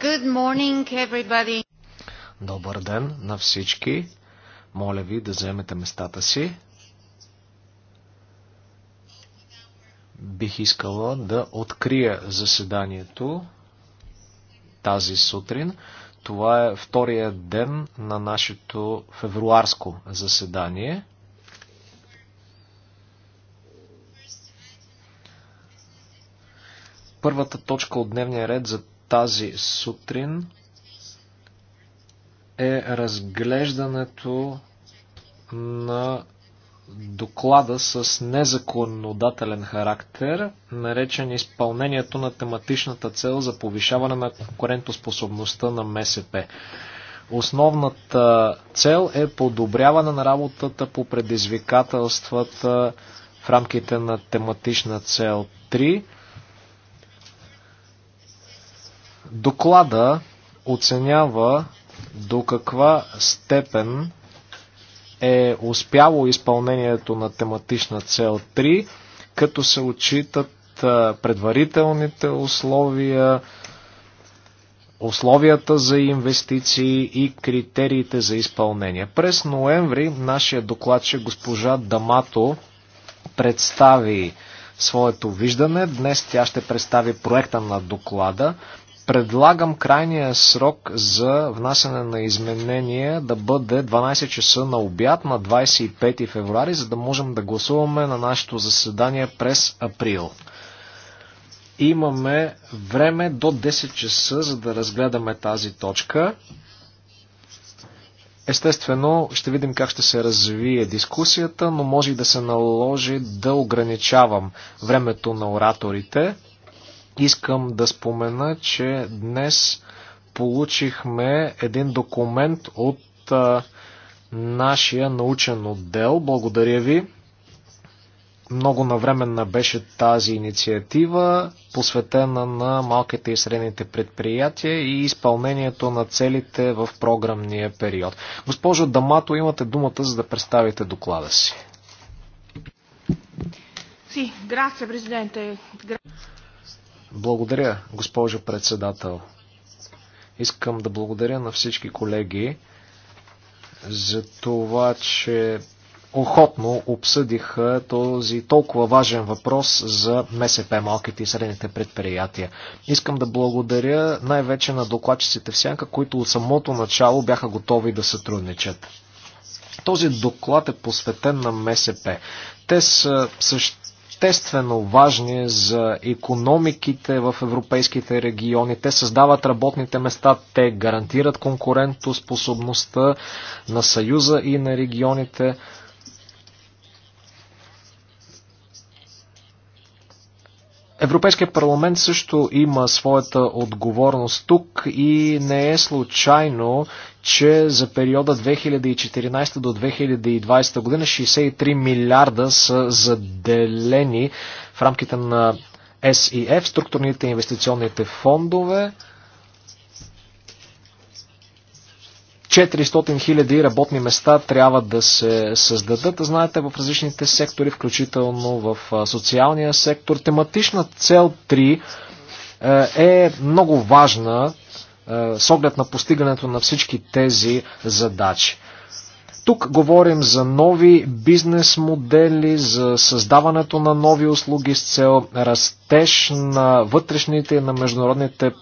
Good morning, everybody. Добър ден на всички. Моля ви да вземете местата си. Бих искала да открия заседанието тази сутрин. Това е втория ден на нашето февруарско заседание. Първата точка от дневния ред за тази сутрин е разглеждането на доклада с незаконодателен характер, наречен изпълнението на тематичната цел за повишаване на конкурентоспособността на МСП. Основната цел е подобряване на работата по предизвикателствата в рамките на тематична цел 3 Доклада оценява до каква степен е успяло изпълнението на тематична цел 3, като се отчитат предварителните условия, условията за инвестиции и критериите за изпълнение. През ноември нашия докладче госпожа Дамато представи своето виждане. Днес тя ще представи проекта на доклада. Предлагам крайния срок за внасяне на изменения да бъде 12 часа на обяд на 25 февруари, за да можем да гласуваме на нашето заседание през април. Имаме време до 10 часа, за да разгледаме тази точка. Естествено, ще видим как ще се развие дискусията, но може и да се наложи да ограничавам времето на ораторите. Искам да спомена, че днес получихме един документ от а, нашия научен отдел. Благодаря ви. Много навременна беше тази инициатива, посветена на малките и средните предприятия и изпълнението на целите в програмния период. Госпожо Дамато, имате думата за да представите доклада си. Благодаря, госпожо председател. Искам да благодаря на всички колеги за това, че охотно обсъдиха този толкова важен въпрос за МСП, малките и средните предприятия. Искам да благодаря най-вече на докладчиците в Сянка, които от самото начало бяха готови да сътрудничат. Този доклад е посветен на МСП. Те са същ съществено важни за економиките в европейските региони. Те създават работните места, те гарантират конкурентоспособността на Съюза и на регионите. Европейския парламент също има своята отговорност тук и не е случайно, че за периода 2014 до 2020 година 63 милиарда са заделени в рамките на SEF, структурните инвестиционните фондове. 400 хиляди работни места трябва да се създадат, знаете, в различните сектори, включително в социалния сектор. Тематична цел 3 е, е много важна е, с оглед на постигането на всички тези задачи. Тук говорим за нови бизнес модели, за създаването на нови услуги с цел растеж на вътрешните и на международните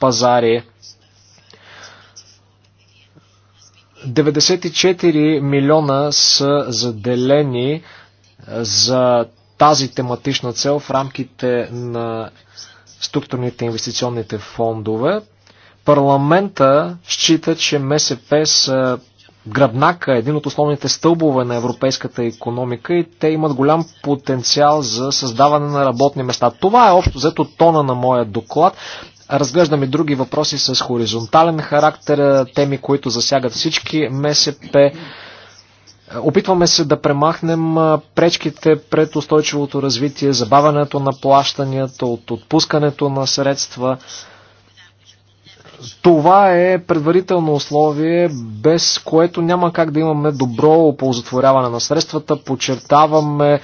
пазари. 94 милиона са заделени е, за тази тематична цел в рамките на структурните инвестиционните фондове. Парламента счита, че МСП са гръбнака, един от основните стълбове на европейската економика и те имат голям потенциал за създаване на работни места. Това е общо взето тона на моя доклад. Разглеждам и други въпроси с хоризонтален характер, теми, които засягат всички МСП. Опитваме се да премахнем пречките пред устойчивото развитие, забавянето на плащанията, от отпускането на средства. Това е предварително условие, без което няма как да имаме добро оползотворяване на средствата. Подчертаваме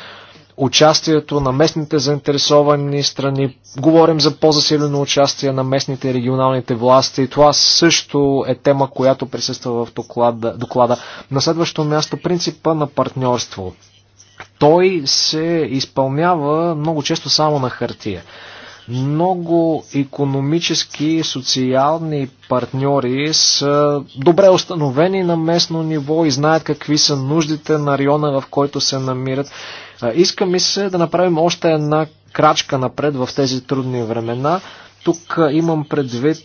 участието на местните заинтересовани страни. Говорим за по-засилено участие на местните и регионалните власти. Това също е тема, която присъства в доклада. доклада. На следващо място принципа на партньорство. Той се изпълнява много често само на хартия. Много економически и социални партньори са добре установени на местно ниво и знаят какви са нуждите на района, в който се намират. Иска ми се да направим още една крачка напред в тези трудни времена. Тук имам предвид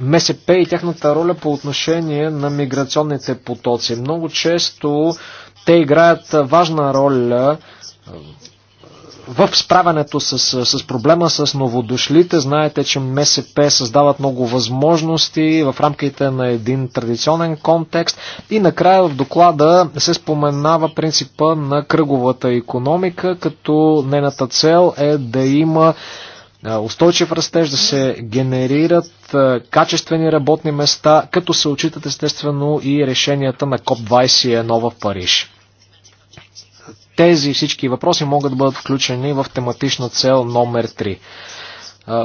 МСП и тяхната роля по отношение на миграционните потоци. Много често те играят важна роля в справянето с, с проблема с новодошлите, знаете, че МСП създават много възможности в рамките на един традиционен контекст и накрая в доклада се споменава принципа на кръговата економика, като нейната цел е да има устойчив растеж, да се генерират качествени работни места, като се очитат естествено и решенията на КОП-21 в Париж тези всички въпроси могат да бъдат включени в тематична цел номер 3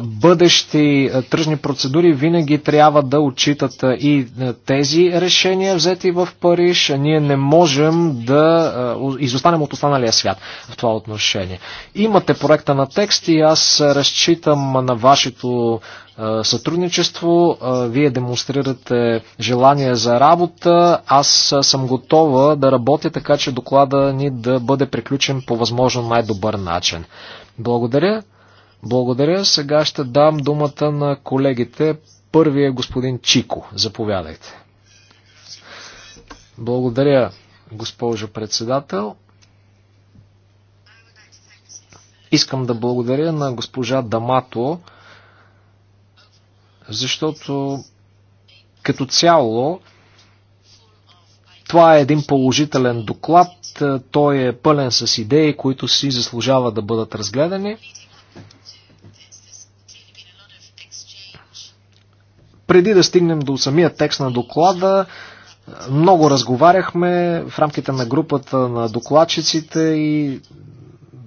бъдещи тръжни процедури винаги трябва да отчитат и тези решения взети в Париж. Ние не можем да изостанем от останалия свят в това отношение. Имате проекта на текст и аз разчитам на вашето сътрудничество. Вие демонстрирате желание за работа. Аз съм готова да работя така, че доклада ни да бъде приключен по възможно най-добър начин. Благодаря. Благодаря. Сега ще дам думата на колегите. Първи е господин Чико. Заповядайте. Благодаря, госпожо председател. Искам да благодаря на госпожа Дамато, защото като цяло това е един положителен доклад. Той е пълен с идеи, които си заслужава да бъдат разгледани. Преди да стигнем до самия текст на доклада, много разговаряхме в рамките на групата на докладчиците и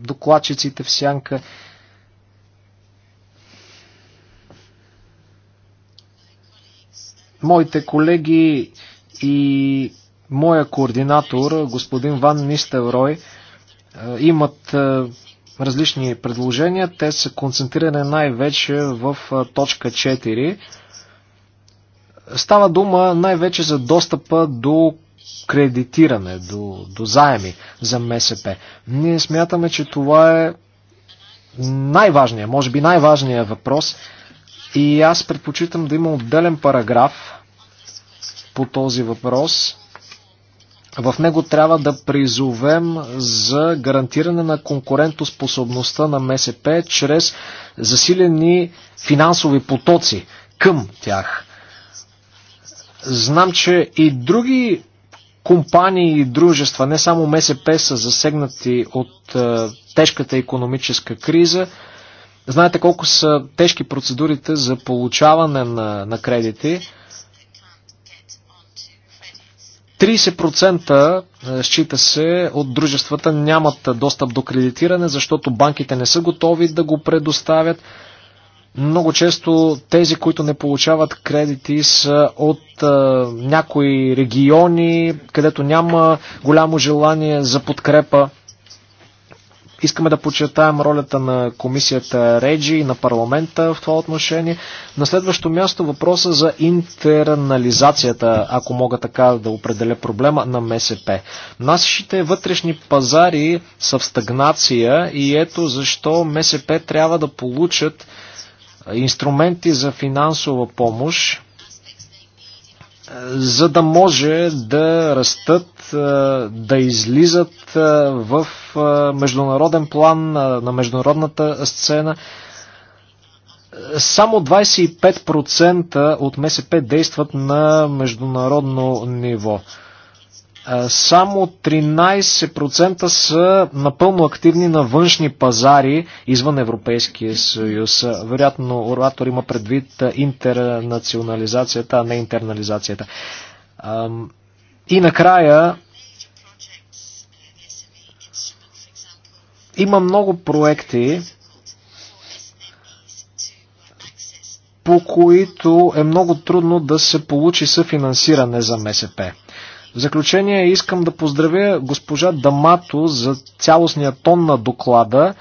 докладчиците в сянка. Моите колеги и моя координатор, господин Ван Нистеврой, е, имат е, различни предложения. Те са концентрирани най-вече в е, точка 4 Става дума най-вече за достъпа до кредитиране, до, до заеми за МСП. Ние смятаме, че това е най-важният, може би най-важният въпрос и аз предпочитам да има отделен параграф по този въпрос. В него трябва да призовем за гарантиране на конкурентоспособността на МСП чрез засилени финансови потоци към тях. Знам, че и други компании и дружества, не само МСП, са засегнати от е, тежката економическа криза. Знаете колко са тежки процедурите за получаване на, на кредити. 30% е, счита се от дружествата нямат достъп до кредитиране, защото банките не са готови да го предоставят. Много често тези, които не получават кредити са от а, някои региони, където няма голямо желание за подкрепа. Искаме да подчертаем ролята на комисията Реджи и на парламента в това отношение. На следващо място въпроса за интернализацията, ако мога така да определя проблема на МСП. Нашите вътрешни пазари са в стагнация и ето защо МСП трябва да получат инструменти за финансова помощ, е, за да може да растат, е, да излизат е, в международен план на международната сцена. Само 25% от МСП действат на международно ниво. Е, само 13% са напълно активни на външни пазари извън Европейския съюз. Вероятно, оратор има предвид е, интернационализацията, а не интернализацията. И накрая има много проекти, по които е много трудно да се получи съфинансиране за МСП. В заключение искам да поздравя госпожа Дамато за цялостния тон на доклада,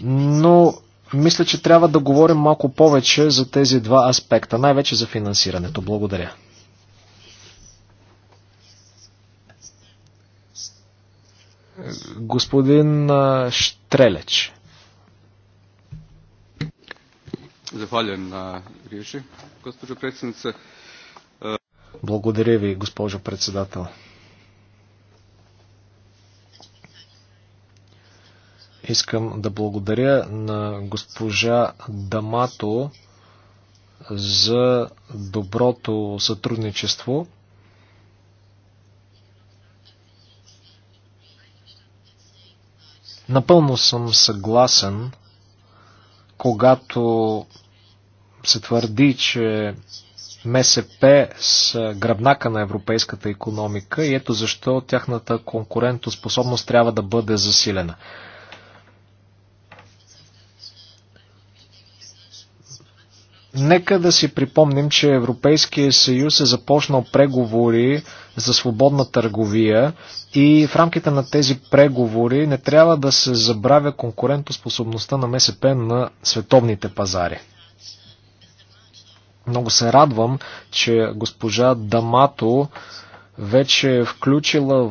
но мисля, че трябва да говорим малко повече за тези два аспекта, най-вече за финансирането. Благодаря. Господин Штрелеч. Zahvaljujem na riječi, gospođo predsjednice. Благодаря ви, госпожо председател. Искам да благодаря на госпожа Дамато за доброто сътрудничество. Напълно съм съгласен, когато се твърди, че МСП с гръбнака на европейската економика и ето защо тяхната конкурентоспособност трябва да бъде засилена. Нека да си припомним, че Европейския съюз е започнал преговори за свободна търговия и в рамките на тези преговори не трябва да се забравя конкурентоспособността на МСП на световните пазари. Много се радвам, че госпожа Дамато вече е включила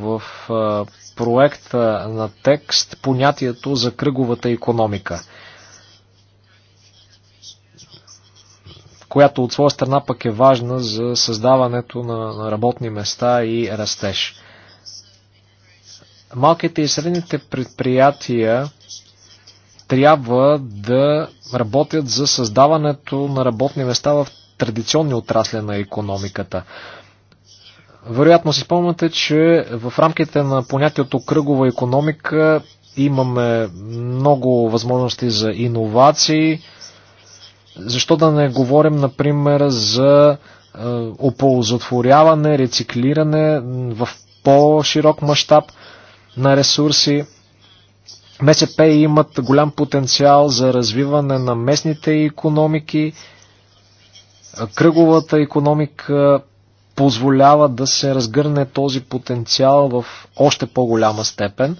в проекта на текст понятието за кръговата економика, която от своя страна пък е важна за създаването на работни места и растеж. Малките и средните предприятия трябва да работят за създаването на работни места в традиционни отрасли на економиката. Вероятно си спомняте, че в рамките на понятието кръгова економика имаме много възможности за иновации. Защо да не говорим, например, за е, оползотворяване, рециклиране в по-широк мащаб на ресурси. МСП имат голям потенциал за развиване на местните економики Кръговата економика позволява да се разгърне този потенциал в още по-голяма степен.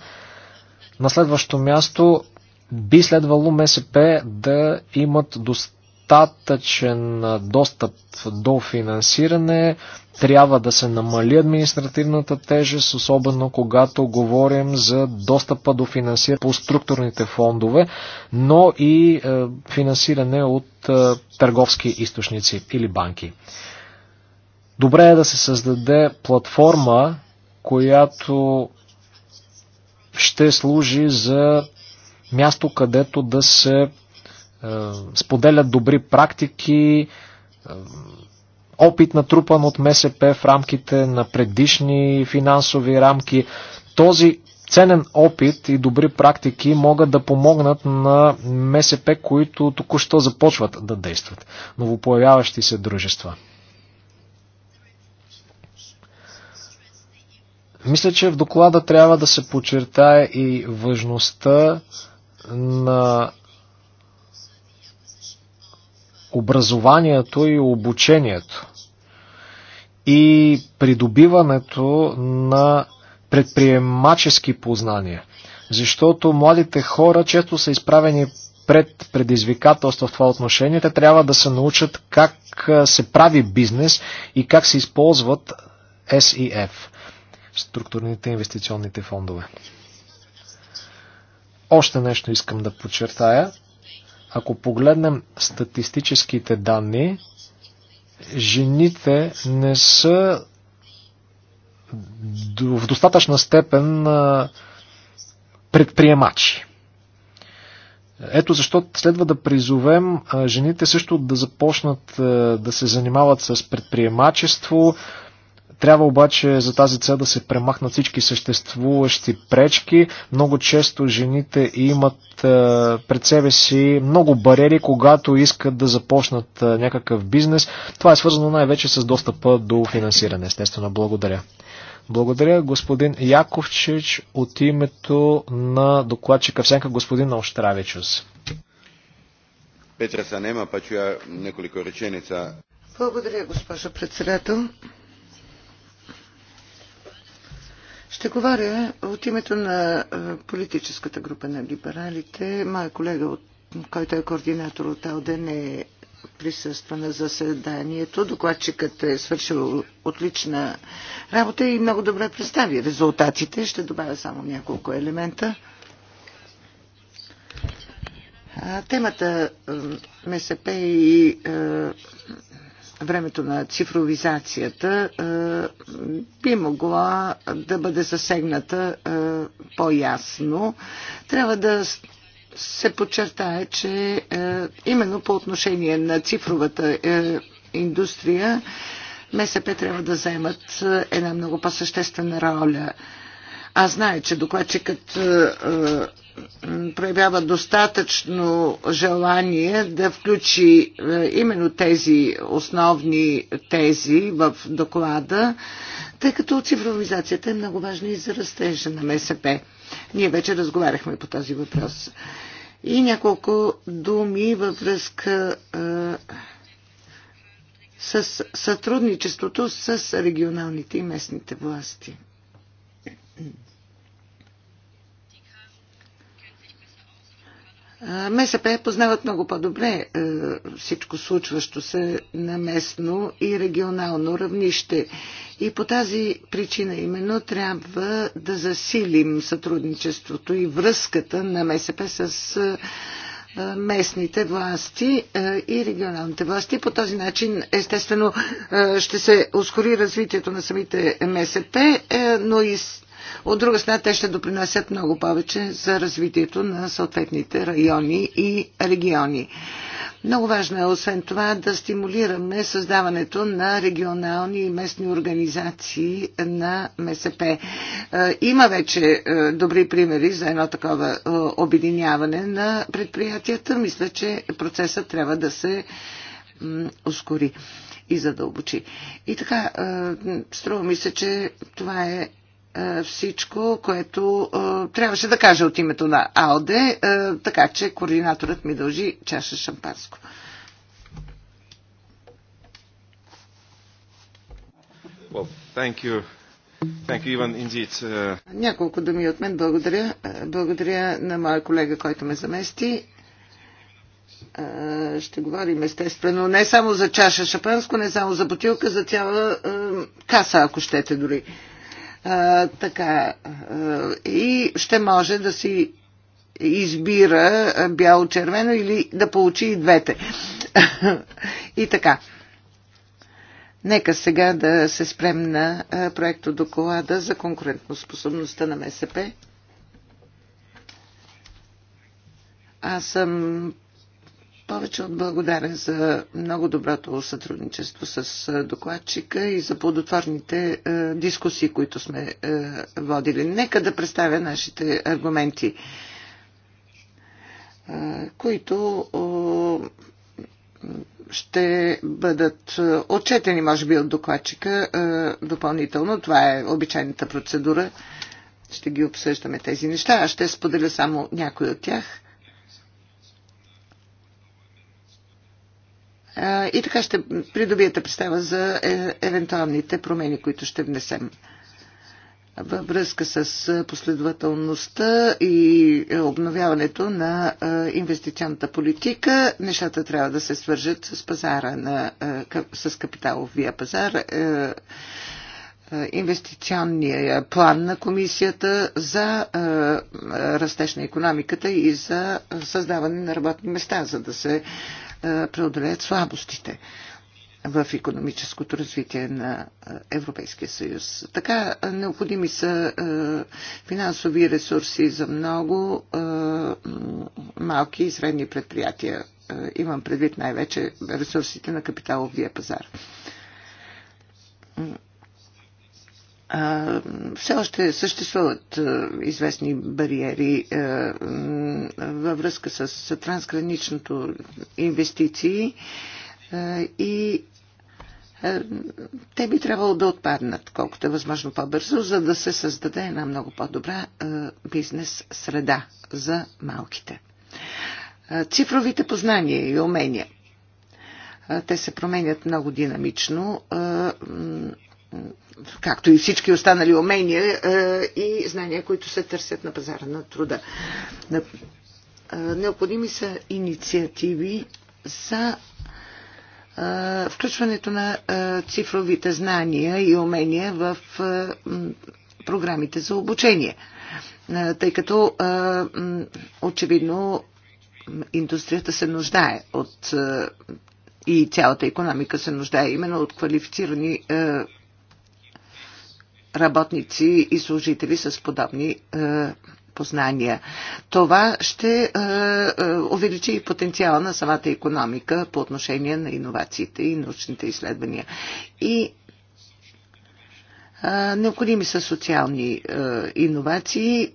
На следващо място би следвало МСП да имат достатъчно достатъчен достъп до финансиране, трябва да се намали административната тежест, особено когато говорим за достъпа до финансиране по структурните фондове, но и финансиране от търговски източници или банки. Добре е да се създаде платформа, която ще служи за място, където да се е, споделят добри практики, е, опит натрупан от МСП в рамките на предишни финансови рамки. Този ценен опит и добри практики могат да помогнат на МСП, които току-що започват да действат, новопоявяващи се дружества. Мисля, че в доклада трябва да се подчертае и важността на образованието и обучението и придобиването на предприемачески познания. Защото младите хора често са изправени пред предизвикателства в това отношение. Те трябва да се научат как се прави бизнес и как се използват SEF, структурните инвестиционните фондове. Още нещо искам да подчертая – ако погледнем статистическите данни, жените не са в достатъчна степен предприемачи. Ето защо следва да призовем жените също да започнат да се занимават с предприемачество, трябва обаче за тази цел да се премахнат всички съществуващи пречки. Много често жените имат е, пред себе си много барери, когато искат да започнат е, някакъв бизнес. Това е свързано най-вече с достъпа до финансиране. Естествено, благодаря. Благодаря господин Яковчич от името на докладчика Всенка, господин Оштравичус. Петра са па чуя няколко реченица. Благодаря, госпожа председател. Ще говоря от името на е, политическата група на либералите. Моя колега, който е координатор от АЛД, не е присъства на заседанието. Докладчикът е свършил отлична работа и много добре представи резултатите. Ще добавя само няколко елемента. Темата МСП и е, времето на цифровизацията е, би могла да бъде засегната е, по-ясно. Трябва да се подчертае, че е, именно по отношение на цифровата индустрия МСП трябва да заемат една много по-съществена роля. Аз знае, че докладчикът проявява достатъчно желание да включи е, именно тези основни тези в доклада, тъй като цифровизацията е много важна и за растежа на МСП. Ние вече разговаряхме по този въпрос. И няколко думи във връзка а, е, с сътрудничеството с регионалните и местните власти. МСП познават много по-добре е, всичко случващо се на местно и регионално равнище. И по тази причина именно трябва да засилим сътрудничеството и връзката на МСП с е, местните власти е, и регионалните власти. По този начин, естествено, ще се ускори развитието на самите МСП, но и от друга страна, те ще допринасят много повече за развитието на съответните райони и региони. Много важно е, освен това, да стимулираме създаването на регионални и местни организации на МСП. Е, има вече е, добри примери за едно такова е, обединяване на предприятията. Мисля, че процесът трябва да се ускори и задълбочи. И така, струва ми се, че това е е, всичко, което е, трябваше да кажа от името на АОДЕ, така че координаторът ми дължи чаша шампанско. Well, thank you. Thank you, Ivan, indeed. Uh... Няколко думи от мен. Благодаря. Е, благодаря на моя колега, който ме замести. ще говорим естествено не само за чаша шапанско, не само за бутилка, за цяла каса, ако щете дори. Uh, така, и ще може да си избира бяло-червено или да получи и двете. и така. Нека сега да се спрем на проекто доклада за конкурентоспособността на МСП. Аз съм повече от благодарен за много доброто сътрудничество с докладчика и за плодотворните дискусии, които сме водили. Нека да представя нашите аргументи, които ще бъдат отчетени, може би, от докладчика допълнително. Това е обичайната процедура. Ще ги обсъждаме тези неща. Аз ще споделя само някои от тях – и така ще придобиете представа за е, евентуалните промени, които ще внесем. Във връзка с последователността и обновяването на инвестиционната политика, нещата трябва да се свържат с пазара на, с капиталовия пазар е, е, инвестиционния план на комисията за растеж на економиката и за създаване на работни места, за да се е, преодолеят слабостите в економическото развитие на е, Европейския съюз. Така е, необходими са финансови ресурси за много малки и средни предприятия. Имам предвид най-вече ресурсите на капиталовия пазар все още съществуват известни бариери във връзка с трансграничното инвестиции и те би трябвало да отпаднат колкото е възможно по-бързо, за да се създаде една много по-добра бизнес среда за малките. Цифровите познания и умения. Те се променят много динамично както и всички останали умения е, и знания, които се търсят на пазара на труда. Е, необходими са инициативи за е, включването на цифровите знания и умения в програмите за обучение, тъй като очевидно индустрията се нуждае от и цялата економика се нуждае именно от квалифицирани работници и служители с подобни е, познания. Това ще е, е, увеличи и потенциала на самата економика по отношение на иновациите и научните изследвания. И необходими са социални иновации.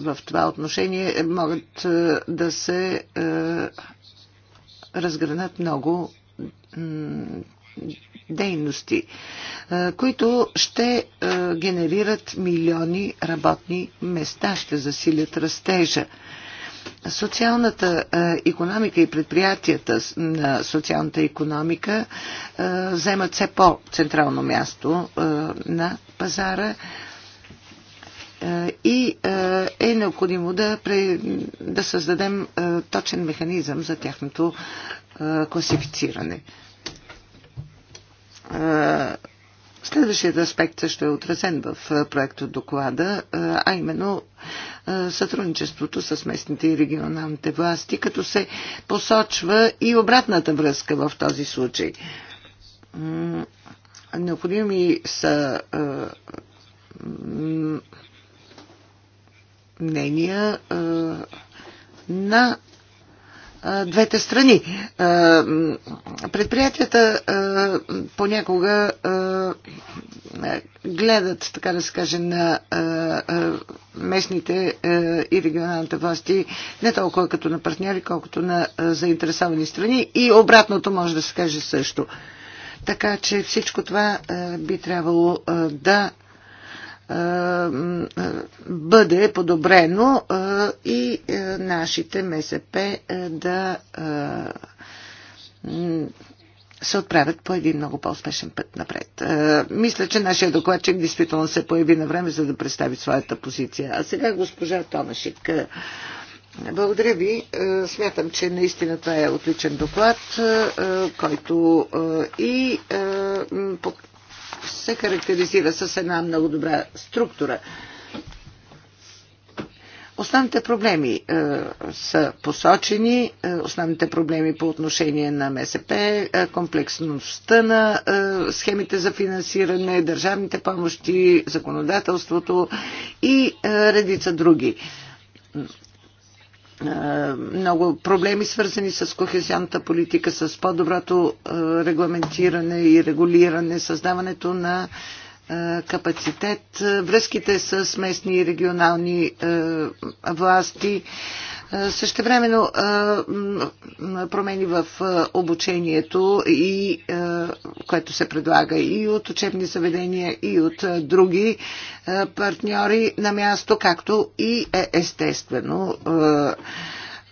В това отношение могат да се разгранат много дейности, които ще генерират милиони работни места, ще засилят растежа. Социалната економика и предприятията на социалната економика вземат все по-централно място на пазара и е необходимо да, да създадем точен механизъм за тяхното класифициране. Следващият аспект също е отразен в проекта доклада, а именно сътрудничеството с местните и регионалните власти, като се посочва и обратната връзка в този случай. Необходими са мнения на двете страни. Предприятията понякога гледат, така да се каже, на местните и регионалните власти не толкова като на партньори, колкото на заинтересовани страни и обратното може да се каже също. Така че всичко това би трябвало да бъде подобрено и е, нашите МСП е, да се отправят по един много по-успешен път напред. Мисля, че нашия докладчик действително се появи на време, за да представи своята позиция. А сега госпожа Томашик. Е, благодаря ви. Смятам, че наистина това е отличен доклад, който и се характеризира с една много добра структура. Основните проблеми е, са посочени, е, основните проблеми по отношение на МСП, е, комплексността на е, схемите за финансиране, държавните помощи, законодателството и е, редица други е, много проблеми, свързани с кохезионната политика, с по-доброто е, регламентиране и регулиране, създаването на е, капацитет, връзките с местни и регионални власти, времено промени в обучението, и, което се предлага и от учебни заведения, и от други партньори на място, както и е, естествено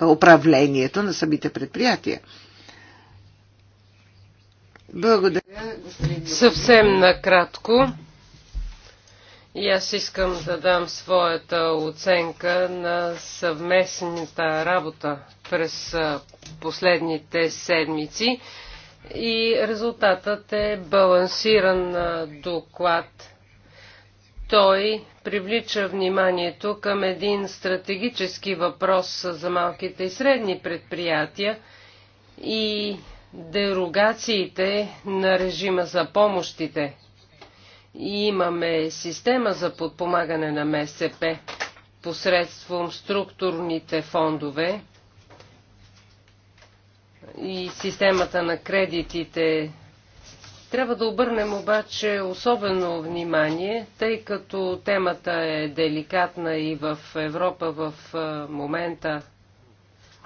управлението на самите предприятия. Благодаря, Съвсем накратко. И аз искам да дам своята оценка на съвместната работа през последните седмици. И резултатът е балансиран доклад. Той привлича вниманието към един стратегически въпрос за малките и средни предприятия и дерогациите на режима за помощите – и имаме система за подпомагане на МСП посредством структурните фондове и системата на кредитите. Трябва да обърнем обаче особено внимание, тъй като темата е деликатна и в Европа в момента,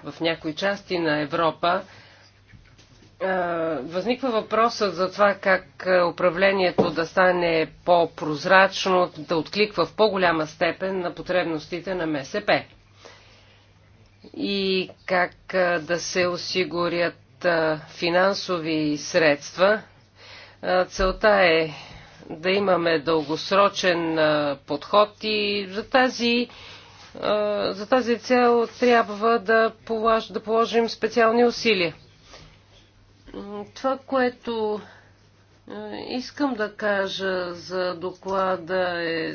в някои части на Европа, е, възниква въпросът за това как е, управлението да стане по-прозрачно, да откликва в по-голяма степен на потребностите на МСП и как е, да се осигурят финансови средства. Целта е да имаме дългосрочен подход и за тази, за тази цел трябва да, да положим специални усилия. Това, което е, искам да кажа за доклада е,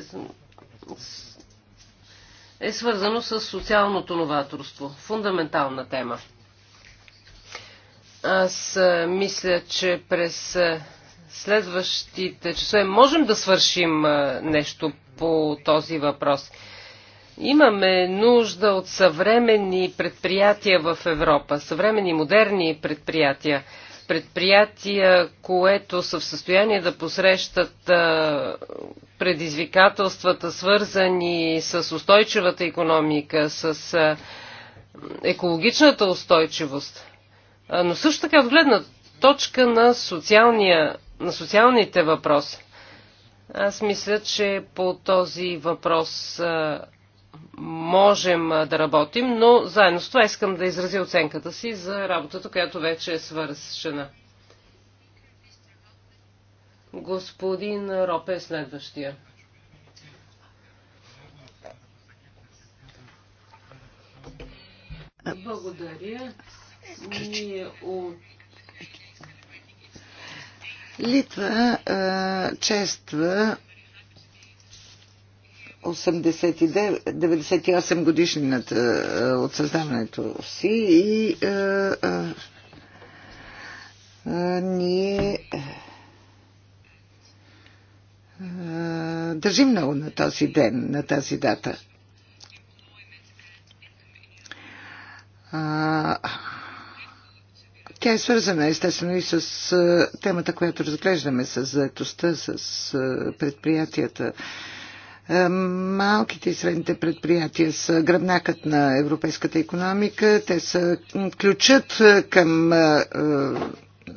е свързано с социалното новаторство. Фундаментална тема. Аз е, мисля, че през е, следващите часове можем да свършим нещо по този въпрос. Имаме нужда от съвременни предприятия в Европа, съвременни модерни предприятия предприятия, което са в състояние да посрещат предизвикателствата, свързани с устойчивата економика, с екологичната устойчивост, но също така от гледна точка на, социалния, на социалните въпроси. Аз мисля, че по този въпрос можем да работим, но заедно с това искам да изразя оценката си за работата, която вече е свършена. Господин Ропе е следващия. Благодаря. Ние от Литва а, чества 98 годишнината е, от създаването си и а, а, а, ние а, е, е, държим много на този ден, на тази дата. А, тя е свързана естествено и с темата, която разглеждаме, с заетостта, с предприятията. А, е, малките и средните предприятия са гръбнакът на европейската економика. Те са ключът е, към е,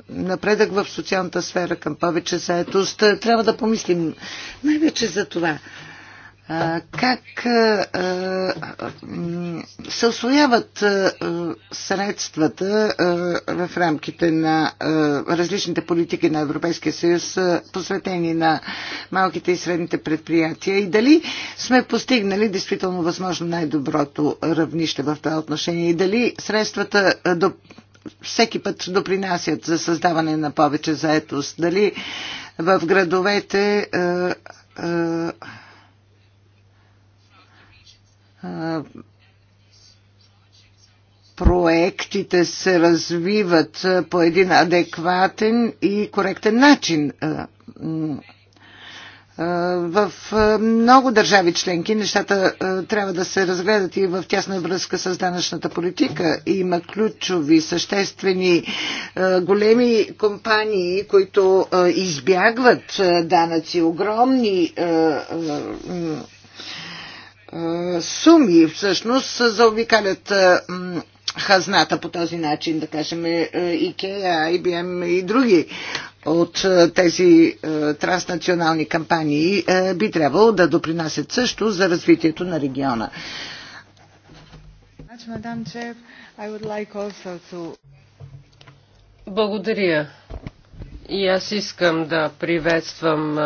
напредък в социалната сфера, към повече заетост. Трябва да помислим най-вече за това как се освояват средствата в рамките на различните политики на Европейския съюз, посветени на малките и средните предприятия и дали сме постигнали действително възможно най-доброто равнище в това отношение и дали средствата до всеки път допринасят за създаване на повече заетост. Дали в градовете проектите се развиват по един адекватен и коректен начин. В много държави членки нещата трябва да се разгледат и в тясна връзка с данъчната политика. Има ключови, съществени, големи компании, които избягват данъци, огромни суми всъщност заобикалят хазната по този начин, да кажем IKEA, е, IBM е, и други от е, тези транснационални кампании би трябвало да допринасят също за развитието на региона. Значи, Благодаря, и аз искам да приветствам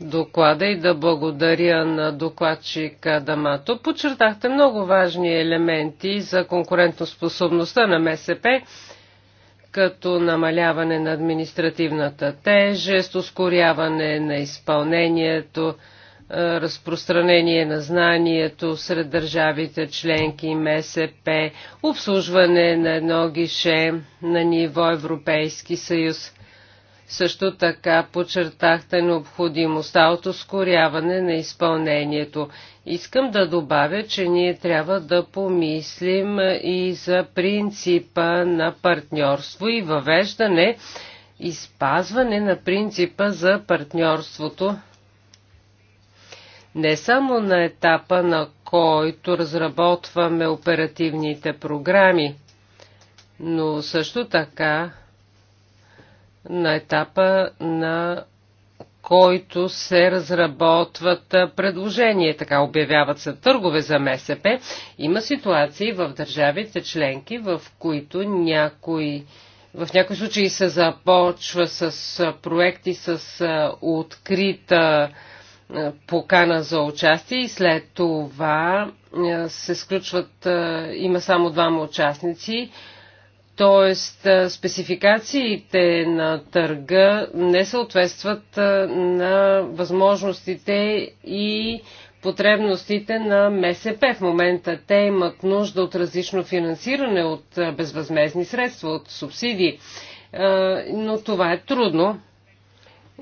доклада и да благодаря на докладчика Дамато. Подчертахте много важни елементи за конкурентоспособността на МСП, като намаляване на административната тежест, ускоряване на изпълнението, разпространение на знанието сред държавите членки МСП, обслужване на едно гише на ниво Европейски съюз – също така подчертахте необходимостта от ускоряване на изпълнението. Искам да добавя, че ние трябва да помислим и за принципа на партньорство и въвеждане и спазване на принципа за партньорството не само на етапа, на който разработваме оперативните програми, но също така на етапа, на който се разработват предложения, така обявяват се търгове за МСП. Има ситуации в държавите членки, в които някой в някои случаи се започва с проекти с открита покана за участие и след това се сключват, има само двама участници Тоест, спецификациите на търга не съответстват на възможностите и потребностите на МСП. В момента те имат нужда от различно финансиране, от безвъзмезни средства, от субсидии. Но това е трудно.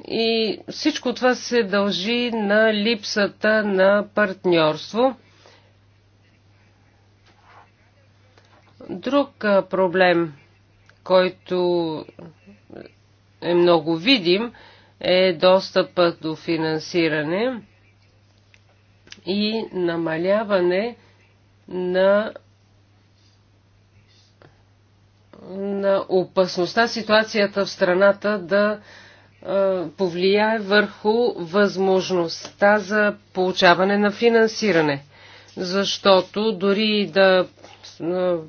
И всичко това се дължи на липсата на партньорство Друг проблем, който е много видим, е достъпът до финансиране и намаляване на, на опасността ситуацията в страната да а, повлияе върху възможността за получаване на финансиране защото дори да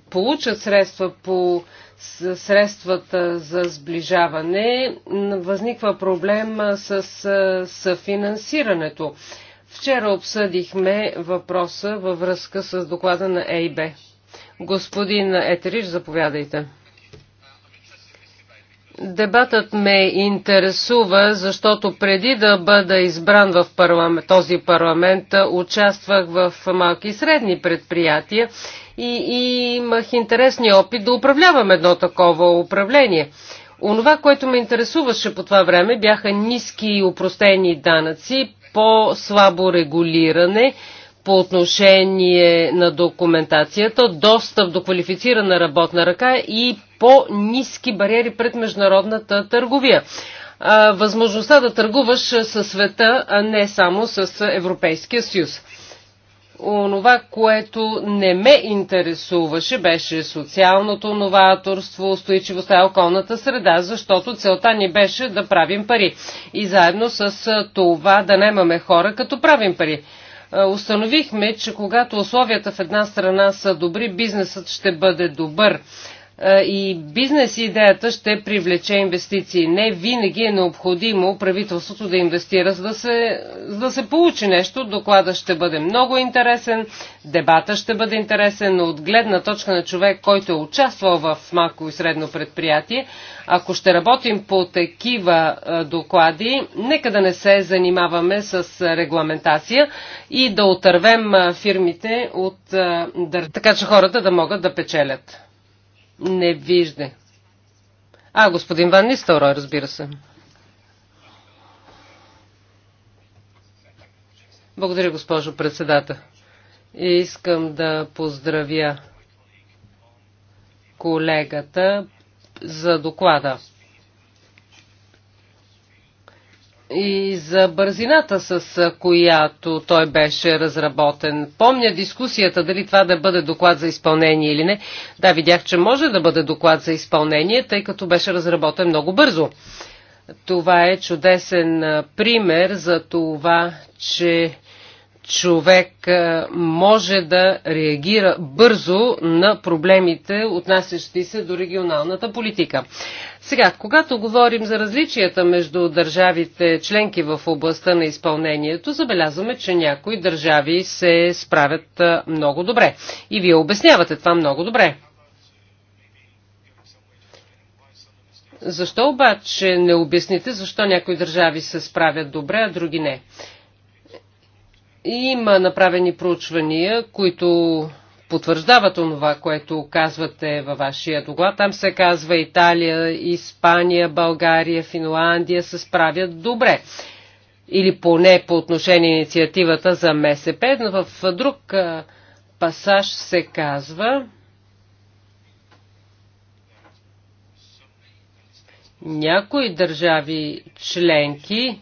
получат средства по средствата за сближаване, възниква проблем с съфинансирането. Вчера обсъдихме въпроса във връзка с доклада на ЕИБ. Господин Етериш, заповядайте. Дебатът ме интересува, защото преди да бъда избран в парламент, този парламент, участвах в малки и средни предприятия и, и имах интересния опит да управлявам едно такова управление. Онова, което ме интересуваше по това време, бяха ниски и упростени данъци, по-слабо регулиране по отношение на документацията, достъп до квалифицирана работна ръка и по-низки бариери пред международната търговия. Възможността да търгуваш със света, а не само с Европейския съюз. Онова, което не ме интересуваше, беше социалното новаторство, устойчивостта и околната среда, защото целта ни беше да правим пари. И заедно с това да наймаме хора, като правим пари. Установихме, че когато условията в една страна са добри, бизнесът ще бъде добър. Е, и бизнес идеята ще привлече инвестиции. Не винаги е необходимо правителството да инвестира, за да се, за да се получи нещо. Доклада ще бъде много интересен, дебата ще бъде интересен, но от гледна точка на човек, който е участвал в малко и средно предприятие, ако ще работим по такива е, доклади, нека да не се занимаваме с регламентация и да отървем е, фирмите от... Така че хората да могат да печелят. Не вижда. А, господин Ван Нистелрой, разбира се. Благодаря, госпожо председател. И искам да поздравя колегата за доклада. и за бързината, с която той беше разработен. Помня дискусията дали това да бъде доклад за изпълнение или не. Да, видях, че може да бъде доклад за изпълнение, тъй като беше разработен много бързо. Това е чудесен пример за това, че човек може да реагира бързо на проблемите, отнасящи се до регионалната политика. Сега, когато говорим за различията между държавите членки в областта на изпълнението, забелязваме, че някои държави се справят много добре. И вие обяснявате това много добре. Защо обаче не обясните защо някои държави се справят добре, а други не? Има направени проучвания, които потвърждават онова, което казвате във вашия доклад. Там се казва Италия, Испания, България, Финландия се справят добре. Или поне по отношение на инициативата за МСП. Но в друг пасаж се казва, някои държави членки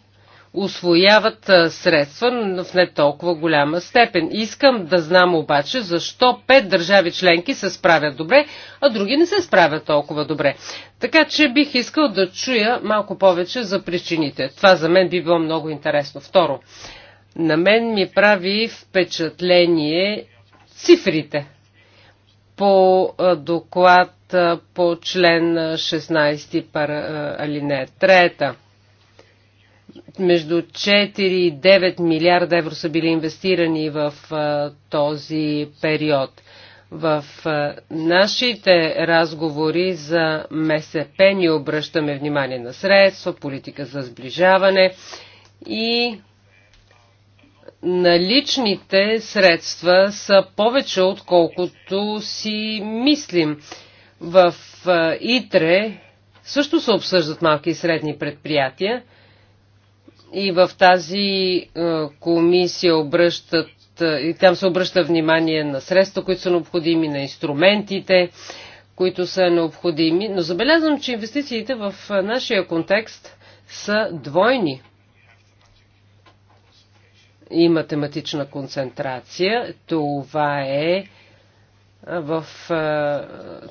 освояват средства, в не толкова голяма степен. Искам да знам обаче защо пет държави членки се справят добре, а други не се справят толкова добре. Така че бих искал да чуя малко повече за причините. Това за мен би било много интересно. Второ, на мен ми прави впечатление цифрите по доклад по член 16 алинея 3 между 4 и 9 милиарда евро са били инвестирани в този период. В нашите разговори за МСП ни обръщаме внимание на средства, политика за сближаване и наличните средства са повече отколкото си мислим. В ИТРЕ също се обсъждат малки и средни предприятия – и в тази е, комисия обръщат, е, и там се обръща внимание на средства, които са необходими, на инструментите, които са необходими. Но забелязвам, че инвестициите в е, нашия контекст са двойни. Има тематична концентрация. Това е в,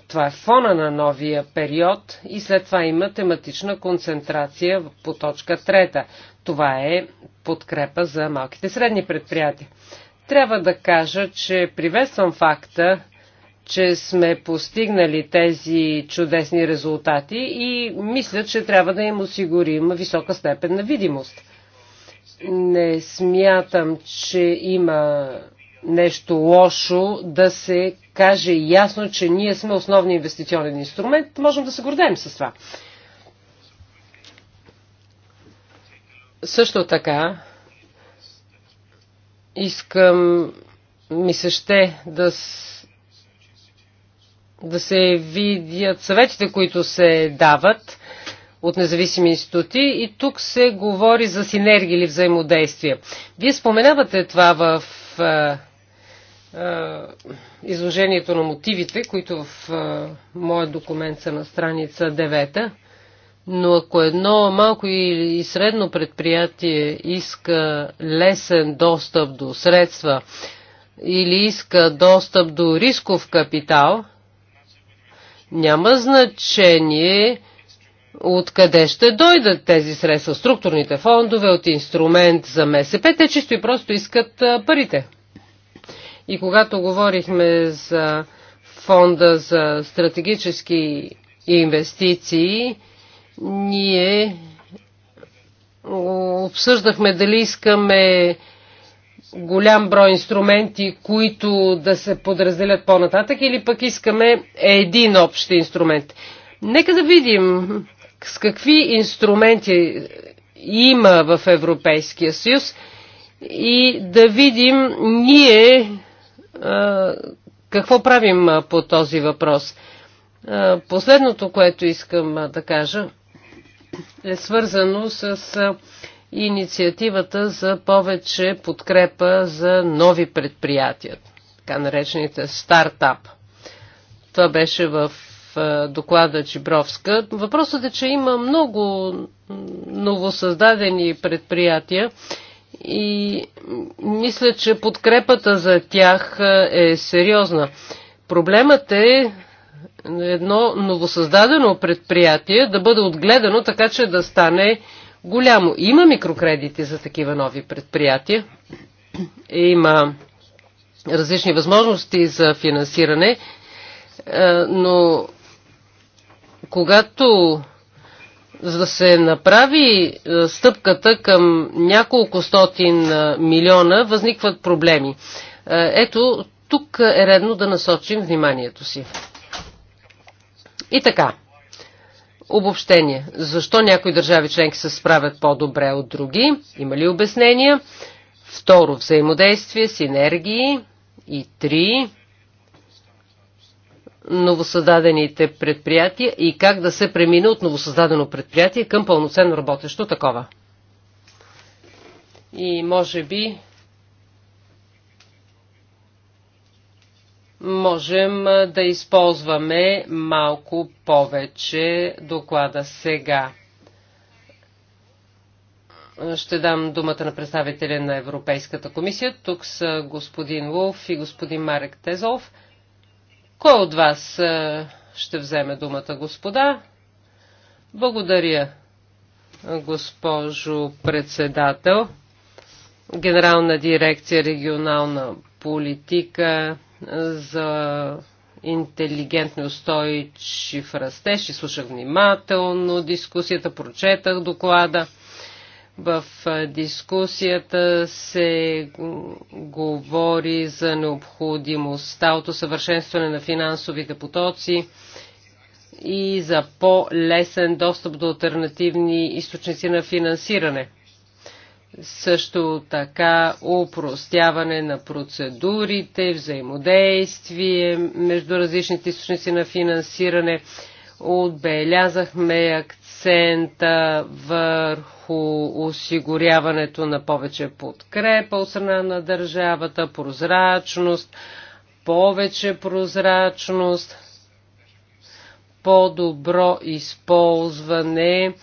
това е фона на новия период и след това има тематична концентрация по точка трета. Това е подкрепа за малките средни предприятия. Трябва да кажа, че приветствам факта, че сме постигнали тези чудесни резултати и мисля, че трябва да им осигурим висока степен на видимост. Не смятам, че има нещо лошо да се каже ясно, че ние сме основни инвестиционен инструмент, можем да се гордеем с това. Също така, искам, ми се ще да, да се видят съветите, които се дават от независими институти и тук се говори за синергия или взаимодействие. Вие споменавате това в е, изложението на мотивите, които в моят документ са на страница 9. Но ако едно малко и средно предприятие иска лесен достъп до средства или иска достъп до рисков капитал, няма значение откъде ще дойдат тези средства. Структурните фондове от инструмент за МСП, те чисто и просто искат парите. И когато говорихме за фонда за стратегически инвестиции, ние обсъждахме дали искаме голям брой инструменти, които да се подразделят по-нататък, или пък искаме един общ инструмент. Нека да видим с какви инструменти има в Европейския съюз и да видим ние какво правим по този въпрос. Последното, което искам да кажа, е свързано с инициативата за повече подкрепа за нови предприятия, така наречените стартап. Това беше в доклада Чибровска. Въпросът е, че има много новосъздадени предприятия и мисля, че подкрепата за тях е, е сериозна. Проблемът е едно новосъздадено предприятие да бъде отгледано така, че да стане голямо. Има микрокредити за такива нови предприятия. Има различни възможности за финансиране, е, но когато за да се направи е, стъпката към няколко стотин е, милиона, възникват проблеми. Е, ето, тук е редно да насочим вниманието си. И така. Обобщение. Защо някои държави членки се справят по-добре от други? Има ли обяснения? Второ, взаимодействие, синергии. И три, новосъздадените предприятия и как да се премине от новосъздадено предприятие към пълноценно работещо такова. И може би можем да използваме малко повече доклада сега. Ще дам думата на представителя на Европейската комисия. Тук са господин Лов и господин Марек Тезов. Кой от вас е, ще вземе думата, господа? Благодаря, госпожо председател. Генерална дирекция регионална политика за интелигентно устойчив растеж. И слушах внимателно дискусията, прочетах доклада. В дискусията се говори за необходимостта от усъвършенстване на финансовите потоци и за по-лесен достъп до альтернативни източници на финансиране. Също така упростяване на процедурите, взаимодействие между различните източници на финансиране. Отбелязахме акцента върху осигуряването на повече подкрепа от страна на държавата, прозрачност, повече прозрачност, по-добро използване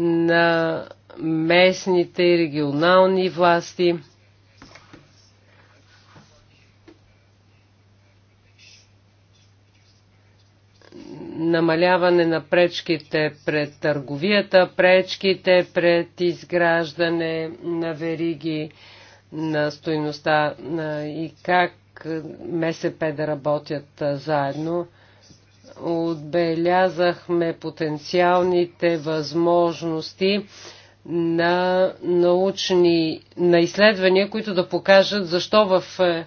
на местните и регионални власти – намаляване на пречките пред търговията, пречките пред изграждане на вериги на стоиността и как МСП да работят заедно. Отбелязахме потенциалните възможности на научни, на изследвания, които да покажат защо в, е,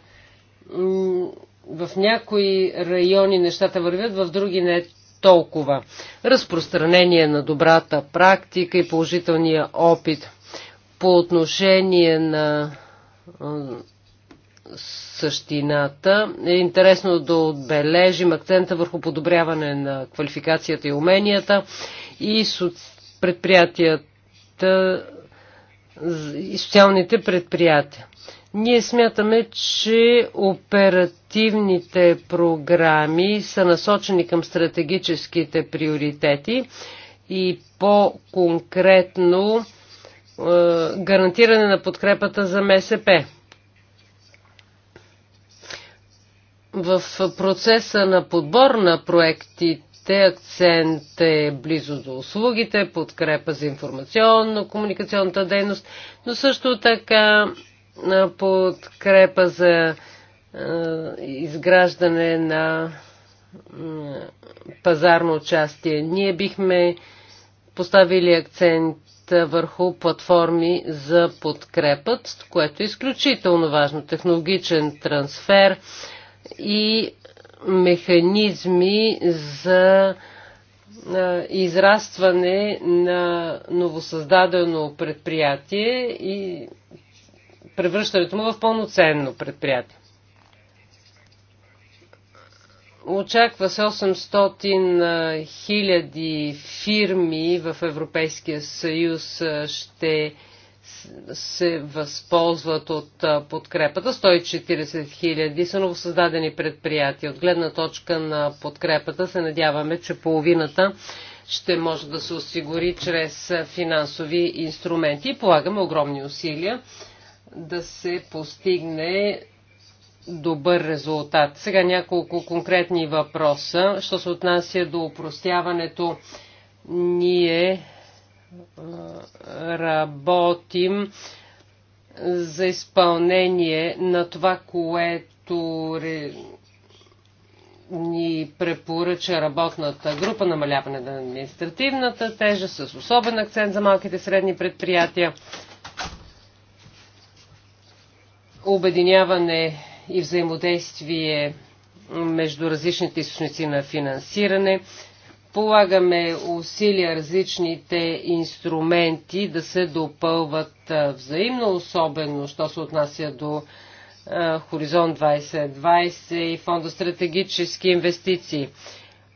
в някои райони нещата вървят, в други не толкова. Разпространение на добрата практика и положителния опит по отношение на същината. Е интересно да отбележим акцента върху подобряване на квалификацията и уменията и предприятията и социалните предприятия. Ние смятаме, че оперативните програми са насочени към стратегическите приоритети и по-конкретно е, гарантиране на подкрепата за МСП. В процеса на подбор на проектите акцент е близо до услугите, подкрепа за информационно-комуникационната дейност, но също така подкрепа за изграждане на пазарно участие. Ние бихме поставили акцент върху платформи за подкрепът, което е изключително важно. Технологичен трансфер и механизми за израстване на новосъздадено предприятие и превръщането му в пълноценно предприятие. Очаква се 800 хиляди фирми в Европейския съюз ще се възползват от подкрепата. 140 хиляди са новосъздадени предприятия. От гледна точка на подкрепата се надяваме, че половината ще може да се осигури чрез финансови инструменти. Полагаме огромни усилия да се постигне добър резултат. Сега няколко конкретни въпроса. Що се отнася до упростяването, ние работим за изпълнение на това, което ни препоръча работната група намаляване на административната тежа с особен акцент за малките и средни предприятия обединяване и взаимодействие между различните източници на финансиране. Полагаме усилия различните инструменти да се допълват взаимно, особено що се отнася до Хоризонт 2020 и Фонда стратегически инвестиции.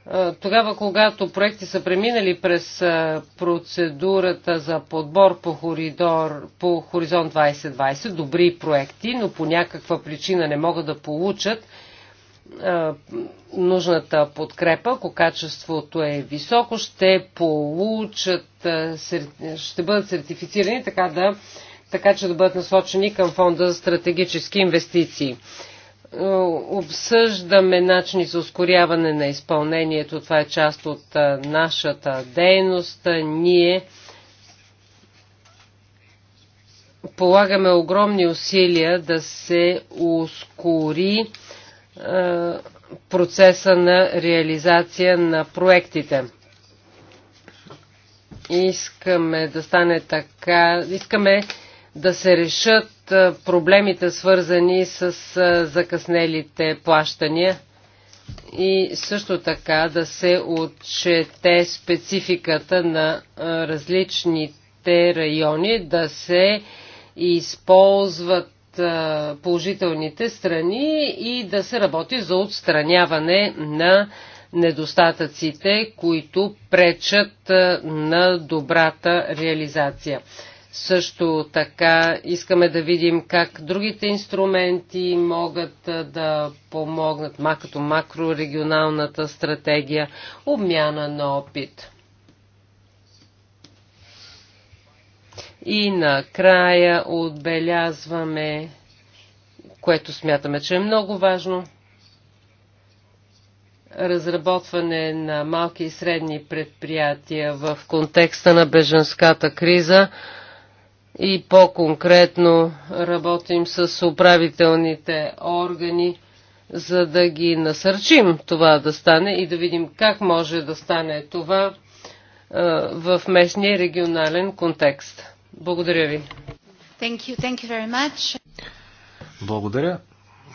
Е, тогава, когато проекти са преминали през е, процедурата за подбор по, хоридор, по Хоризонт 2020, добри проекти, но по някаква причина не могат да получат е, нужната подкрепа, ако качеството е високо, ще получат, ще бъдат сертифицирани така, да, така че да бъдат насочени към фонда за стратегически инвестиции. Е, обсъждаме начини за ускоряване на изпълнението. Това е част от е, нашата дейност. Ние полагаме огромни усилия да се ускори е, процеса на реализация на проектите. Искаме да стане така. Искаме да се решат проблемите свързани с закъснелите плащания и също така да се отчете спецификата на различните райони, да се използват положителните страни и да се работи за отстраняване на недостатъците, които пречат на добрата реализация. Също така искаме да видим как другите инструменти могат да помогнат, като макрорегионалната стратегия, обмяна на опит. И накрая отбелязваме, което смятаме, че е много важно, разработване на малки и средни предприятия в контекста на беженската криза – и по-конкретно работим с управителните органи, за да ги насърчим това да стане и да видим как може да стане това в местния регионален контекст. Благодаря ви. Thank you. Thank you very much. Благодаря.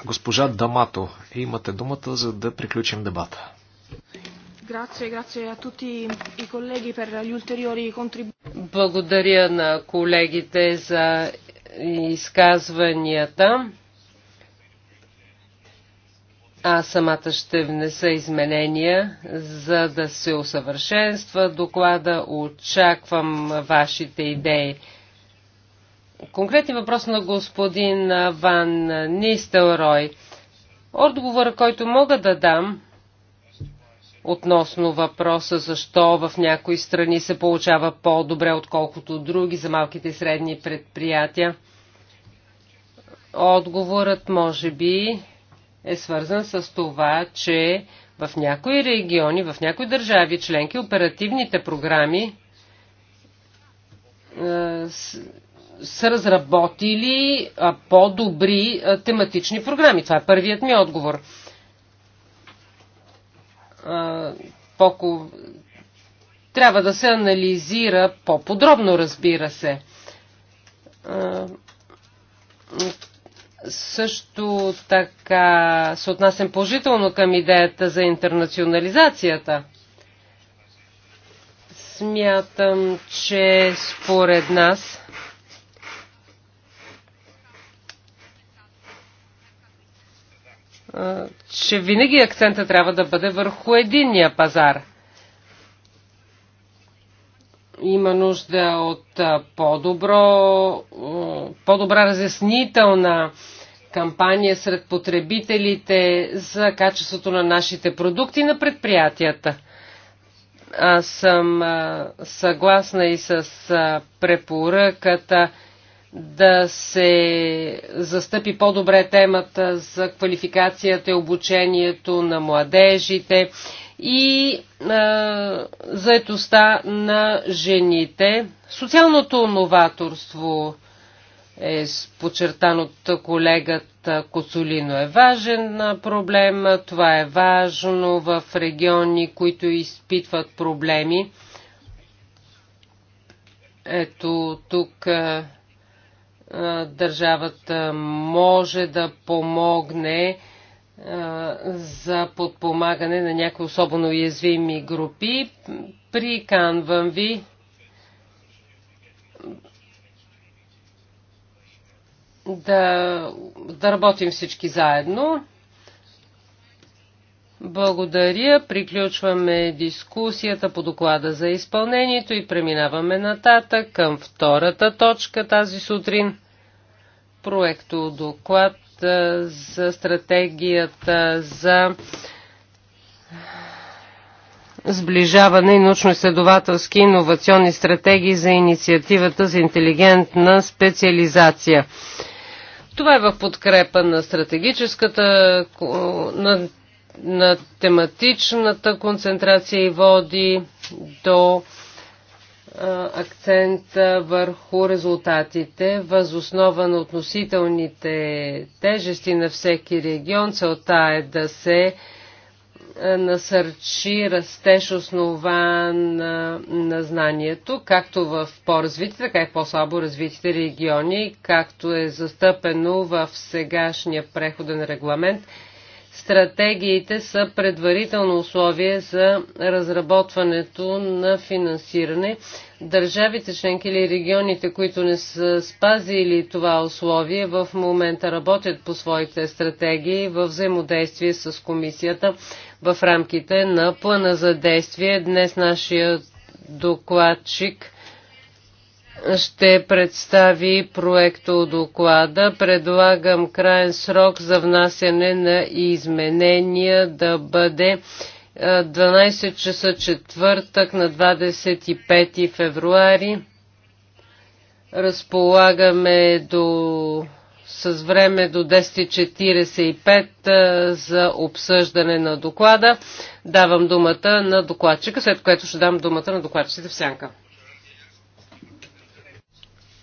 Госпожа Дамато, имате думата, за да приключим дебата. Благодаря на колегите за изказванията. Аз самата ще внеса изменения, за да се усъвършенства доклада. Очаквам вашите идеи. Конкретен въпрос на господин Ван Нистелрой. Отговор, който мога да дам, относно въпроса защо в някои страни се получава по-добре, отколкото други за малките и средни предприятия. Отговорът може би е свързан с това, че в някои региони, в някои държави членки оперативните програми е, са разработили по-добри тематични програми. Това е първият ми отговор по трябва да се анализира по-подробно, разбира се. Също така се отнасям положително към идеята за интернационализацията. Смятам, че според нас че винаги акцента трябва да бъде върху единния пазар. Има нужда от по-добро, по-добра разяснителна кампания сред потребителите за качеството на нашите продукти на предприятията. Аз съм съгласна и с препоръката да се застъпи по-добре темата за квалификацията и обучението на младежите и а, заетостта на жените. Социалното новаторство е подчертан от колегата Коцолино е важен проблем. Това е важно в региони, които изпитват проблеми. Ето тук държавата може да помогне за подпомагане на някои особено уязвими групи. Приканвам ви да, да работим всички заедно. Благодаря. Приключваме дискусията по доклада за изпълнението и преминаваме нататък към втората точка тази сутрин. Проекто доклад за стратегията за сближаване и научно-изследователски иновационни стратегии за инициативата за интелигентна специализация. Това е в подкрепа на стратегическата на на тематичната концентрация и води до акцента върху резултатите възоснова на относителните тежести на всеки регион. Целта е да се насърчи растеж основан на, на знанието, както в по-развитите, така и по-слабо развитите региони, както е застъпено в сегашния преходен регламент – Стратегиите са предварително условие за разработването на финансиране. Държавите членки или регионите, които не са спазили това условие, в момента работят по своите стратегии в взаимодействие с комисията в рамките на плана за действие. Днес нашия докладчик ще представи проекто доклада. Предлагам крайен срок за внасяне на изменения да бъде 12 часа четвъртък на 25 февруари. Разполагаме до, с време до 10.45 за обсъждане на доклада. Давам думата на докладчика, след което ще дам думата на докладчиците в сянка.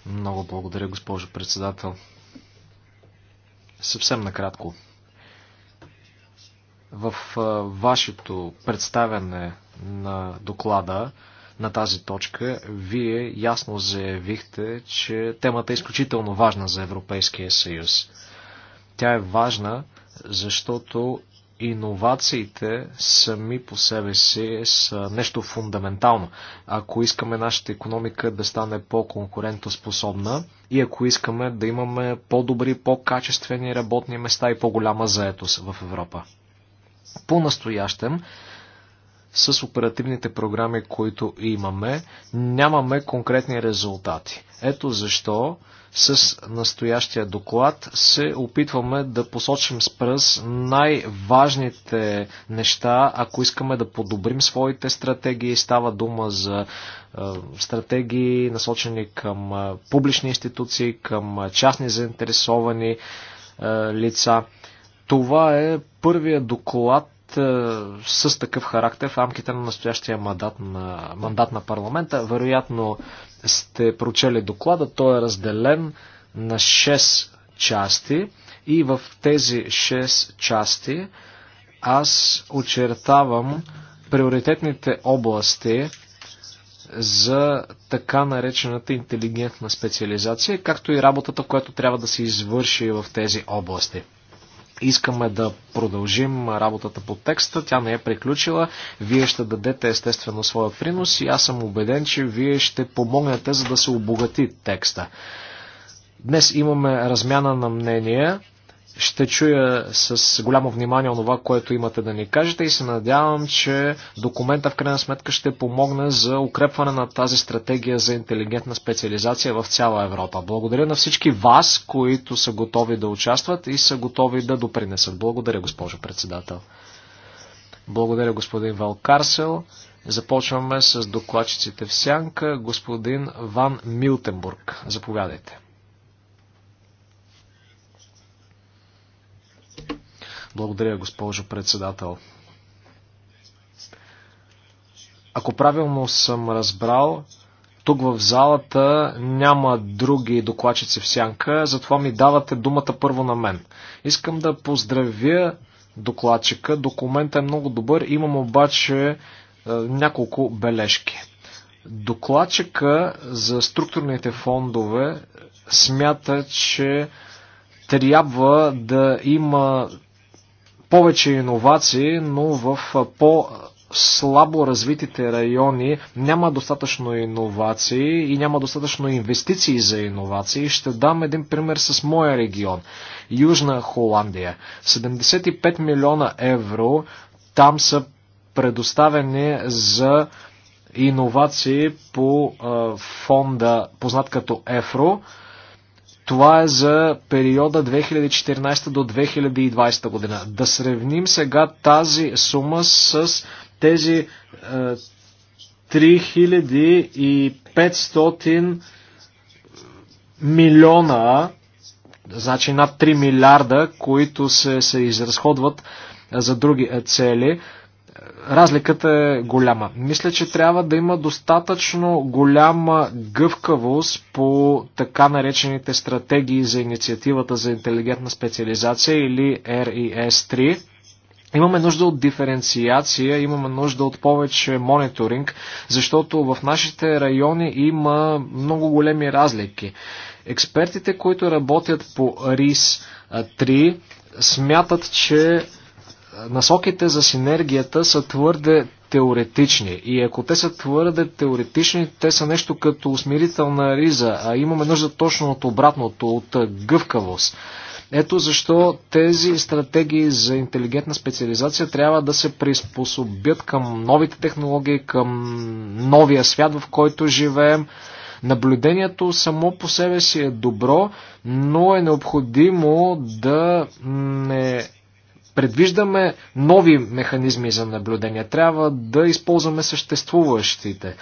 Много благодаря, госпожо председател. Съвсем накратко. В вашето представяне на доклада на тази точка, вие ясно заявихте, че темата е изключително важна за Европейския съюз. Тя е важна, защото иновациите сами по себе си са нещо фундаментално. Ако искаме нашата економика да стане по-конкурентоспособна и ако искаме да имаме по-добри, по-качествени работни места и по-голяма заетост в Европа. По-настоящем с оперативните програми, които имаме, нямаме конкретни резултати. Ето защо с настоящия доклад се опитваме да посочим с пръст най-важните неща, ако искаме да подобрим своите стратегии. Става дума за е, стратегии, насочени към е, публични институции, към е, частни заинтересовани е, лица. Това е първия доклад е, с такъв характер в рамките на настоящия мандат на, мандат на парламента. Вероятно сте прочели доклада, той е разделен на 6 части и в тези 6 части аз очертавам приоритетните области за така наречената интелигентна специализация, както и работата, която трябва да се извърши в тези области. Искаме да продължим работата по текста, тя не е приключила, вие ще дадете естествено своя принос и аз съм убеден, че вие ще помогнете, за да се обогати текста. Днес имаме размяна на мнения ще чуя с голямо внимание това, което имате да ни кажете и се надявам, че документа в крайна сметка ще помогне за укрепване на тази стратегия за интелигентна специализация в цяла Европа. Благодаря на всички вас, които са готови да участват и са готови да допринесат. Благодаря, госпожо председател. Благодаря, господин Валкарсел. Започваме с докладчиците в сянка. Господин Ван Милтенбург. Заповядайте. Благодаря, госпожо председател. Ако правилно съм разбрал, тук в залата няма други докладчици в сянка, затова ми давате думата първо на мен. Искам да поздравя докладчика. Документът е много добър, имам обаче е, няколко бележки. Докладчика за структурните фондове смята, че трябва да има повече иновации, но в по- слабо развитите райони няма достатъчно иновации и няма достатъчно инвестиции за иновации. Ще дам един пример с моя регион. Южна Холандия. 75 милиона евро там са предоставени за иновации по фонда, познат като ЕФРО. Това е за периода 2014 до 2020 година. Да сравним сега тази сума с тези е, 3500 милиона, значи над 3 милиарда, които се, се изразходват е, за други е, цели разликата е голяма. Мисля, че трябва да има достатъчно голяма гъвкавост по така наречените стратегии за инициативата за интелигентна специализация или RES3. Имаме нужда от диференциация, имаме нужда от повече мониторинг, защото в нашите райони има много големи разлики. Експертите, които работят по RIS e 3, смятат, че насоките за синергията са твърде теоретични. И ако те са твърде теоретични, те са нещо като усмирителна риза, а имаме нужда точно от обратното, от гъвкавост. Ето защо тези стратегии за интелигентна специализация трябва да се приспособят към новите технологии, към новия свят, в който живеем. Наблюдението само по себе си е добро, но е необходимо да не предвиждаме нови механизми за наблюдение. Трябва да използваме съществуващите.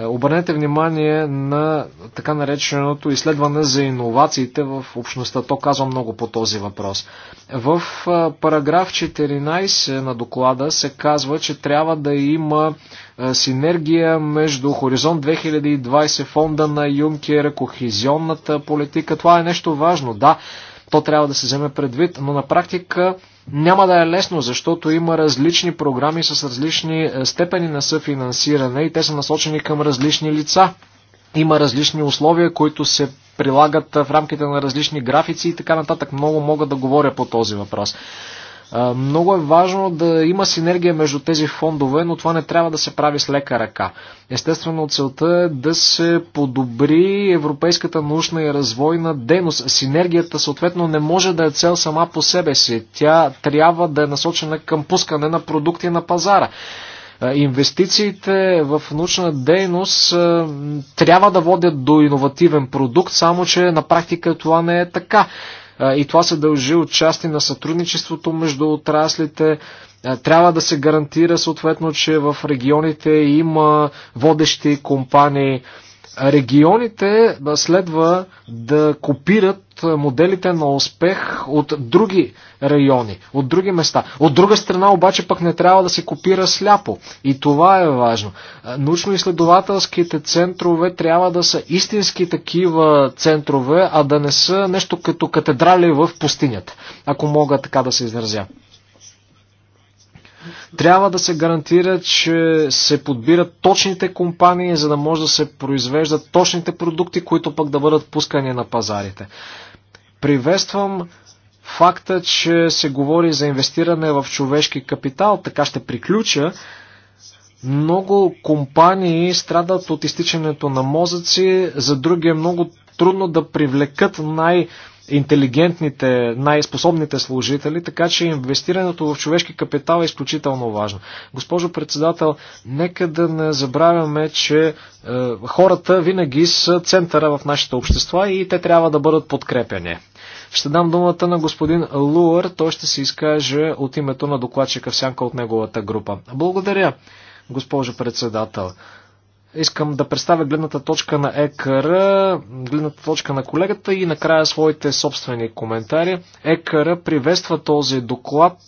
Е, обърнете внимание на така нареченото изследване за иновациите в общността. То казва много по този въпрос. В е, параграф 14 на доклада се казва, че трябва да има е, синергия между Хоризонт 2020 фонда на Юнкер, кохезионната политика. Това е нещо важно. Да, то трябва да се вземе предвид, но на практика няма да е лесно, защото има различни програми с различни е, степени на съфинансиране и те са насочени към различни лица. Има различни условия, които се прилагат е, в рамките на различни графици и така нататък. Много мога да говоря по този въпрос. Много е важно да има синергия между тези фондове, но това не трябва да се прави с лека ръка. Естествено, целта е да се подобри европейската научна и развойна дейност. Синергията, съответно, не може да е цел сама по себе си. Тя трябва да е насочена към пускане на продукти на пазара инвестициите в научна дейност трябва да водят до иновативен продукт, само че на практика това не е така и това се дължи отчасти на сътрудничеството между отраслите. Трябва да се гарантира съответно, че в регионите има водещи компании, регионите следва да копират моделите на успех от други райони, от други места. От друга страна обаче пък не трябва да се копира сляпо. И това е важно. Научно-изследователските центрове трябва да са истински такива центрове, а да не са нещо като катедрали в пустинята, ако мога така да се изразя. Трябва да се гарантира, че се подбират точните компании, за да може да се произвеждат точните продукти, които пък да бъдат пускани на пазарите. Приветствам факта, че се говори за инвестиране в човешки капитал, така ще приключа. Много компании страдат от изтичането на мозъци, за други е много трудно да привлекат най- интелигентните, най-способните служители, така че инвестирането в човешки капитал е изключително важно. Госпожо председател, нека да не забравяме, че е, хората винаги са центъра в нашите общества и те трябва да бъдат подкрепени. Ще дам думата на господин Луър, той ще се изкаже от името на докладчика всяка от неговата група. Благодаря, госпожо председател. Искам да представя гледната точка на ЕКР, гледната точка на колегата и накрая своите собствени коментари. ЕКР приветства този доклад.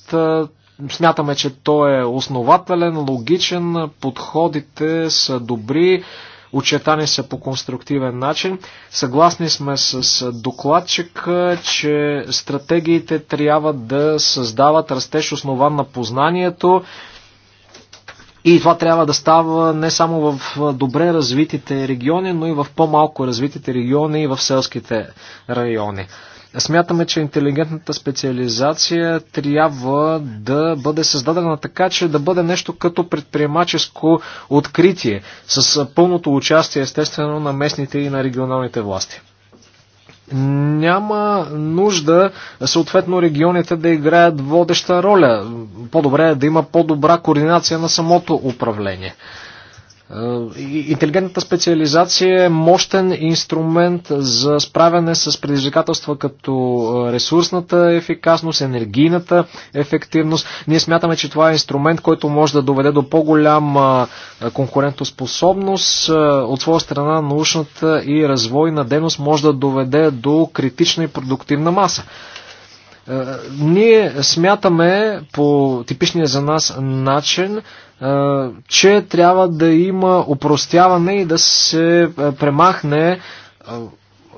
Смятаме, че той е основателен, логичен, подходите са добри, очетани са по конструктивен начин. Съгласни сме с докладчика, че стратегиите трябва да създават растеж основан на познанието, и това трябва да става не само в добре развитите региони, но и в по-малко развитите региони и в селските райони. Смятаме, че интелигентната специализация трябва да бъде създадена така, че да бъде нещо като предприемаческо откритие, с пълното участие естествено на местните и на регионалните власти няма нужда съответно регионите да играят водеща роля. По-добре е да има по-добра координация на самото управление. Е, интелигентната специализация е мощен инструмент за справяне с предизвикателства като е, ресурсната ефикасност, енергийната ефективност. Ние смятаме, че това е инструмент, който може да доведе до по-голяма е, конкурентоспособност. От своя страна научната и развойна дейност може да доведе до критична и продуктивна маса ние смятаме по типичния за нас начин, че трябва да има упростяване и да се премахне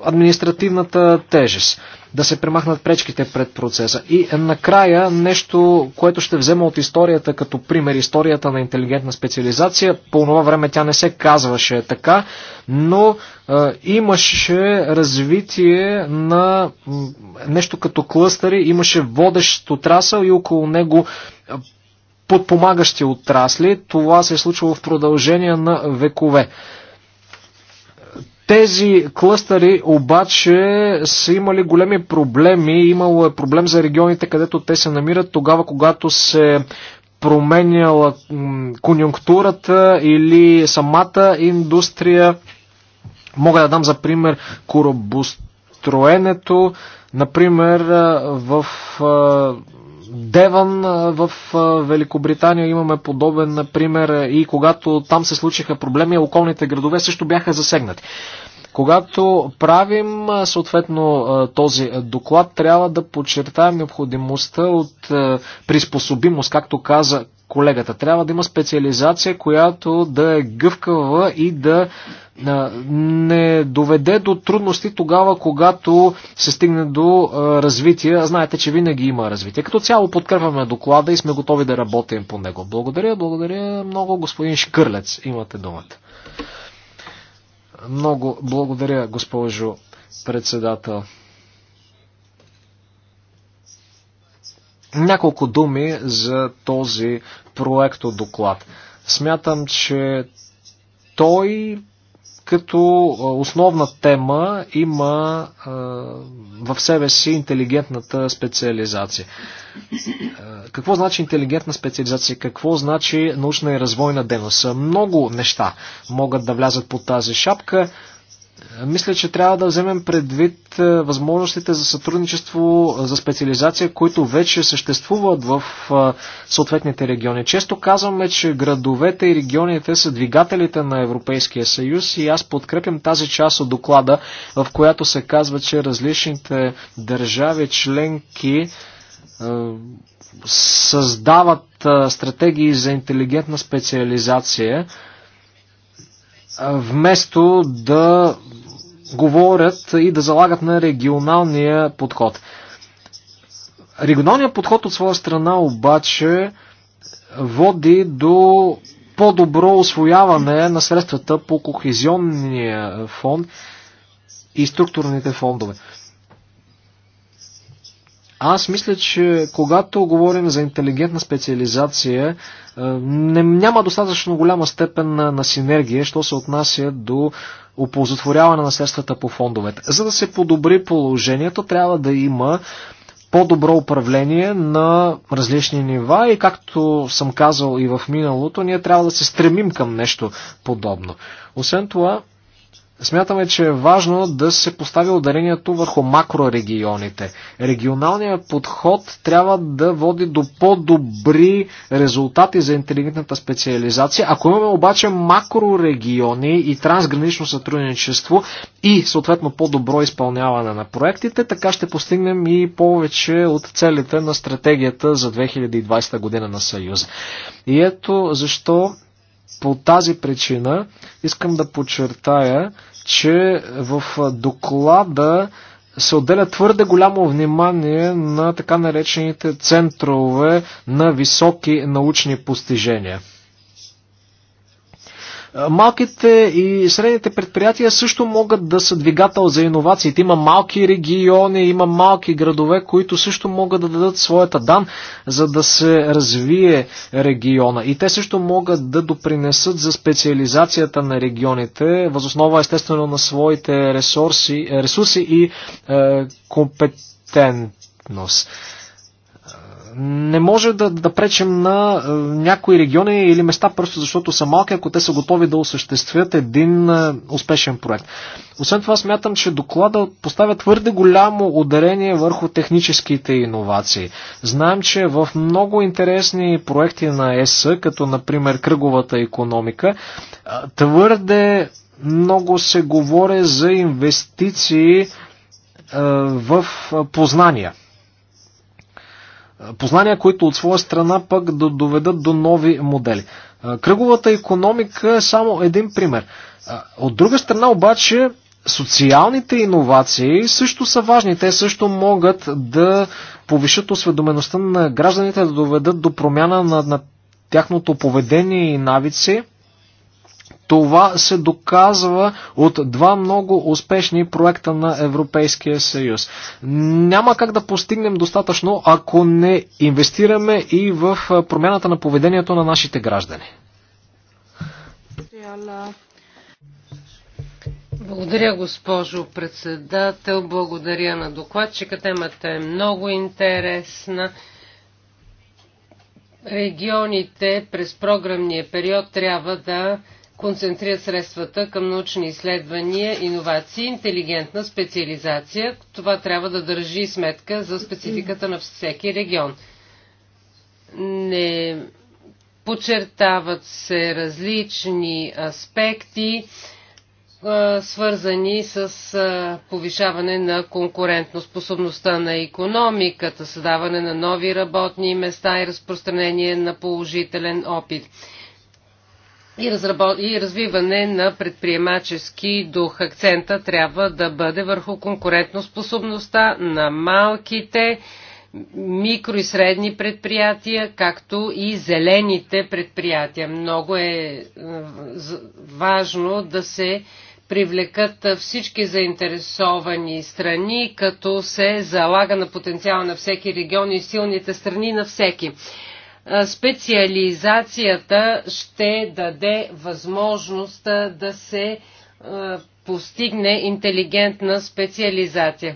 административната тежест, да се премахнат пречките пред процеса. И накрая нещо, което ще взема от историята като пример, историята на интелигентна специализация. По това време тя не се казваше така, но е, имаше развитие на нещо като клъстъри, имаше водещ отрасъл и около него подпомагащи отрасли. Това се е случвало в продължение на векове. Тези клъстъри обаче са имали големи проблеми. Имало е проблем за регионите, където те се намират тогава, когато се променяла конюнктурата или самата индустрия. Мога да дам за пример корабостроенето. Например, в Деван в Великобритания имаме подобен например, и когато там се случиха проблеми, околните градове също бяха засегнати. Когато правим съответно този доклад, трябва да подчертаем необходимостта от приспособимост, както каза колегата. Трябва да има специализация, която да е гъвкава и да е, не доведе до трудности тогава, когато се стигне до е, развитие. Знаете, че винаги има развитие. Като цяло подкрепяме доклада и сме готови да работим по него. Благодаря, благодаря много, господин Шкърлец. Имате думата. Много благодаря, госпожо председател. Няколко думи за този проект от доклад. Смятам, че той като основна тема има в себе си интелигентната специализация. Какво значи интелигентна специализация? Какво значи научна и развойна дейност? Много неща могат да влязат под тази шапка мисля, че трябва да вземем предвид е, възможностите за сътрудничество, е, за специализация, които вече съществуват в е, съответните региони. Често казваме, че градовете и регионите са двигателите на Европейския съюз и аз подкрепям тази част от доклада, в която се казва, че различните държави членки създават стратегии за интелигентна специализация вместо да говорят и да залагат на регионалния подход. Регионалният подход от своя страна обаче води до по-добро освояване на средствата по кохезионния фонд и структурните фондове. Аз мисля, че когато говорим за интелигентна специализация, е, не, няма достатъчно голяма степен на, на синергия, що се отнася до оползотворяване на средствата по фондовете. За да се подобри положението, трябва да има по-добро управление на различни нива и както съм казал и в миналото, ние трябва да се стремим към нещо подобно. Освен това, Смятаме, че е важно да се постави ударението върху макрорегионите. Регионалният подход трябва да води до по-добри резултати за интелигентната специализация. Ако имаме обаче макрорегиони и трансгранично сътрудничество и съответно по-добро изпълняване на проектите, така ще постигнем и повече от целите на стратегията за 2020 година на съюз. И ето защо по тази причина искам да подчертая, че в доклада се отделя твърде голямо внимание на така наречените центрове на високи научни постижения. Малките и средните предприятия също могат да са двигател за иновациите. Има малки региони, има малки градове, които също могат да дадат своята дан, за да се развие региона. И те също могат да допринесат за специализацията на регионите, възоснова естествено на своите ресурси, ресурси и е, компетентност не може да, да пречим на е, някои региони или места, просто защото са малки, ако те са готови да осъществят един е, успешен проект. Освен това, смятам, че доклада поставя твърде голямо ударение върху техническите иновации. Знаем, че в много интересни проекти на ЕС, като например кръговата економика, е, твърде много се говори за инвестиции в познания познания, които от своя страна пък да доведат до нови модели. Кръговата економика е само един пример. От друга страна обаче социалните иновации също са важни. Те също могат да повишат осведомеността на гражданите, да доведат до промяна на, на тяхното поведение и навици. Това се доказва от два много успешни проекта на Европейския съюз. Няма как да постигнем достатъчно, ако не инвестираме и в промяната на поведението на нашите граждани. Благодаря, госпожо председател. Благодаря на докладчика. Темата е много интересна. Регионите през програмния период трябва да концентрират средствата към научни изследвания, иновации, интелигентна специализация. Това трябва да държи сметка за спецификата на всеки регион. Не подчертават се различни аспекти, свързани с повишаване на конкурентноспособността на економиката, създаване на нови работни места и разпространение на положителен опит и, разработ... и развиване на предприемачески дух. Акцента трябва да бъде върху конкурентоспособността на малките микро и средни предприятия, както и зелените предприятия. Много е, е важно да се привлекат всички заинтересовани страни, като се залага на потенциала на всеки регион и силните страни на всеки специализацията ще даде възможност да се постигне интелигентна специализация.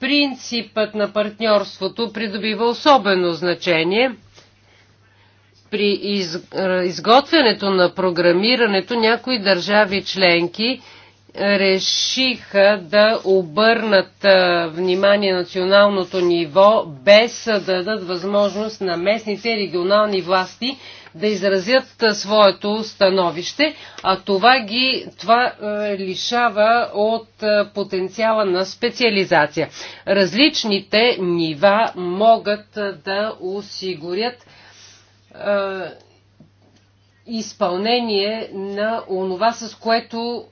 Принципът на партньорството придобива особено значение. При изготвянето на програмирането някои държави членки – решиха да обърнат внимание националното ниво, без да дадат възможност на местните регионални власти да изразят своето становище, а това ги това лишава от потенциала на специализация. Различните нива могат да осигурят изпълнение на онова, с което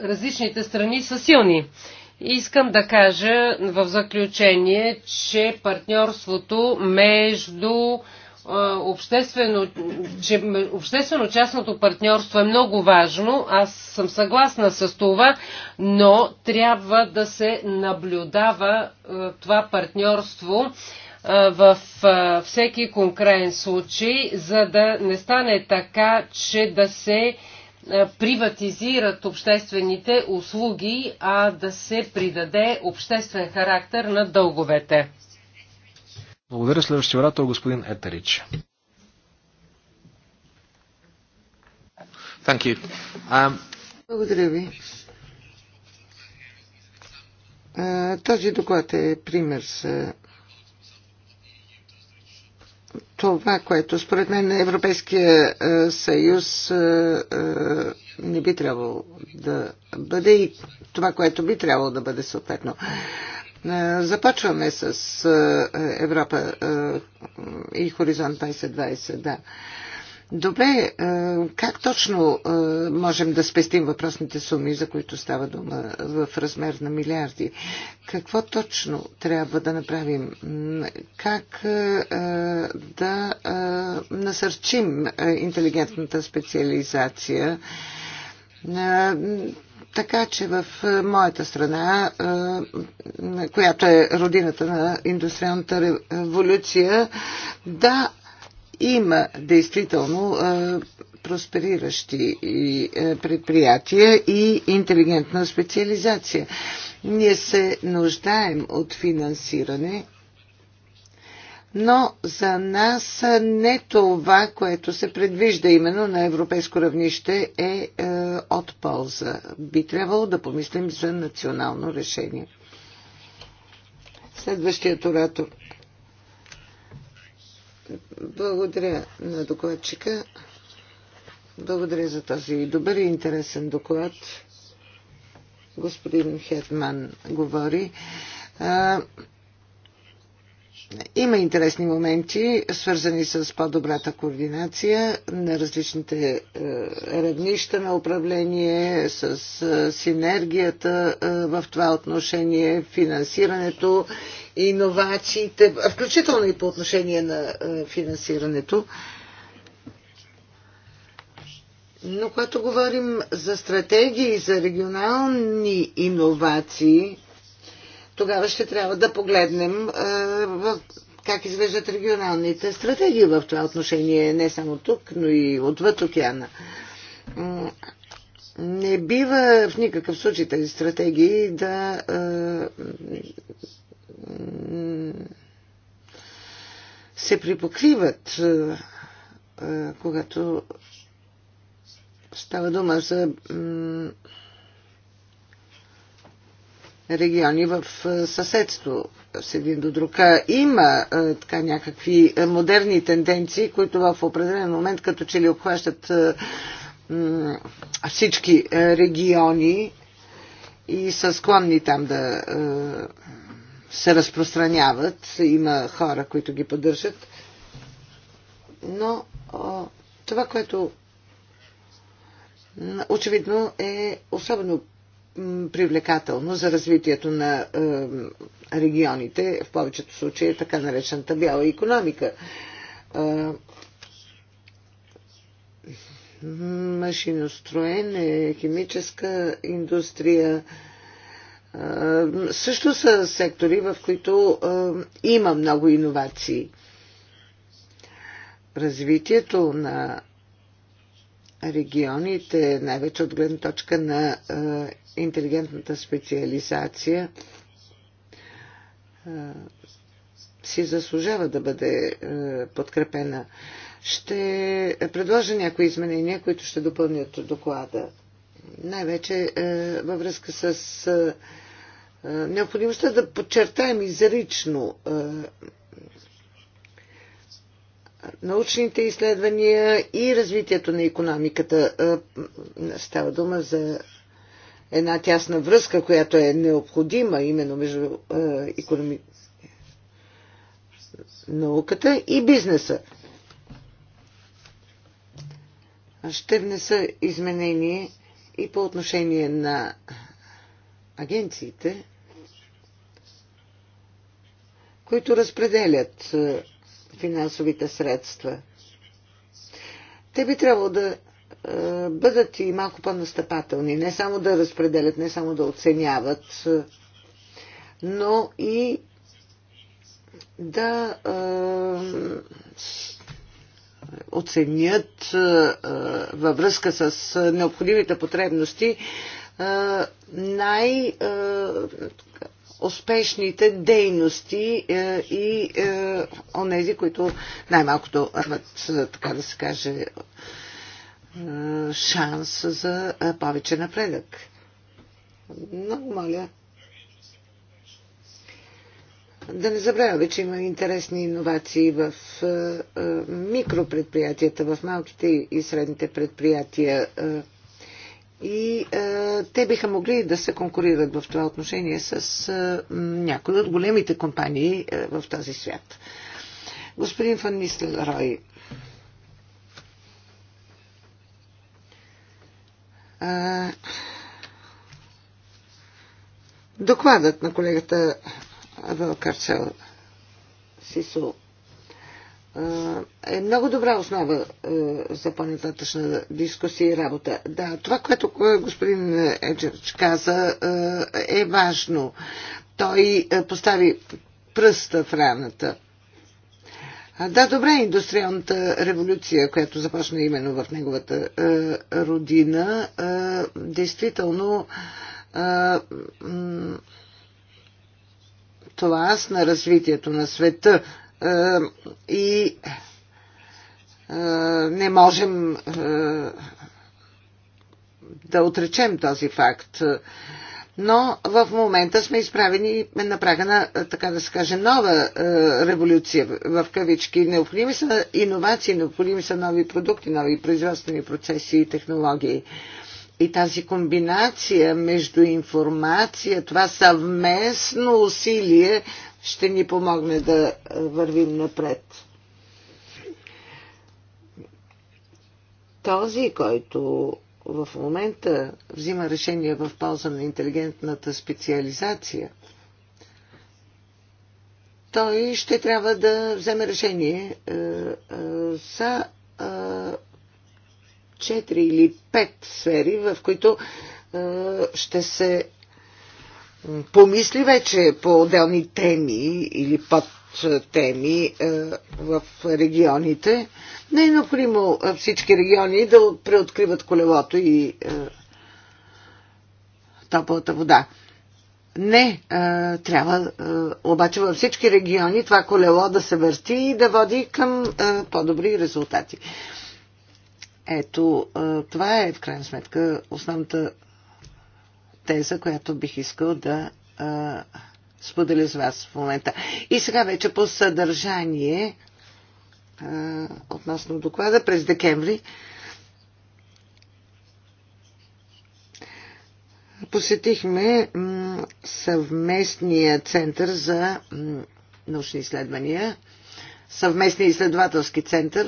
различните страни са силни. Искам да кажа в заключение, че партньорството между обществено, че обществено-частното партньорство е много важно. Аз съм съгласна с това, но трябва да се наблюдава това партньорство в всеки конкретен случай, за да не стане така, че да се е, приватизират обществените услуги, а да се придаде обществен характер на дълговете. Благодаря следващия оратор, господин Етерич. Um... Благодаря ви. Е, този доклад е пример за това, което според мен Европейския е, съюз е, е, не би трябвало да бъде и това, което би трябвало да бъде съответно. Започваме с Европа и Хоризонт 2020, да. Добре, е, как точно е, можем да спестим въпросните суми, за които става дума в размер на милиарди? Какво точно трябва да направим? Как е, да насърчим интелигентната специализация? Така че в моята страна, която е родината на индустриалната революция, да, има действително проспериращи предприятия и интелигентна специализация. Ние се нуждаем от финансиране, но за нас не това, което се предвижда именно на европейско равнище е, е от полза. Би трябвало да помислим за национално решение. Следващият оратор. Благодаря на докладчика. Благодаря за този добър и интересен доклад. Господин Хетман говори. Има интересни моменти, свързани с по-добрата координация на различните е, равнища на управление, с е, синергията е, в това отношение, финансирането, иновациите, включително и по отношение на финансирането. Но когато говорим за стратегии за регионални иновации, тогава ще трябва да погледнем е, как изглеждат регионалните стратегии в това отношение, не само тук, но и отвъд океана. Не бива в никакъв случай тези стратегии да е, се припокриват, е, когато става дума за региони в съседство с един до друг. Има така някакви модерни тенденции, които в определен момент като че ли обхващат всички региони и са склонни там да се разпространяват. Има хора, които ги поддържат. Но това, което очевидно е особено привлекателно за развитието на регионите, в повечето случаи е така наречената бяла економика. Машиностроене, химическа индустрия, също са сектори, в които има много иновации. Развитието на регионите, най-вече от гледна точка на интелигентната специализация, си заслужава да бъде подкрепена. Ще предложа някои изменения, които ще допълнят доклада. Най-вече във връзка с необходимостта да подчертаем изрично научните изследвания и развитието на економиката. Става дума за една тясна връзка, която е необходима именно между економи... науката и бизнеса. Ще внеса изменение и по отношение на агенциите, които разпределят финансовите средства. Те би трябвало да е, бъдат и малко по-настъпателни, не само да разпределят, не само да оценяват, но и да е, оценят е, във връзка с необходимите потребности най- успешните дейности е, и е, онези, които най-малкото имат, е, така да се каже, шанс за повече напредък. Много моля. Да не забравяме, че има интересни иновации в микропредприятията, в малките и средните предприятия. И е, те биха могли да се конкурират в това отношение с е, някои от големите компании е, в този свят. Господин Фан Нистелрой, е, докладът на колегата Абел Карцел Сисо е много добра основа е, за по-нататъчна дискусия и работа. Да, това, което е, господин Еджерч каза, е, е важно. Той постави пръста в раната. Да, добре, индустриалната революция, която започна именно в неговата родина, действително това на развитието на света е, и е, не можем е, да отречем този факт. Но в момента сме изправени на прага на, така да се каже, нова е, революция в кавички. Необходими са иновации, необходими са нови продукти, нови производствени процеси и технологии. И тази комбинация между информация, това съвместно усилие ще ни помогне да е, вървим напред. Този, който в момента взима решение в полза на интелигентната специализация, той ще трябва да вземе решение е, е, за е, 4 или 5 сфери, в които е, ще се помисли вече по отделни теми или под е, теми е, в регионите. Не е необходимо е, всички региони да преоткриват колелото и топлата вода. Не, трябва обаче във всички региони това колело да се върти и да води към по-добри резултати. Ето, това е в крайна сметка основната теза, която бих искал да а, споделя с вас в момента. И сега вече по съдържание а, относно доклада през декември. Посетихме съвместния център за научни изследвания съвместния изследователски център.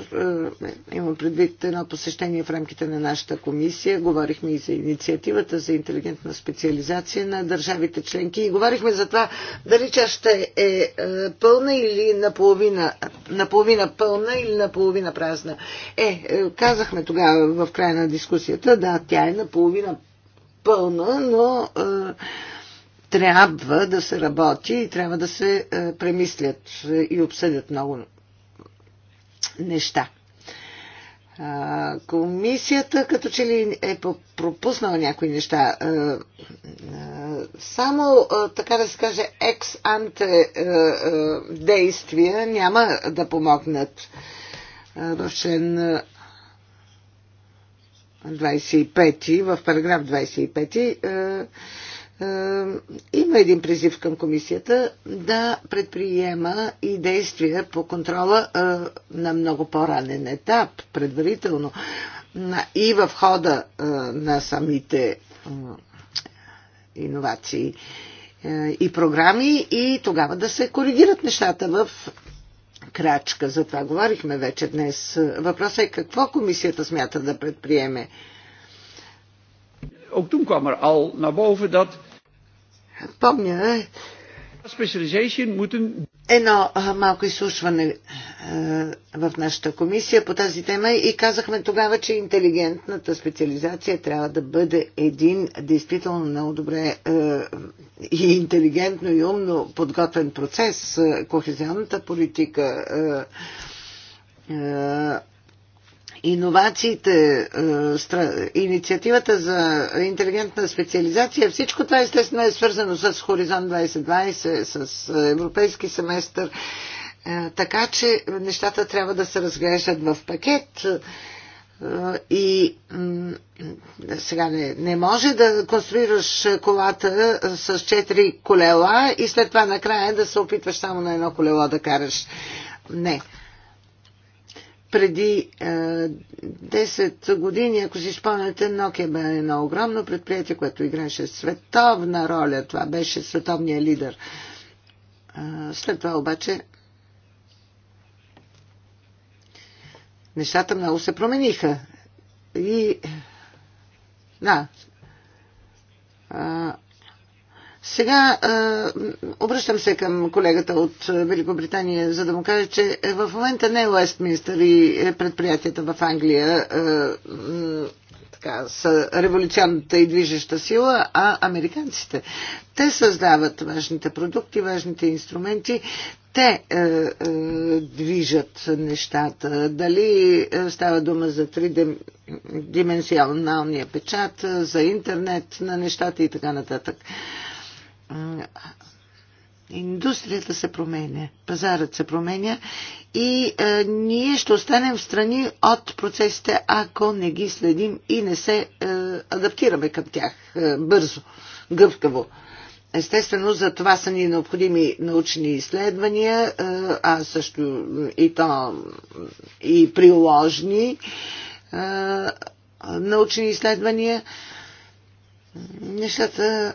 Е, имам предвид едно посещение в рамките на нашата комисия. Говорихме и за инициативата за интелигентна специализация на държавите членки и говорихме за това дали чашата е, е пълна или наполовина, наполовина пълна или наполовина празна. Е, е, казахме тогава в края на дискусията, да, тя е наполовина пълна, но трябва да се работи и трябва да се премислят и обсъдят много неща. Комисията като че ли е пропуснала някои неща. Само, така да се каже, екс-анте действия няма да помогнат в член 25, в параграф 25 е, има един призив към комисията да предприема и действия по контрола е, на много по-ранен етап, предварително и в хода е, на самите иновации и програми и тогава да се коригират нещата в крачка. За това говорихме вече днес. Въпросът е какво комисията смята да предприеме ook toen kwam er al naar boven dat Помня, е. specialization moeten... Едно малко изслушване е, в нашата комисия по тази тема и казахме тогава, че интелигентната специализация трябва да бъде един действително много добре е, и интелигентно и умно подготвен процес. Кохезионната политика иновациите, е, инициативата за интелигентна специализация, всичко това естествено е свързано с Хоризонт 2020, с е, Европейски семестър. Е, така че нещата трябва да се разглеждат в пакет. И сега не, не може да конструираш колата с четири колела и след това накрая да се опитваш само на едно колело да караш. Не преди е, 10 години, ако си спомняте, Nokia бе едно огромно предприятие, което играеше световна роля. Това беше световния лидер. Е, след това обаче нещата много се промениха. И да, а, е, сега обръщам се към колегата от Великобритания, за да му кажа, че в момента не Уестминстър и е предприятията в Англия така, са революционната и движеща сила, а американците. Те създават важните продукти, важните инструменти, те е, е, движат нещата. Дали е, става дума за тридименсионалния печат, за интернет на нещата и така нататък. Е, Индустрията се променя, пазарът се променя и е, ние ще останем в страни от процесите, ако не ги следим и не се е, адаптираме към тях е, бързо, гъвкаво. Естествено, за това са ни необходими научни изследвания, е, а също и то и приложни е, научни изследвания. Нещата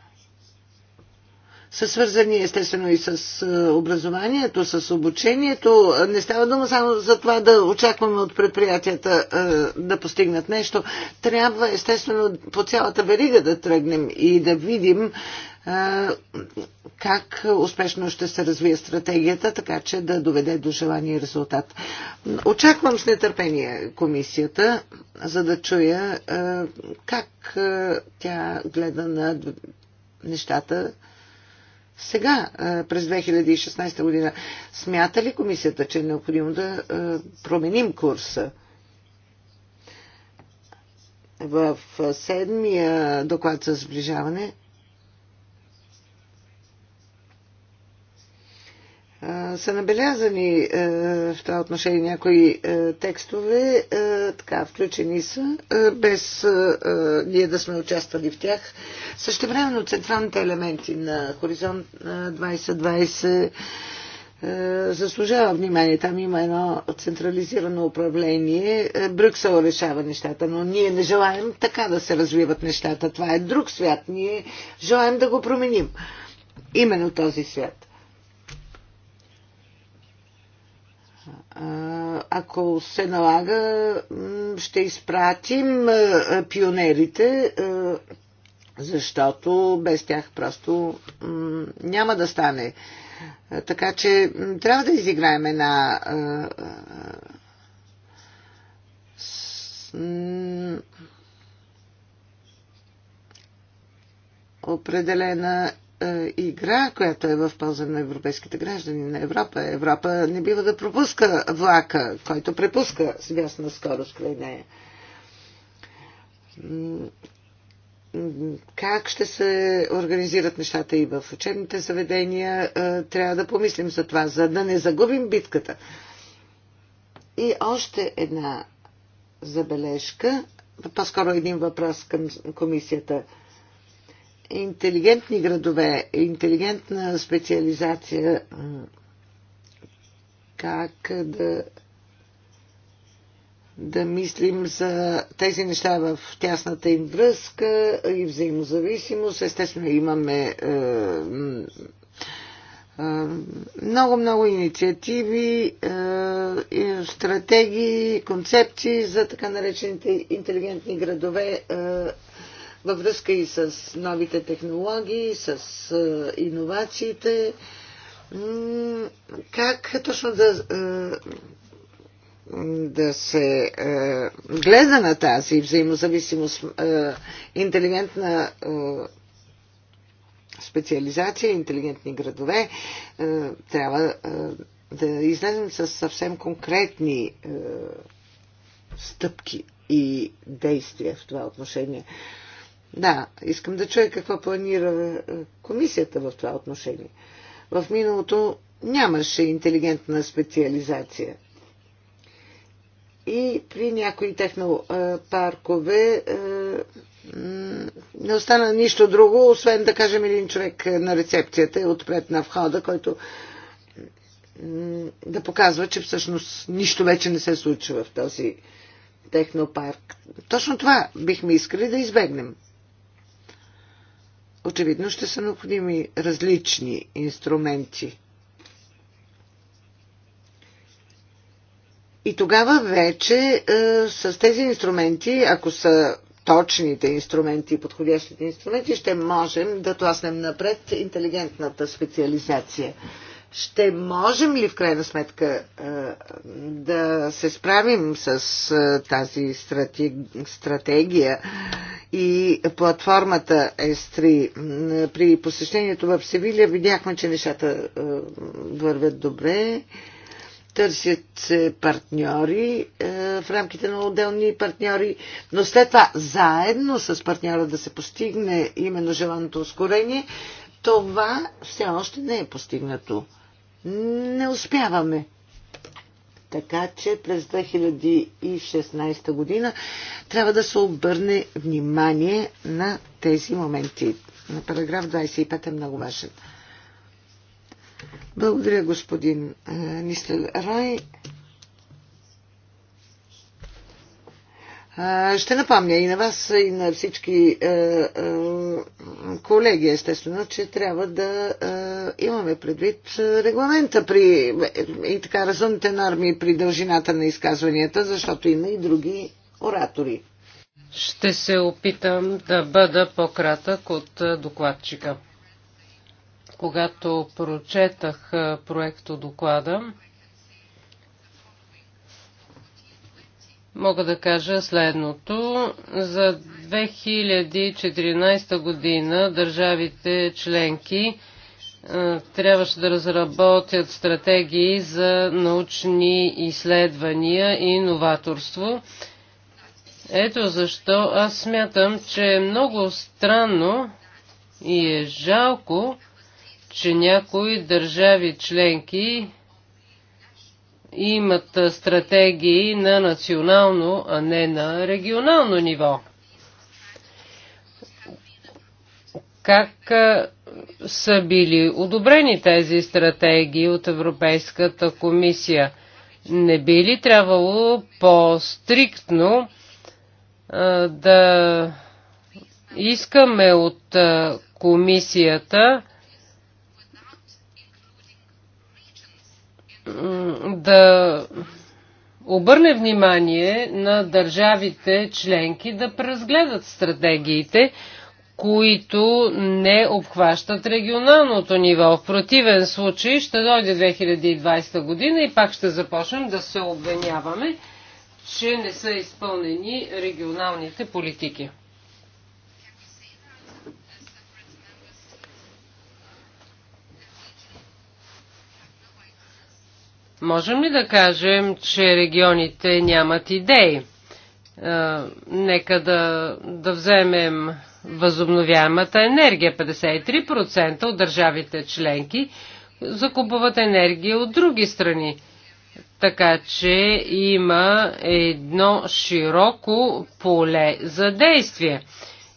са свързани естествено и с образованието, с обучението. Не става дума само за това да очакваме от предприятията да постигнат нещо. Трябва естествено по цялата верига да тръгнем и да видим как успешно ще се развие стратегията, така че да доведе до желания резултат. Очаквам с нетърпение комисията, за да чуя как тя гледа на нещата сега, през 2016 година. Смята ли комисията, че е необходимо да променим курса? В седмия доклад за сближаване са набелязани е, в това отношение някои е, текстове, е, така включени са, без ние да сме участвали в тях. времено централните елементи на Хоризонт 2020 заслужава внимание. Там има едно централизирано управление. Брюксел решава нещата, но ние не желаем така да се развиват нещата. Това е друг свят. Ние желаем да го променим. Именно този свят. Ако се налага, ще изпратим пионерите, защото без тях просто няма да стане. Така че трябва да изиграем една определена е, игра, която е в полза на европейските граждани, на Европа. Европа не бива да пропуска влака, който препуска с вясна скорост край нея. Как ще се организират нещата и в учебните заведения, е, трябва да помислим за това, за да не загубим битката. И още една забележка, по-скоро един въпрос към комисията – интелигентни градове, интелигентна специализация, как да, да мислим за тези неща в тясната им връзка и взаимозависимост. Естествено, имаме много-много е, е, инициативи, е, стратегии, концепции за така наречените интелигентни градове във връзка и с новите технологии, с е, иновациите. Как точно да, е, да се е, гледа на тази взаимозависимост, интелигентна специализация, интелигентни градове, трябва да излезем с съвсем конкретни стъпки и действия в това отношение. Да, искам да чуя какво планира е, комисията в това отношение. В миналото нямаше интелигентна специализация. И при някои технопаркове е, е, не остана нищо друго, освен да кажем един човек на рецепцията и отпред на входа, който да показва, че всъщност нищо вече не се случва в този технопарк. Точно това бихме искали да избегнем очевидно ще са необходими различни инструменти. И тогава вече е, с тези инструменти, ако са точните инструменти и подходящите инструменти, ще можем да тласнем напред интелигентната специализация ще можем ли в крайна сметка е, да се справим с е, тази стратегия и платформата S3? При посещението в Севилия видяхме, че нещата е, вървят добре. Търсят се партньори в рамките на отделни партньори, но след това заедно с партньора да се постигне именно желаното ускорение, това все още не е постигнато не успяваме. Така че през 2016 година трябва да се обърне внимание на тези моменти. На параграф 25 е много важен. Благодаря, господин Нисле е, Рай. Ще напомня и на вас, и на всички е, е, колеги, естествено, че трябва да е, имаме предвид регламента при и така разумните норми при дължината на изказванията, защото има и други оратори. Ще се опитам да бъда по-кратък от докладчика. Когато прочетах проекто доклада, мога да кажа следното. За 2014 година държавите членки е, трябваше да разработят стратегии за научни изследвания и новаторство. Ето защо аз смятам, че е много странно и е жалко, че някои държави членки имат стратегии на национално, а не на регионално ниво. Как са били одобрени тези стратегии от Европейската комисия? Не би ли трябвало по-стриктно да искаме от комисията да обърне внимание на държавите членки да преразгледат стратегиите, които не обхващат регионалното ниво. В противен случай ще дойде 2020 година и пак ще започнем да се обвиняваме, че не са изпълнени регионалните политики. Можем ли да кажем, че регионите нямат идеи? Е, нека да, да вземем възобновяемата енергия. 53% от държавите членки закупуват енергия от други страни. Така че има едно широко поле за действие.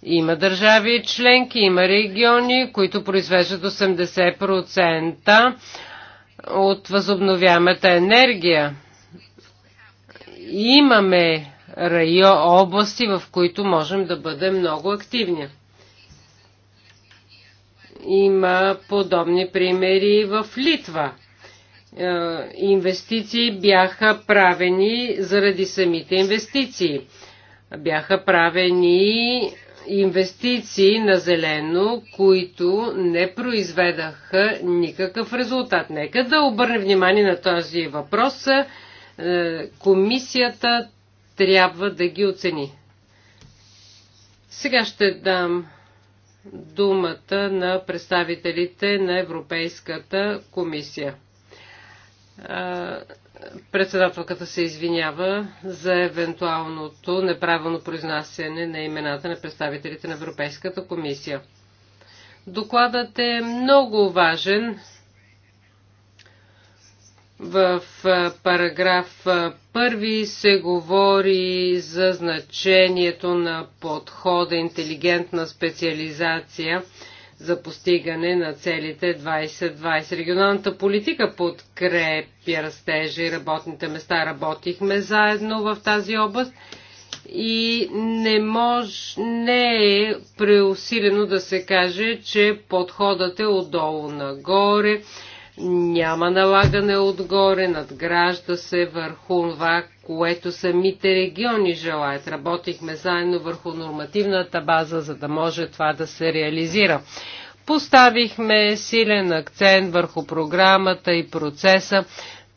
Има държави членки, има региони, които произвеждат 80% от възобновяемата енергия. Имаме райо, области, в които можем да бъдем много активни. Има подобни примери в Литва. Е, инвестиции бяха правени заради самите инвестиции. Бяха правени инвестиции на зелено, които не произведаха никакъв резултат. Нека да обърне внимание на този въпрос. Е, комисията трябва да ги оцени. Сега ще дам думата на представителите на Европейската комисия. Е, Председателката се извинява за евентуалното неправилно произнасяне на имената на представителите на Европейската комисия. Докладът е много важен. В параграф 1 се говори за значението на подхода интелигентна специализация – за постигане на целите 2020. Регионалната политика подкрепя растежа и работните места. Работихме заедно в тази област и не, мож, не е преусилено да се каже, че подходът е отдолу нагоре няма налагане отгоре, надгражда се върху това, което самите региони желаят. Работихме заедно върху нормативната база, за да може това да се реализира. Поставихме силен акцент върху програмата и процеса,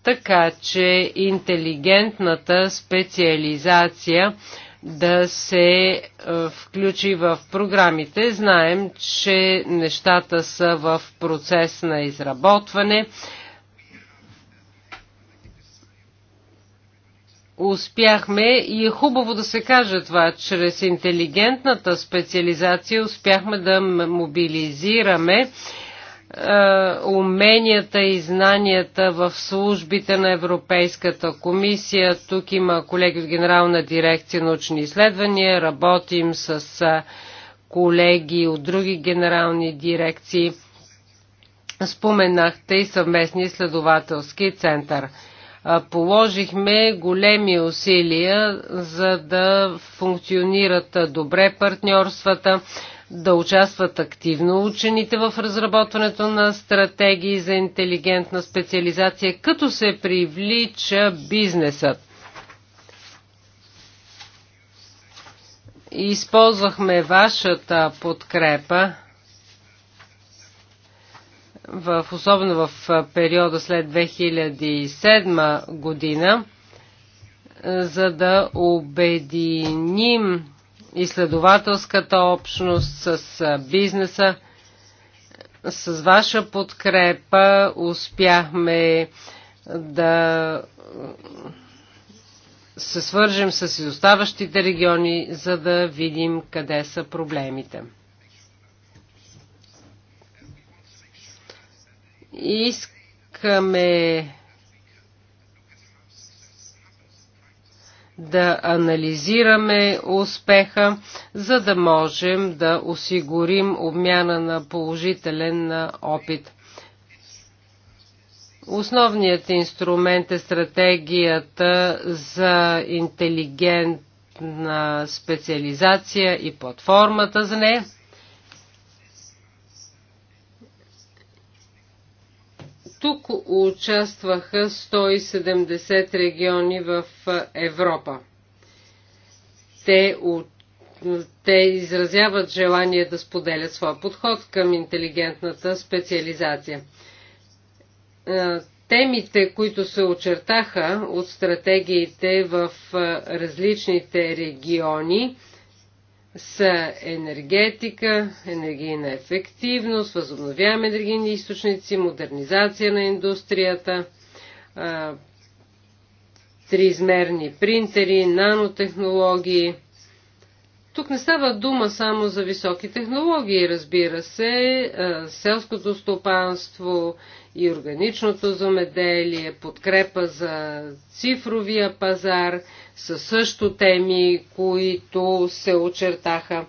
така че интелигентната специализация – да се е, включи в програмите. Знаем, че нещата са в процес на изработване. Успяхме и е хубаво да се каже това, чрез интелигентната специализация успяхме да мобилизираме е, уменията и знанията в службите на Европейската комисия. Тук има колеги от Генерална дирекция научни изследвания, работим с е, колеги от други генерални дирекции. Споменахте и съвместни изследователски център. Е, положихме големи усилия за да функционират добре партньорствата да участват активно учените в разработването на стратегии за интелигентна специализация, като се привлича бизнесът. Използвахме вашата подкрепа, в, особено в периода след 2007 година, за да обединим изследователската общност, с бизнеса. С ваша подкрепа успяхме да се свържем с изоставащите региони, за да видим къде са проблемите. Искаме да анализираме успеха, за да можем да осигурим обмяна на положителен опит. Основният инструмент е стратегията за интелигентна специализация и платформата за нея. Тук участваха 170 региони в Европа. Те, те изразяват желание да споделят своя подход към интелигентната специализация. Темите, които се очертаха от стратегиите в различните региони, са енергетика, енергийна ефективност, възобновяеми енергийни източници, модернизация на индустрията, триизмерни принтери, нанотехнологии. Тук не става дума само за високи технологии, разбира се, селското стопанство и органичното замеделие, подкрепа за цифровия пазар са също теми, които се очертаха.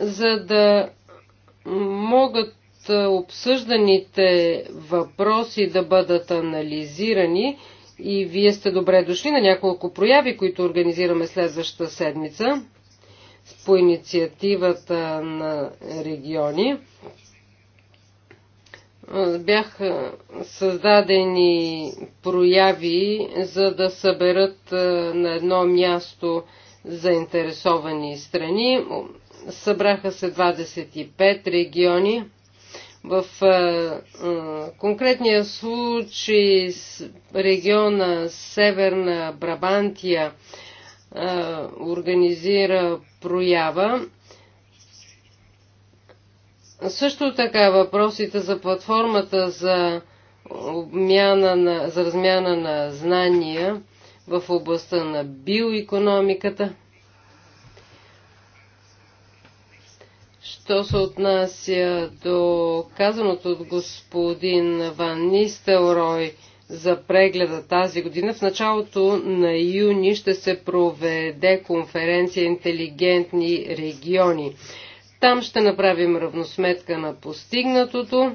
За да могат обсъжданите въпроси да бъдат анализирани и вие сте добре дошли на няколко прояви, които организираме следващата седмица по инициативата на региони. Бяха създадени прояви, за да съберат на едно място заинтересовани страни. Събраха се 25 региони. В конкретния случай региона Северна Брабантия е, организира проява. Също така въпросите за платформата за обмяна на, за размяна на знания в областта на биоекономиката. Що се отнася до казаното от господин Ван Нистелрой – за прегледа тази година. В началото на юни ще се проведе конференция Интелигентни региони. Там ще направим равносметка на постигнатото.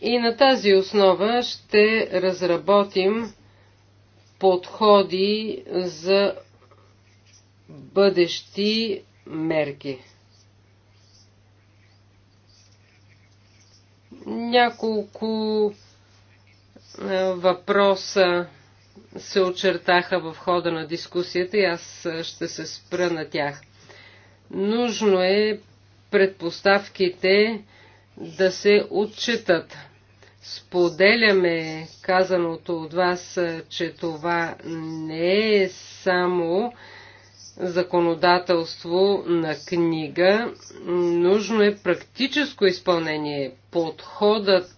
И на тази основа ще разработим подходи за бъдещи мерки. Няколко е, въпроса се очертаха в хода на дискусията и аз е, ще се спра на тях. Нужно е предпоставките да се отчитат. Споделяме казаното от вас, е, че това не е само законодателство на книга. Нужно е практическо изпълнение. Подходът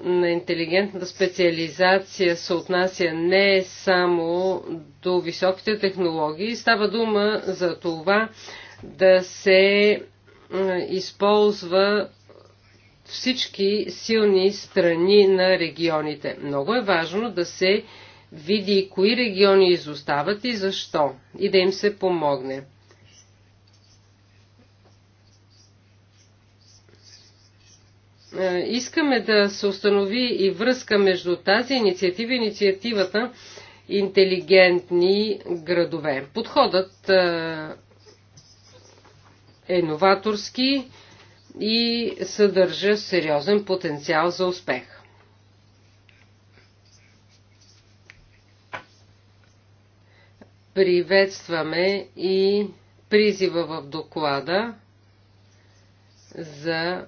на интелигентната специализация се отнася не само до високите технологии. Става дума за това да се използва всички силни страни на регионите. Много е важно да се види кои региони изостават и защо, и да им се помогне. Е, искаме да се установи и връзка между тази инициатива и инициативата интелигентни градове. Подходът е, е новаторски и съдържа сериозен потенциал за успех. Приветстваме и призива в доклада за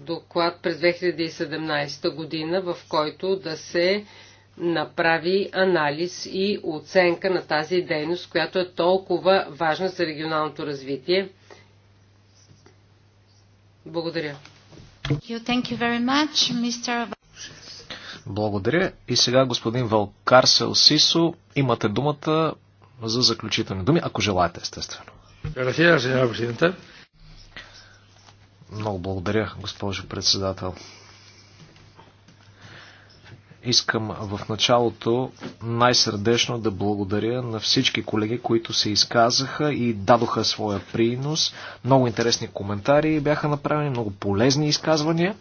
доклад през 2017 година, в който да се направи анализ и оценка на тази дейност, която е толкова важна за регионалното развитие. Благодаря. Благодаря. И сега господин Валкарсел Сисо, имате думата за заключителни думи, ако желаете, естествено. Много благодаря, госпожо председател. Искам в началото най-сърдечно да благодаря на всички колеги, които се изказаха и дадоха своя принос. Много интересни коментари бяха направени, много полезни изказвания.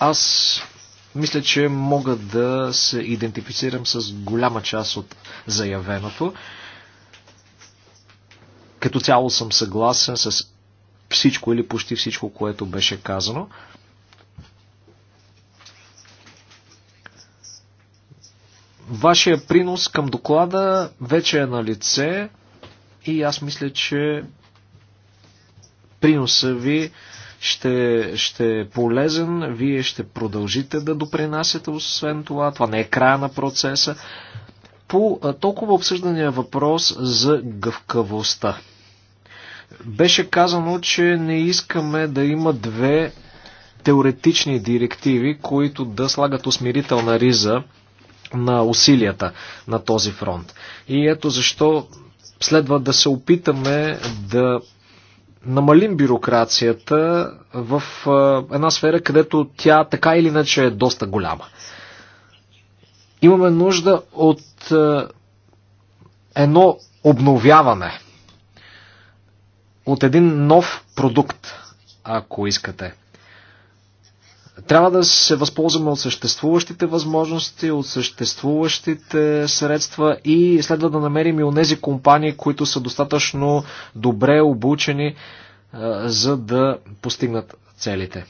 Аз мисля, че мога да се идентифицирам с голяма част от заявеното. Като цяло съм съгласен с всичко или почти всичко, което беше казано. Вашия принос към доклада вече е на лице и аз мисля, че приноса ви ще, ще е полезен, вие ще продължите да допринасяте освен това, това не е края на процеса. По толкова обсъждания въпрос за гъвкавостта. Беше казано, че не искаме да има две теоретични директиви, които да слагат усмирителна риза на усилията на този фронт. И ето защо следва да се опитаме да намалим бюрокрацията в една сфера, където тя така или иначе е доста голяма. Имаме нужда от едно обновяване, от един нов продукт, ако искате. Трябва да се възползваме от съществуващите възможности, от съществуващите средства и следва да намерим и онези компании, които са достатъчно добре обучени, за да постигнат целите.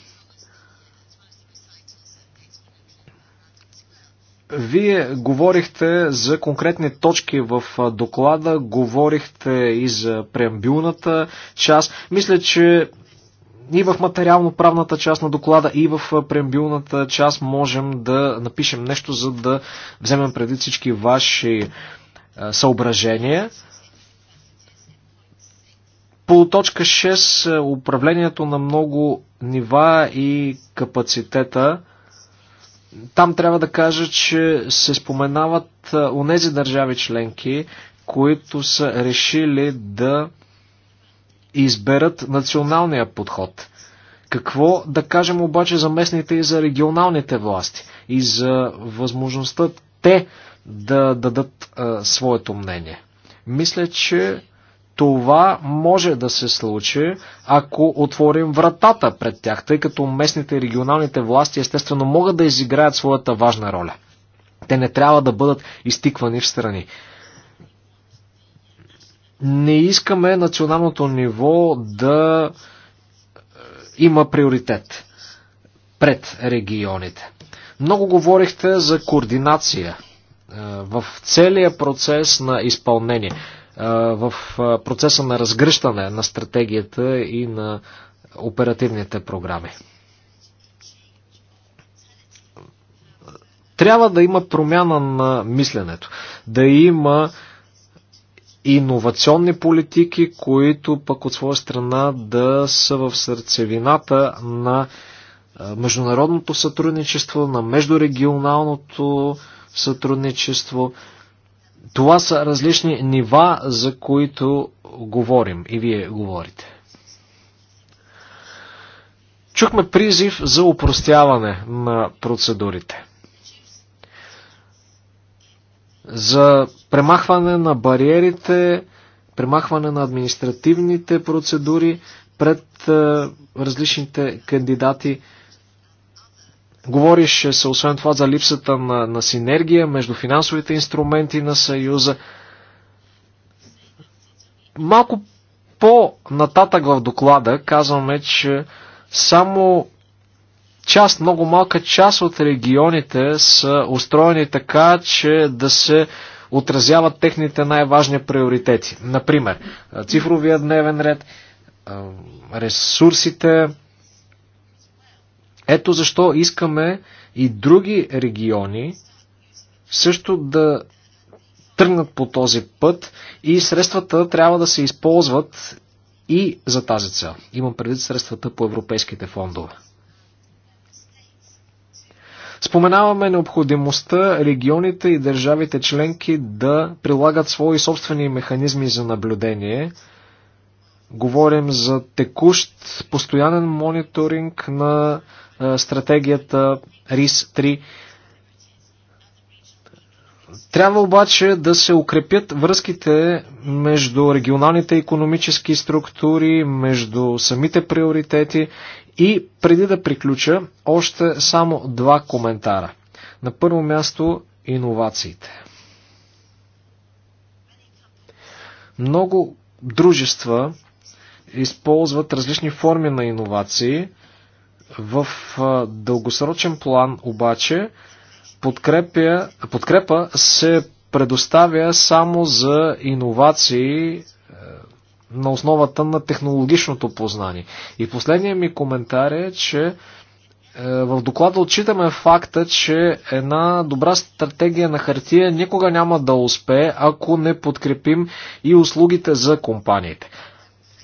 Вие говорихте за конкретни точки в доклада, говорихте и за преамбилната част. Мисля, че и в материално-правната част на доклада, и в преамбилната част можем да напишем нещо, за да вземем преди всички ваши съображения. По точка 6 управлението на много нива и капацитета. Там трябва да кажа, че се споменават онези държави членки, които са решили да и изберат националния подход. Какво да кажем обаче за местните и за регионалните власти и за възможността те да дадат а, своето мнение? Мисля, че това може да се случи, ако отворим вратата пред тях, тъй като местните и регионалните власти естествено могат да изиграят своята важна роля. Те не трябва да бъдат изтиквани в страни не искаме националното ниво да е, има приоритет пред регионите. Много говорихте за координация е, в целия процес на изпълнение, е, в процеса на разгръщане на стратегията и на оперативните програми. Трябва да има промяна на мисленето, да има иновационни политики, които пък от своя страна да са в сърцевината на международното сътрудничество, на междурегионалното сътрудничество. Това са различни нива, за които говорим и вие говорите. Чухме призив за упростяване на процедурите. За премахване на бариерите, премахване на административните процедури пред е, различните кандидати. Говорише се освен това за липсата на, на синергия между финансовите инструменти на Съюза. Малко по-нататък в доклада казваме, че само част, много малка част от регионите са устроени така, че да се отразяват техните най-важни приоритети. Например, цифровия дневен ред, ресурсите. Ето защо искаме и други региони също да тръгнат по този път и средствата трябва да се използват и за тази цел. Имам предвид средствата по европейските фондове. Споменаваме необходимостта регионите и държавите членки да прилагат свои собствени механизми за наблюдение. Говорим за текущ, постоянен мониторинг на е, стратегията РИС-3. Трябва обаче да се укрепят връзките между регионалните економически структури, между самите приоритети и преди да приключа, още само два коментара. На първо място, иновациите. Много дружества използват различни форми на иновации. В дългосрочен план обаче подкрепя, подкрепа се предоставя само за иновации на основата на технологичното познание. И последният ми коментар е, че е, в доклада отчитаме факта, че една добра стратегия на хартия никога няма да успее, ако не подкрепим и услугите за компаниите.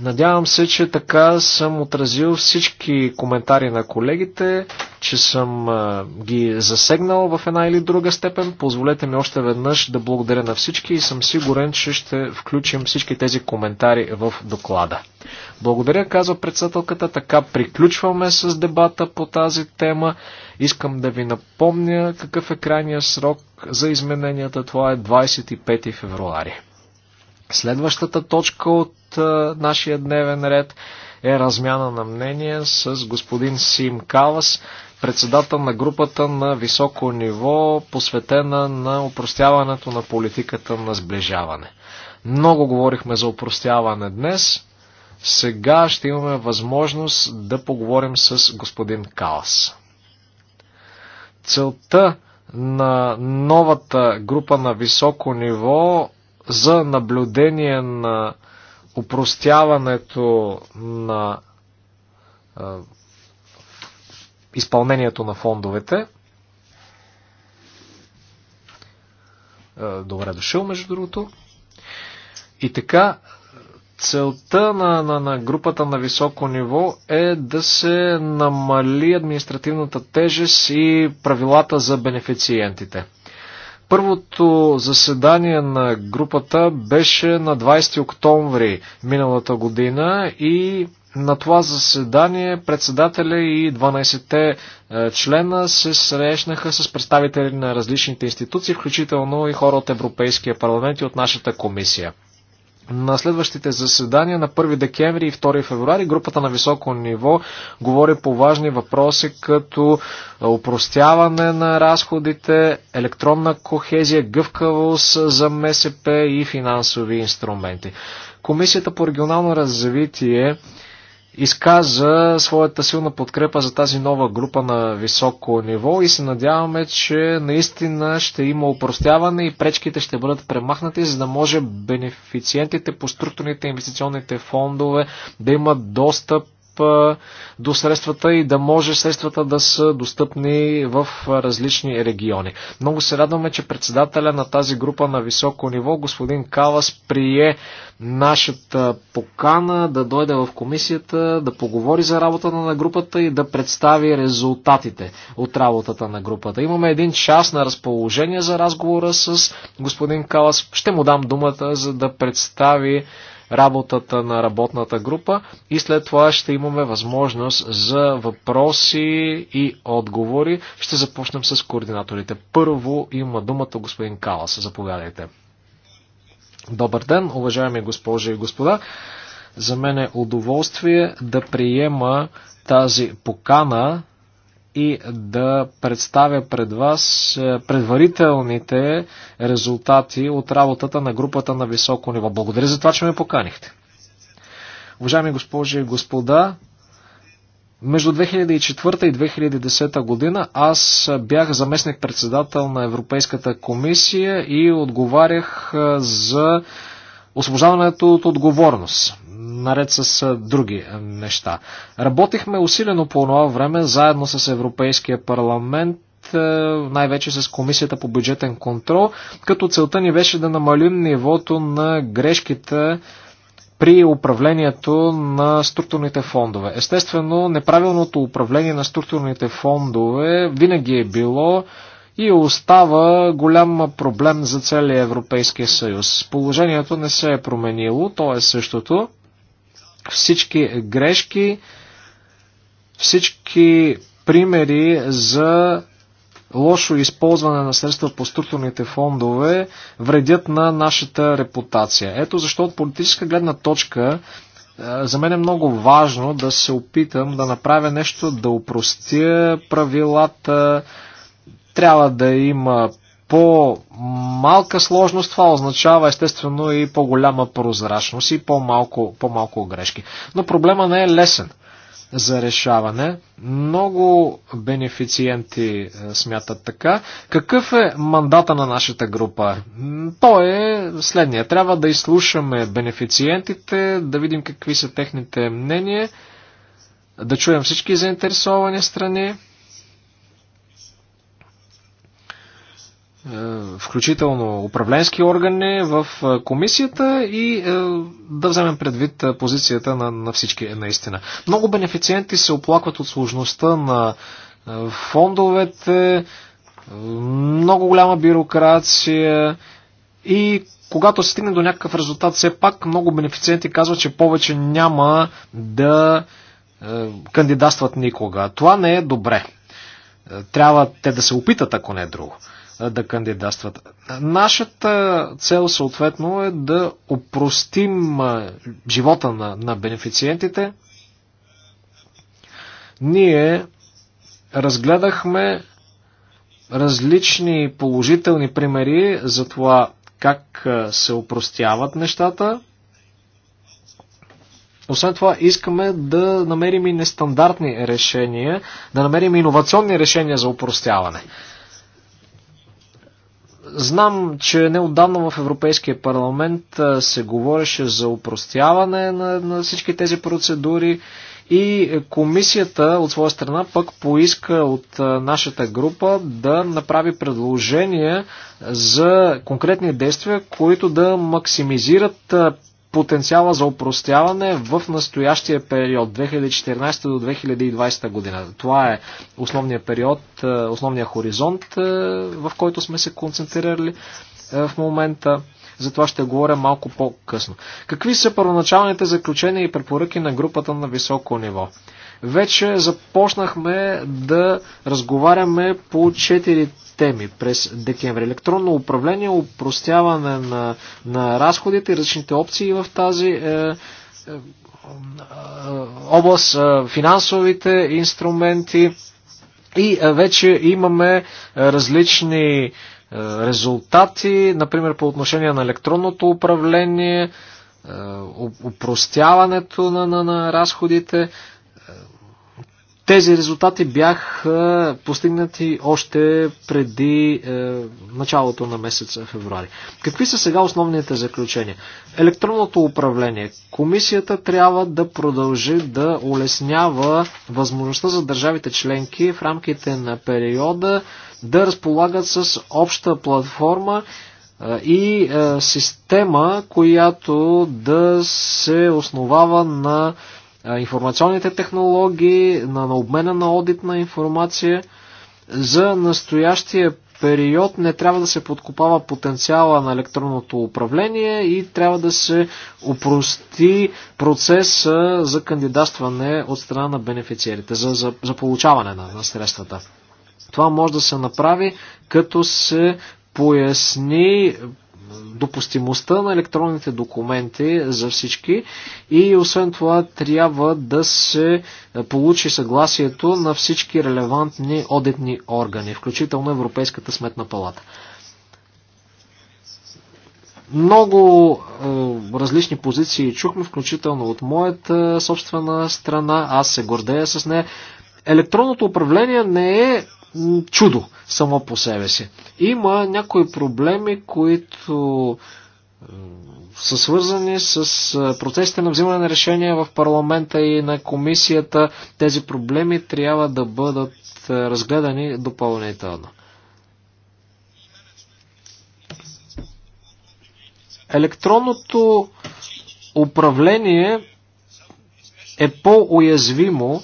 Надявам се, че така съм отразил всички коментари на колегите, че съм ги засегнал в една или друга степен. Позволете ми още веднъж да благодаря на всички и съм сигурен, че ще включим всички тези коментари в доклада. Благодаря, казва председателката. Така приключваме с дебата по тази тема. Искам да ви напомня какъв е крайния срок за измененията. Това е 25 февруари. Следващата точка от нашия дневен ред е размяна на мнение с господин Сим Калас, председател на групата на високо ниво, посветена на упростяването на политиката на сближаване. Много говорихме за упростяване днес. Сега ще имаме възможност да поговорим с господин Калас. Целта на новата група на високо ниво за наблюдение на упростяването на а, изпълнението на фондовете. Добре дошъл, между другото. И така, целта на, на, на групата на високо ниво е да се намали административната тежест и правилата за бенефициентите. Първото заседание на групата беше на 20 октомври миналата година и на това заседание председателя и 12-те е, члена се срещнаха с представители на различните институции, включително и хора от Европейския парламент и от нашата комисия. На следващите заседания на 1 декември и 2 февруари групата на високо ниво говори по важни въпроси като упростяване на разходите, електронна кохезия, гъвкавост за МСП и финансови инструменти. Комисията по регионално развитие изказа своята силна подкрепа за тази нова група на високо ниво и се надяваме, че наистина ще има упростяване и пречките ще бъдат премахнати, за да може бенефициентите по структурните инвестиционните фондове да имат достъп до средствата и да може средствата да са достъпни в различни региони. Много се радваме, че председателя на тази група на високо ниво, господин Калас, прие нашата покана да дойде в комисията, да поговори за работата на групата и да представи резултатите от работата на групата. Имаме един час на разположение за разговора с господин Калас. Ще му дам думата, за да представи работата на работната група и след това ще имаме възможност за въпроси и отговори. Ще започнем с координаторите. Първо има думата господин Калас. Заповядайте. Добър ден, уважаеми госпожи и господа. За мен е удоволствие да приема тази покана и да представя пред вас е, предварителните резултати от работата на групата на високо ниво. Благодаря за това, че ме поканихте. Уважаеми госпожи и господа, между 2004 и 2010 година аз бях заместник-председател на Европейската комисия и отговарях е, за освобождаването от отговорност наред с други неща. Работихме усилено по това време, заедно с Европейския парламент, най-вече с Комисията по бюджетен контрол, като целта ни беше да намалим нивото на грешките при управлението на структурните фондове. Естествено, неправилното управление на структурните фондове винаги е било и остава голям проблем за целия Европейския съюз. Положението не се е променило, то е същото всички грешки, всички примери за лошо използване на средства по структурните фондове вредят на нашата репутация. Ето защо от политическа гледна точка е, за мен е много важно да се опитам да направя нещо, да упростя правилата. Трябва да има по-малка сложност, това означава естествено и по-голяма прозрачност и по-малко, по-малко грешки. Но проблема не е лесен за решаване. Много бенефициенти е, смятат така. Какъв е мандата на нашата група? То е следния. Трябва да изслушаме бенефициентите, да видим какви са техните мнения, да чуем всички заинтересовани страни Е, включително управленски органи в е, комисията и е, да вземем предвид позицията на, на всички наистина. Много бенефициенти се оплакват от сложността на фондовете, много голяма бюрокрация и когато се стигне до някакъв резултат, все пак много бенефициенти казват, че повече няма да кандидатстват никога. Това не е добре. Трябва те да се опитат, ако не е друго да кандидатстват. Нашата цел съответно е да опростим живота на, на бенефициентите. Ние разгледахме различни положителни примери за това как се опростяват нещата. Освен това, искаме да намерим и нестандартни решения, да намерим иновационни решения за упростяване. Знам, че неодавна в Европейския парламент се говореше за упростяване на, на всички тези процедури и комисията от своя страна пък поиска от нашата група да направи предложения за конкретни действия, които да максимизират потенциала за упростяване в настоящия период 2014 до 2020 година. Това е основният период, е, основният хоризонт, е, в който сме се концентрирали е, в момента. За това ще говоря малко по-късно. Какви са първоначалните заключения и препоръки на групата на високо ниво? Вече започнахме да разговаряме по четири теми през декември. Електронно управление, упростяване на, на разходите, различните опции в тази е, е, е, област, е, финансовите инструменти и е, вече имаме е, различни е, резултати, например по отношение на електронното управление, е, упростяването на, на, на разходите. Тези резултати бяха постигнати още преди е, началото на месеца февруари. Какви са сега основните заключения? Електронното управление. Комисията трябва да продължи да улеснява възможността за държавите членки в рамките на периода да разполагат с обща платформа е, и е, система, която да се основава на информационните технологии, на, на обмена на одитна информация. За настоящия период не трябва да се подкопава потенциала на електронното управление и трябва да се опрости процеса за кандидатстване от страна на бенефициерите, за, за, за получаване на, на средствата. Това може да се направи, като се поясни допустимостта на електронните документи за всички и освен това трябва да се получи съгласието на всички релевантни одитни органи, включително Европейската сметна палата. Много е, различни позиции чухме, включително от моята собствена страна. Аз се гордея с нея. Електронното управление не е чудо само по себе си. Има някои проблеми, които са свързани с процесите на взимане на решения в парламента и на комисията. Тези проблеми трябва да бъдат разгледани допълнително. Електронното управление е по-уязвимо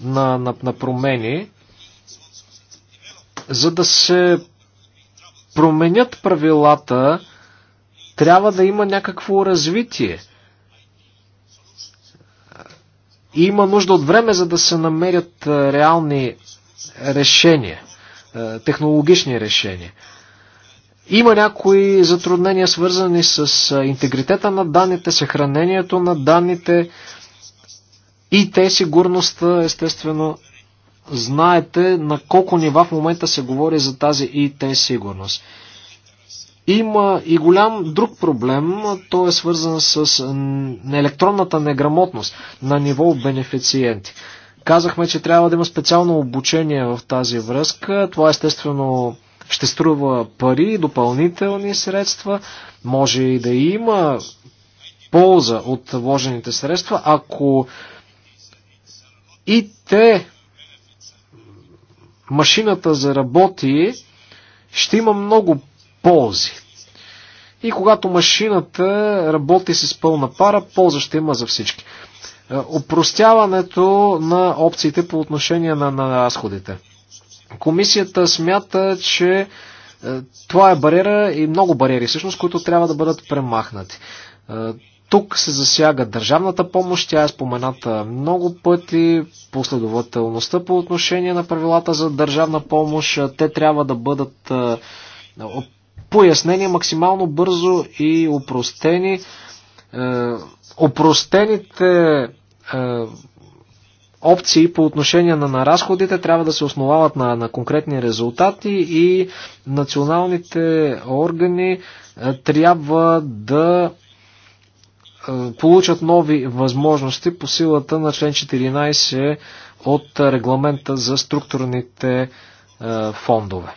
на, на, на промени, за да се променят правилата, трябва да има някакво развитие. И има нужда от време, за да се намерят реални решения, технологични решения. Има някои затруднения, свързани с интегритета на данните, съхранението на данните и те сигурността, естествено, знаете на колко нива в момента се говори за тази ИТ сигурност. Има и голям друг проблем, той е свързан с електронната неграмотност на ниво бенефициенти. Казахме, че трябва да има специално обучение в тази връзка. Това естествено ще струва пари, допълнителни средства. Може и да има полза от вложените средства, ако и те машината заработи, ще има много ползи. И когато машината работи с пълна пара, полза ще има за всички. Е, опростяването на опциите по отношение на, на разходите. Комисията смята, че е, това е бариера и много бариери, всъщност, които трябва да бъдат премахнати. Е, тук се засяга държавната помощ, тя е спомената много пъти, последователността по отношение на правилата за държавна помощ, те трябва да бъдат пояснени максимално бързо и опростени. Опростените е, е, опции по отношение на, на разходите трябва да се основават на, на конкретни резултати и националните органи е, трябва да получат нови възможности по силата на член 14 от регламента за структурните фондове.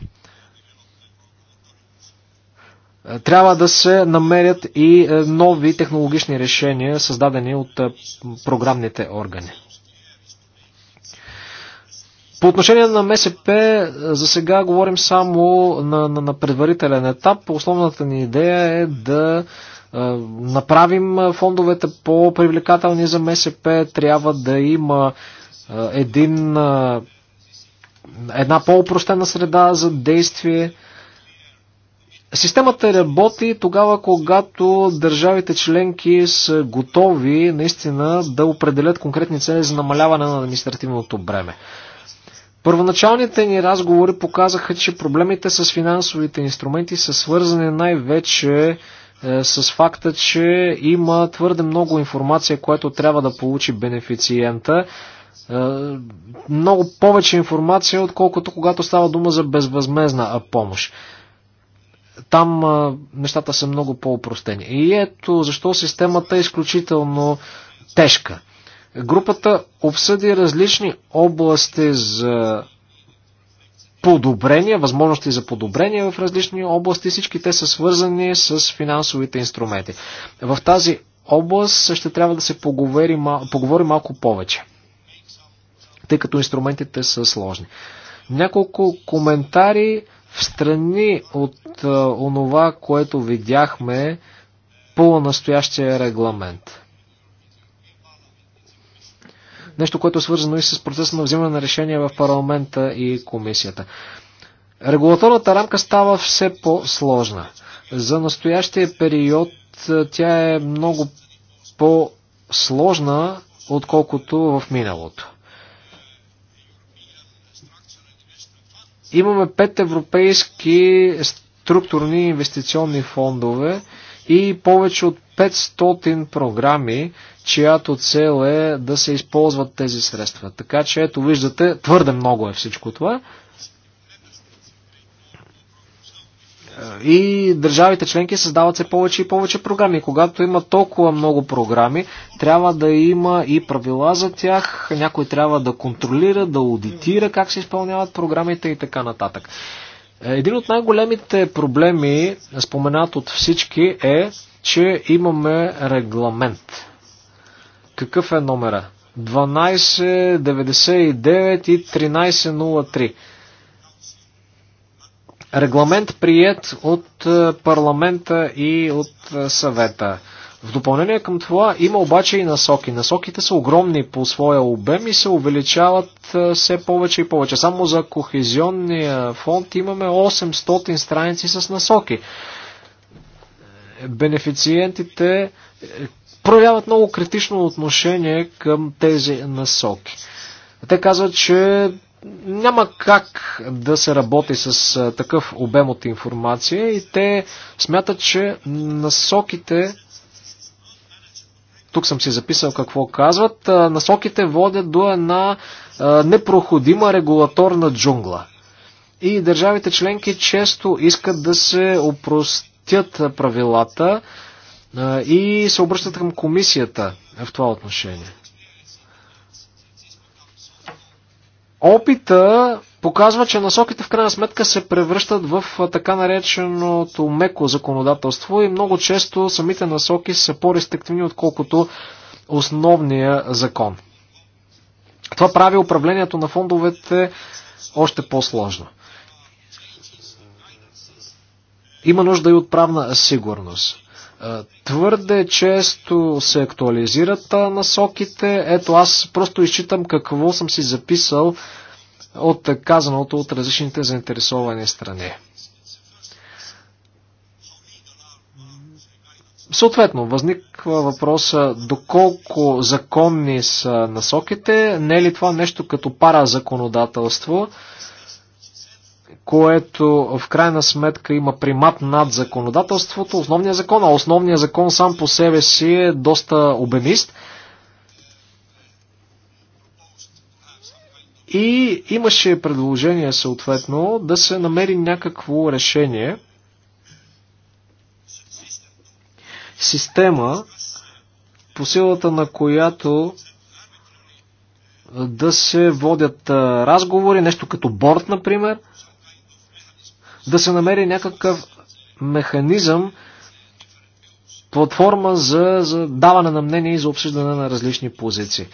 Трябва да се намерят и нови технологични решения, създадени от програмните органи. По отношение на МСП, за сега говорим само на, на, на предварителен етап. Основната ни идея е да а, е, направим е, фондовете по-привлекателни за МСП, трябва да има е, един, една по-упростена среда за действие. Системата работи тогава, когато държавите членки са готови наистина да определят конкретни цели за намаляване на административното бреме. Първоначалните ни разговори показаха, че проблемите с финансовите инструменти са свързани най-вече е, с факта, че има твърде много информация, която трябва да получи бенефициента. Е, много повече информация, отколкото когато става дума за безвъзмезна помощ. Там е, нещата са много по-упростени. И ето защо системата е изключително тежка. Групата обсъди различни области за подобрения, възможности за подобрения в различни области. Всички те са свързани с финансовите инструменти. В тази област ще трябва да се поговори, поговори малко повече, тъй като инструментите са сложни. Няколко коментари в страни от а, онова, което видяхме по настоящия регламент. Нещо, което е свързано и с процеса на взимане на решения в парламента и комисията. Регулаторната рамка става все по-сложна. За настоящия период тя е много по-сложна, отколкото в миналото. Имаме пет европейски структурни инвестиционни фондове и повече от 500 програми, чиято цел е да се използват тези средства. Така че, ето виждате, твърде много е всичко това. И държавите членки създават се повече и повече програми. Когато има толкова много програми, трябва да има и правила за тях. Някой трябва да контролира, да аудитира как се изпълняват програмите и така нататък. Един от най-големите проблеми, споменат от всички, е, че имаме регламент какъв е номера? 1299 и 1303. Регламент прият от е, парламента и от е, съвета. В допълнение към това има обаче и насоки. Насоките са огромни по своя обем и се увеличават е, все повече и повече. Само за кохезионния фонд имаме 800 страници с насоки. Бенефициентите проявяват много критично отношение към тези насоки. Те казват, че няма как да се работи с такъв обем от информация и те смятат, че насоките тук съм си записал какво казват, насоките водят до една непроходима регулаторна джунгла. И държавите членки често искат да се опростят правилата, и се обръщат към комисията в това отношение. Опита показва, че насоките в крайна сметка се превръщат в така нареченото меко законодателство и много често самите насоки са по-рестриктивни, отколкото основния закон. Това прави управлението на фондовете още по-сложно. Има нужда и от правна сигурност. Е, твърде често се актуализират насоките. Ето аз просто изчитам какво съм си записал от казаното от различните заинтересовани страни. Съответно, възниква въпроса доколко законни са насоките, не е ли това нещо като пара законодателство, което в крайна сметка има примат над законодателството, основния закон, а основния закон сам по себе си е доста обемист. И имаше предложение съответно да се намери някакво решение, система, по силата на която да се водят разговори, нещо като борт, например – да се намери някакъв механизъм, платформа за, за даване на мнение и за обсъждане на различни позиции.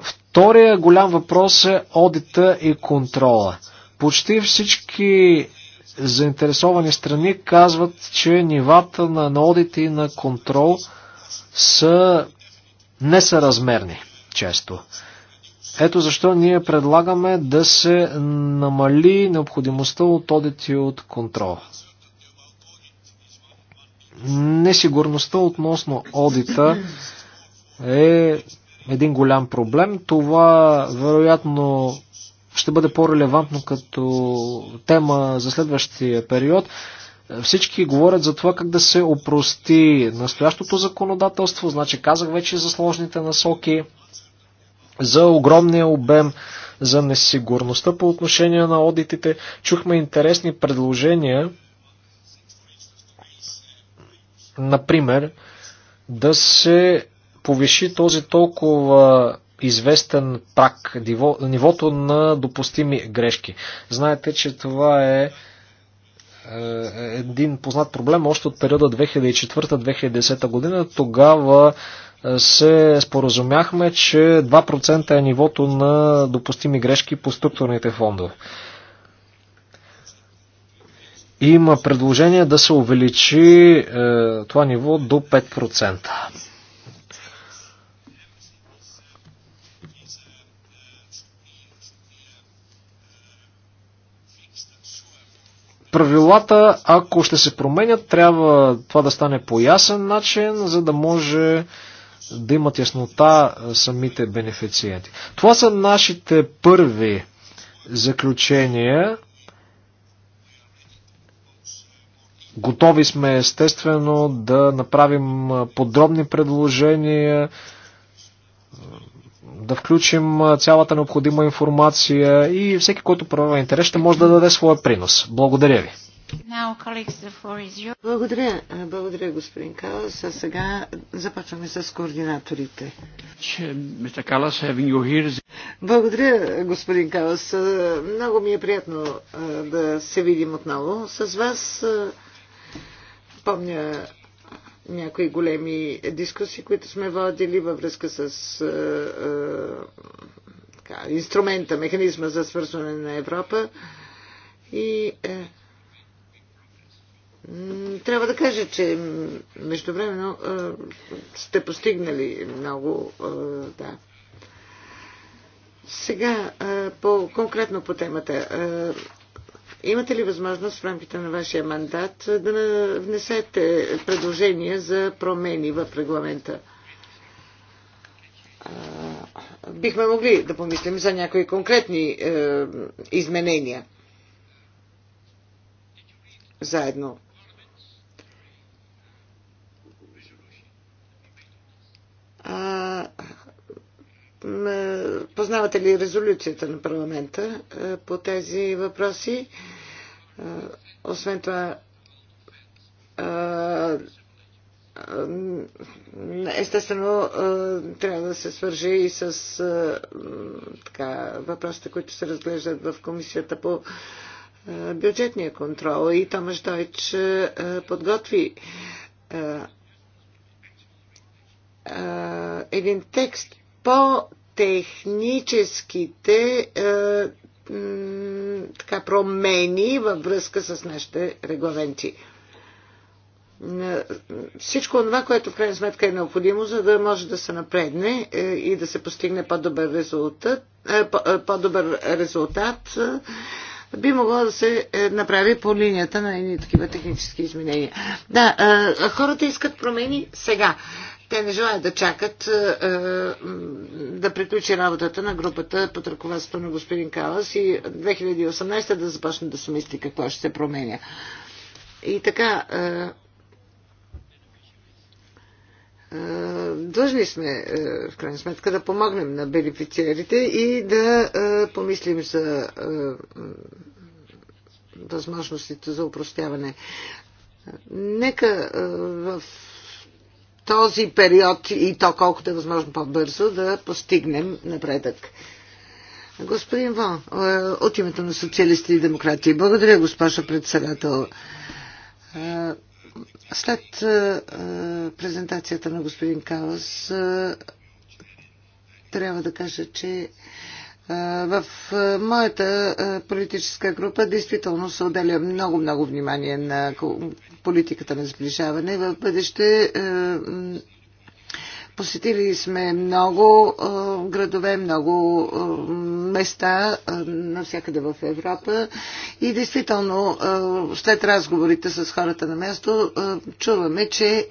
Втория голям въпрос е одита и контрола. Почти всички заинтересовани страни казват, че нивата на, на одит и на контрол са несъразмерни често. Ето защо ние предлагаме да се намали необходимостта от одити и от контрол. Несигурността относно одита е един голям проблем. Това вероятно ще бъде по-релевантно като тема за следващия период. Всички говорят за това как да се опрости настоящото законодателство, значи казах вече за сложните насоки за огромния обем, за несигурността по отношение на одитите. Чухме интересни предложения, например, да се повиши този толкова известен прак, нивото на допустими грешки. Знаете, че това е, е един познат проблем още от периода 2004-2010 година. Тогава се споразумяхме, че 2% е нивото на допустими грешки по структурните фондове. Има предложение да се увеличи е, това ниво до 5%. Правилата, ако ще се променят, трябва това да стане по ясен начин, за да може да имат яснота самите бенефициенти. Това са нашите първи заключения. Готови сме естествено да направим подробни предложения, да включим цялата необходима информация и всеки, който проявява интерес, ще може да даде своя принос. Благодаря ви. Благодаря, благодаря господин Калас. А сега започваме с координаторите. Благодаря, господин Калас. Много ми е приятно да се видим отново с вас. Помня някои големи дискусии, които сме водили във връзка с инструмента, механизма за свързване на Европа. И е, трябва да кажа, че междувременно сте постигнали много. Да. Сега, по, конкретно по темата. Имате ли възможност в рамките на вашия мандат да внесете предложения за промени в регламента? Бихме могли да помислим за някои конкретни изменения заедно Познавате ли резолюцията на парламента по тези въпроси? Освен това, естествено, трябва да се свържи и с така, въпросите, които се разглеждат в комисията по бюджетния контрол. И Томаш Дойч подготви е, един текст по техническите е, така, промени във връзка с нашите регламенти. Всичко това, което в крайна сметка е необходимо, за да може да се напредне е, и да се постигне по-добър резултат, по-добър резултат би могло да се направи по линията на едни такива технически изменения. Да, хората искат промени сега. Те не желаят да чакат е, е, да приключи работата на групата под ръководството на господин Калас и 2018 да започне да се мисли какво ще се променя. И така, е, длъжни сме, в крайна сметка, да помогнем на бенефициерите и да помислим за възможностите за упростяване. Нека в този период и то колкото е възможно по-бързо да постигнем напредък. Господин Вон, е, от името на социалисти и демократи, благодаря, госпожа председател. Е, след е, презентацията на господин Каос трябва да кажа, че в моята политическа група действително се отделя много-много внимание на политиката на сближаване. В бъдеще посетили сме много градове, много места навсякъде в Европа и действително след разговорите с хората на място чуваме, че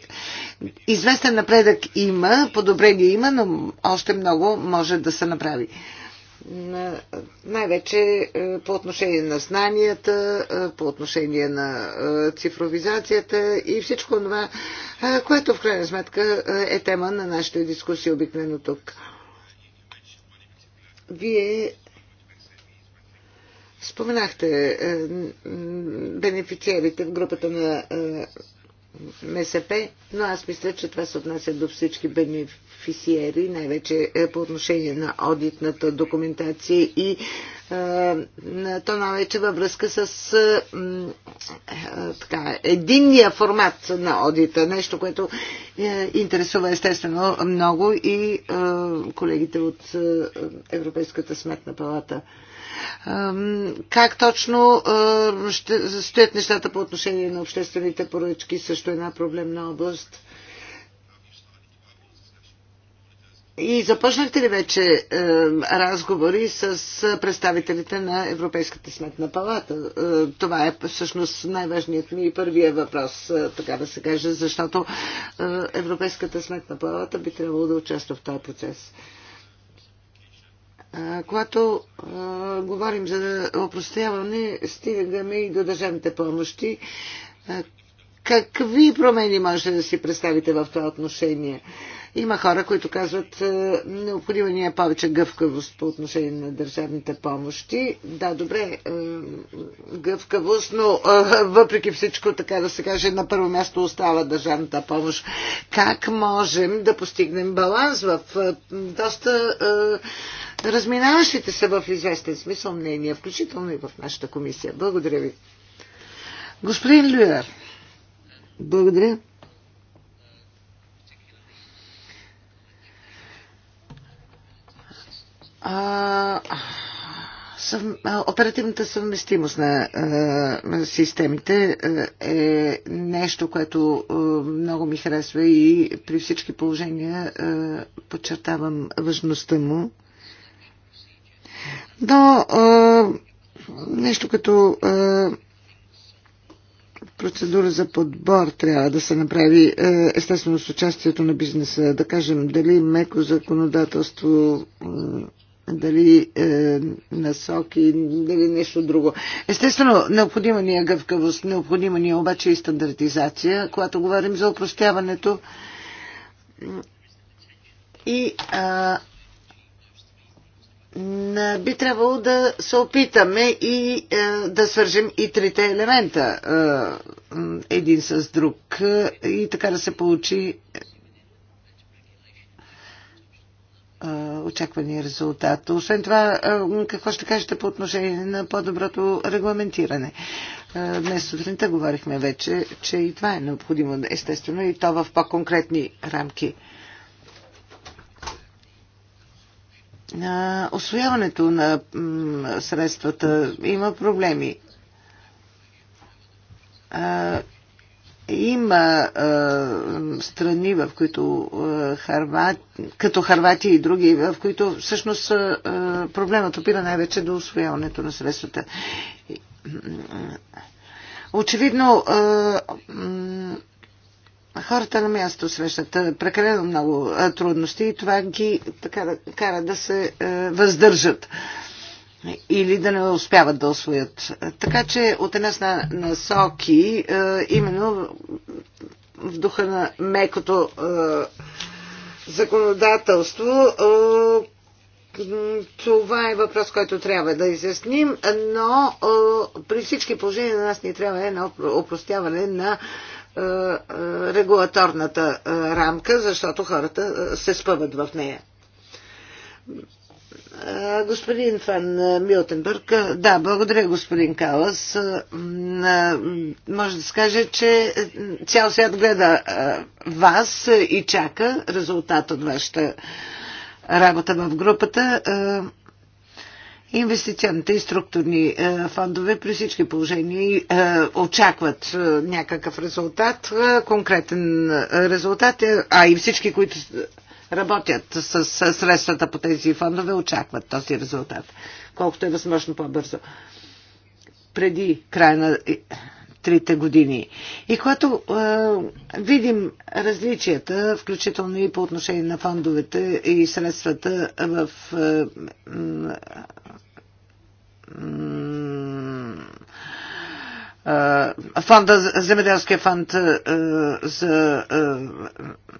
известен напредък има, подобрение има, но още много може да се направи най-вече е, по отношение на знанията, е, по отношение на е, цифровизацията и всичко това, което в крайна сметка е тема на нашите дискусии обикновено тук. Вие споменахте бенефициерите в групата на МСП, но аз мисля, че това се отнася до всички бенефициери бенефисиери, най-вече е, по отношение на одитната документация и е, то най-вече във връзка с е, така, единния формат на одита. Нещо, което интересува естествено много и колегите от Европейската сметна палата. Как точно ще стоят нещата по отношение на обществените поръчки, също една проблемна област. И започнахте ли вече е, разговори с представителите на Европейската сметна палата? Е, това е всъщност най-важният ми и първия въпрос, е, така да се каже, защото е, Европейската сметна палата би трябвало да участва в този процес. Е, когато е, говорим за опростояване, стигаме и до държавните помощи. Е, какви промени може да си представите в това отношение? Е, има хора, които казват, е, необходима ни е повече гъвкавост по отношение на държавните помощи. Да, добре, е, гъвкавост, но е, въпреки всичко, така да се каже, на първо място остава държавната помощ. Как можем да постигнем баланс в доста разминаващите се в известен смисъл мнения, включително и в нашата комисия? Благодаря ви. Господин Люер, благодаря. а, съв, а, оперативната съвместимост на а, системите е нещо, което а, много ми харесва и при всички положения а, подчертавам важността му. Но а, нещо като а, процедура за подбор трябва да се направи естествено с участието на бизнеса. Да кажем дали меко законодателство дали е, насоки, дали нещо друго. Естествено, необходима ни е гъвкавост, необходима ни е обаче и стандартизация, когато говорим за упростяването. И а, би трябвало да се опитаме и е, да свържем и трите елемента е, един с друг е, и така да се получи очаквания резултат. Освен това, какво ще кажете по отношение на по-доброто регламентиране? Днес сутринта говорихме вече, че и това е необходимо, естествено, и то в по-конкретни рамки. Освояването на средствата има проблеми има а, страни, в които Харват, като Харватия и други, в които всъщност а, проблемът опира най-вече до освояването на средствата. Очевидно, а, хората на място срещат прекалено много трудности и това ги така, кара да се а, въздържат. А, или да не успяват да освоят. Така че от една на насоки, е, именно в духа на мекото е, законодателство, е, това е въпрос, който трябва да изясним, но при всички положения на нас ни трябва едно опростяване на регулаторната рамка, защото хората се спъват в нея. Господин Фан Милтенбърг, да, благодаря господин Калас. Може да се каже, че цял свят гледа вас и чака резултат от вашата работа в групата. Инвестиционните и структурни фондове при всички положения очакват някакъв резултат, конкретен резултат, а и всички, които работят с, с средствата по тези фондове, очакват този резултат, колкото е възможно по-бързо. Преди края на трите години. И когато е, видим различията, включително и по отношение на фондовете и средствата в. Е, фонда, земеделския фонд за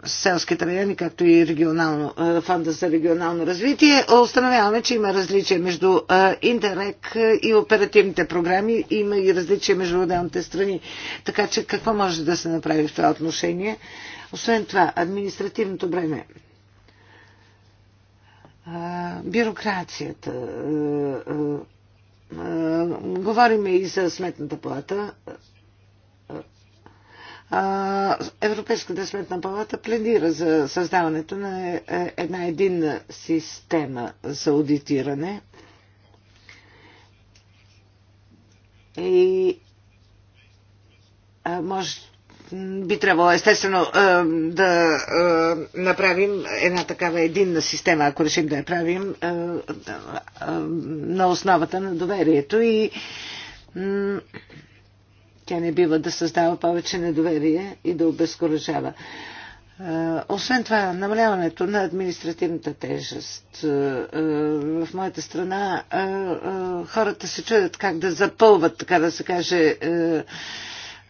селските райони, както и регионално, фонда за регионално развитие, установяваме, че има различия между Интерек и оперативните програми, има и различия между отделните страни. Така че какво може да се направи в това отношение? Освен това, административното бреме бюрокрацията, говориме и за сметната палата. Европейската сметна палата пледира за създаването на е, е, една единна система за аудитиране. И може би трябвало естествено е, да е, направим една такава единна система, ако решим да я правим е, на основата на доверието и тя не бива да създава повече недоверие и да обезкуражава. Освен това, намаляването на административната тежест. В моята страна хората се чудят как да запълват, така да се каже,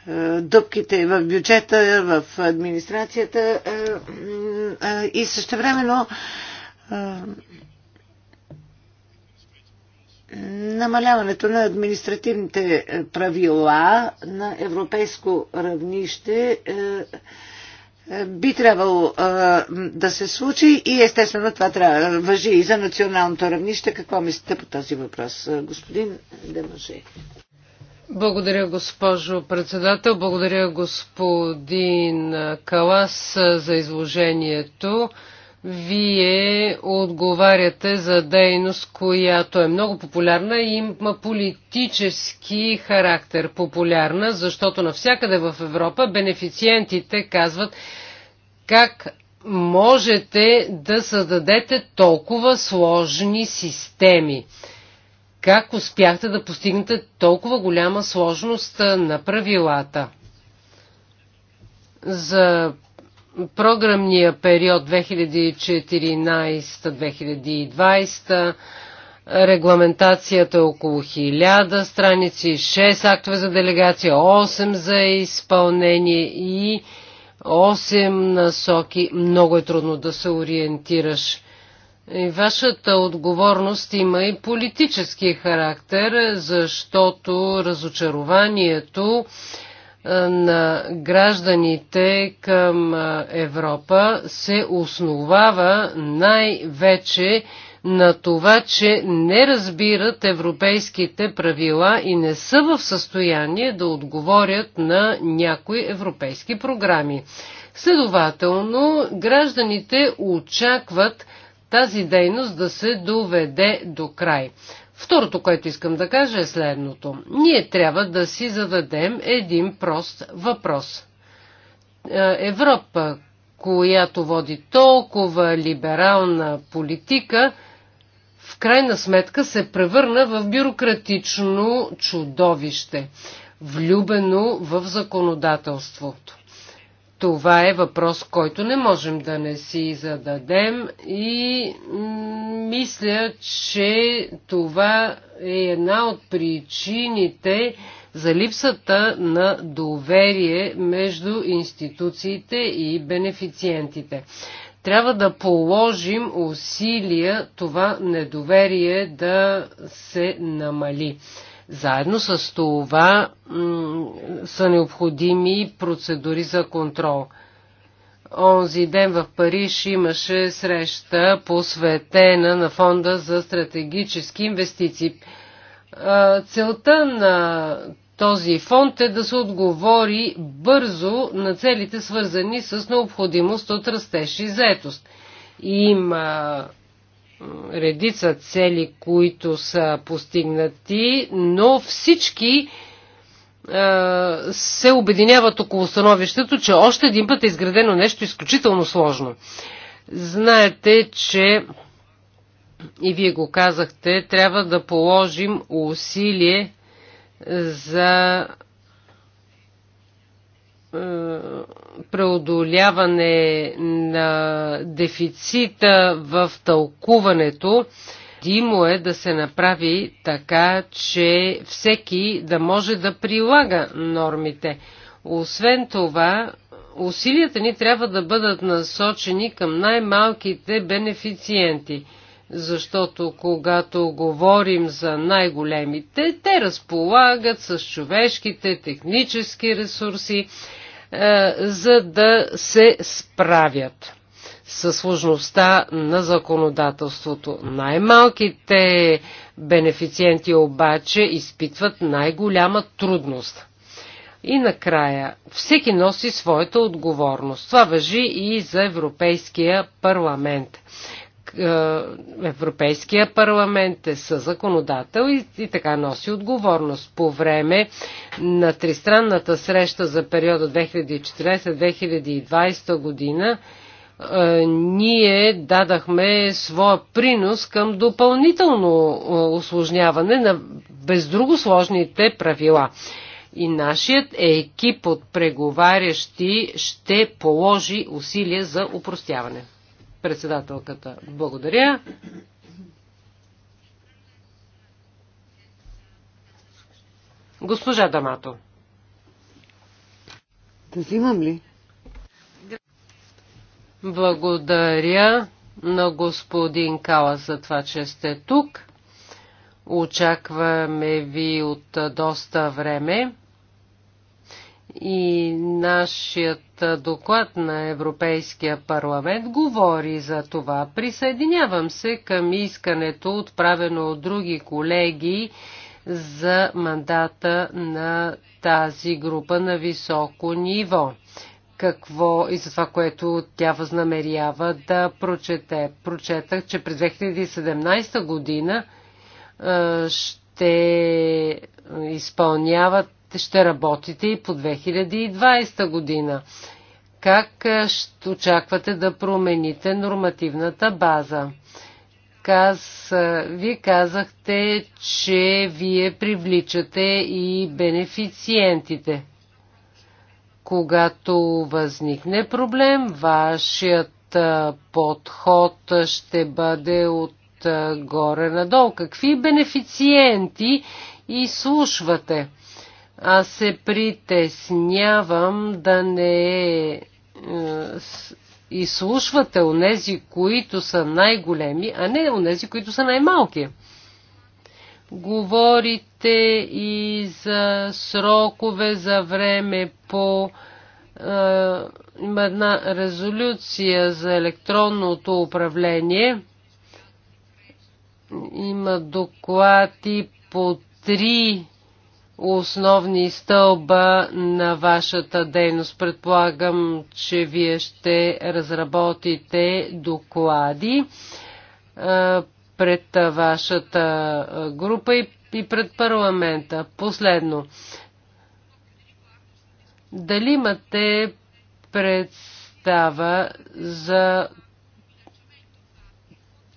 е, дъпките в бюджета, в администрацията е, е, и времено намаляването на административните правила на европейско равнище би трябвало да се случи и естествено това трябва да въжи и за националното равнище. Какво мислите по този въпрос, господин Демаше? Благодаря, госпожо председател. Благодаря, господин Калас, за изложението. Вие отговаряте за дейност, която е много популярна и има политически характер популярна, защото навсякъде в Европа бенефициентите казват как можете да създадете толкова сложни системи. Как успяхте да постигнете толкова голяма сложност на правилата? За програмния период 2014-2020 регламентацията е около 1000 страници, 6 актове за делегация, 8 за изпълнение и 8 насоки. Много е трудно да се ориентираш. И вашата отговорност има и политически характер, защото разочарованието на гражданите към Европа се основава най-вече на това, че не разбират европейските правила и не са в състояние да отговорят на някои европейски програми. Следователно, гражданите очакват тази дейност да се доведе до край. Второто, което искам да кажа е следното. Ние трябва да си зададем един прост въпрос. Е, Европа, която води толкова либерална политика, в крайна сметка се превърна в бюрократично чудовище, влюбено в законодателството. Това е въпрос, който не можем да не си зададем и мисля, че това е една от причините за липсата на доверие между институциите и бенефициентите. Трябва да положим усилия това недоверие да се намали. Заедно с това са необходими процедури за контрол. Онзи ден в Париж имаше среща посветена на фонда за стратегически инвестиции. Целта на този фонд е да се отговори бързо на целите свързани с необходимост от растеж и заетост. Има редица цели, които са постигнати, но всички се обединяват около становището, че още един път е изградено нещо изключително сложно. Знаете, че и вие го казахте, трябва да положим усилие за е, преодоляване на дефицита в тълкуването. Димо е да се направи така, че всеки да може да прилага нормите. Освен това, усилията ни трябва да бъдат насочени към най-малките бенефициенти – защото когато говорим за най-големите, те разполагат с човешките, технически ресурси, е, за да се справят със сложността на законодателството. Най-малките бенефициенти обаче изпитват най-голяма трудност. И накрая, всеки носи своята отговорност. Това въжи и за Европейския парламент е, Европейския парламент е съзаконодател и, и така носи отговорност. По време на тристранната среща за периода 2014-2020 година е, ние дадахме своя принос към допълнително осложняване е, на бездруго сложните правила. И нашият екип от преговарящи ще положи усилия за упростяване. Председателката, благодаря. Госпожа Дамато. Да взимам ли? Благодаря на господин Кала за това, че сте тук. Очакваме ви от доста време. И нашият доклад на Европейския парламент говори за това. Присъединявам се към искането, отправено от други колеги, за мандата на тази група на високо ниво. Какво и за това, което тя възнамерява да прочете. Прочетах, че през 2017 година ще изпълняват ще работите и по 2020 година? Как ще очаквате да промените нормативната база? Каз, е, вие казахте, че вие привличате и бенефициентите. Когато възникне проблем, вашият е, подход ще бъде отгоре е, надолу. Какви бенефициенти изслушвате? Аз се притеснявам да не е, изслушвате онези, които са най-големи, а не онези, които са най-малки. Говорите и за срокове, за време по е, има една резолюция за електронното управление. Има доклади по три основни стълба на вашата дейност. Предполагам, че вие ще разработите доклади пред вашата група и, пред парламента. Последно, дали имате представа за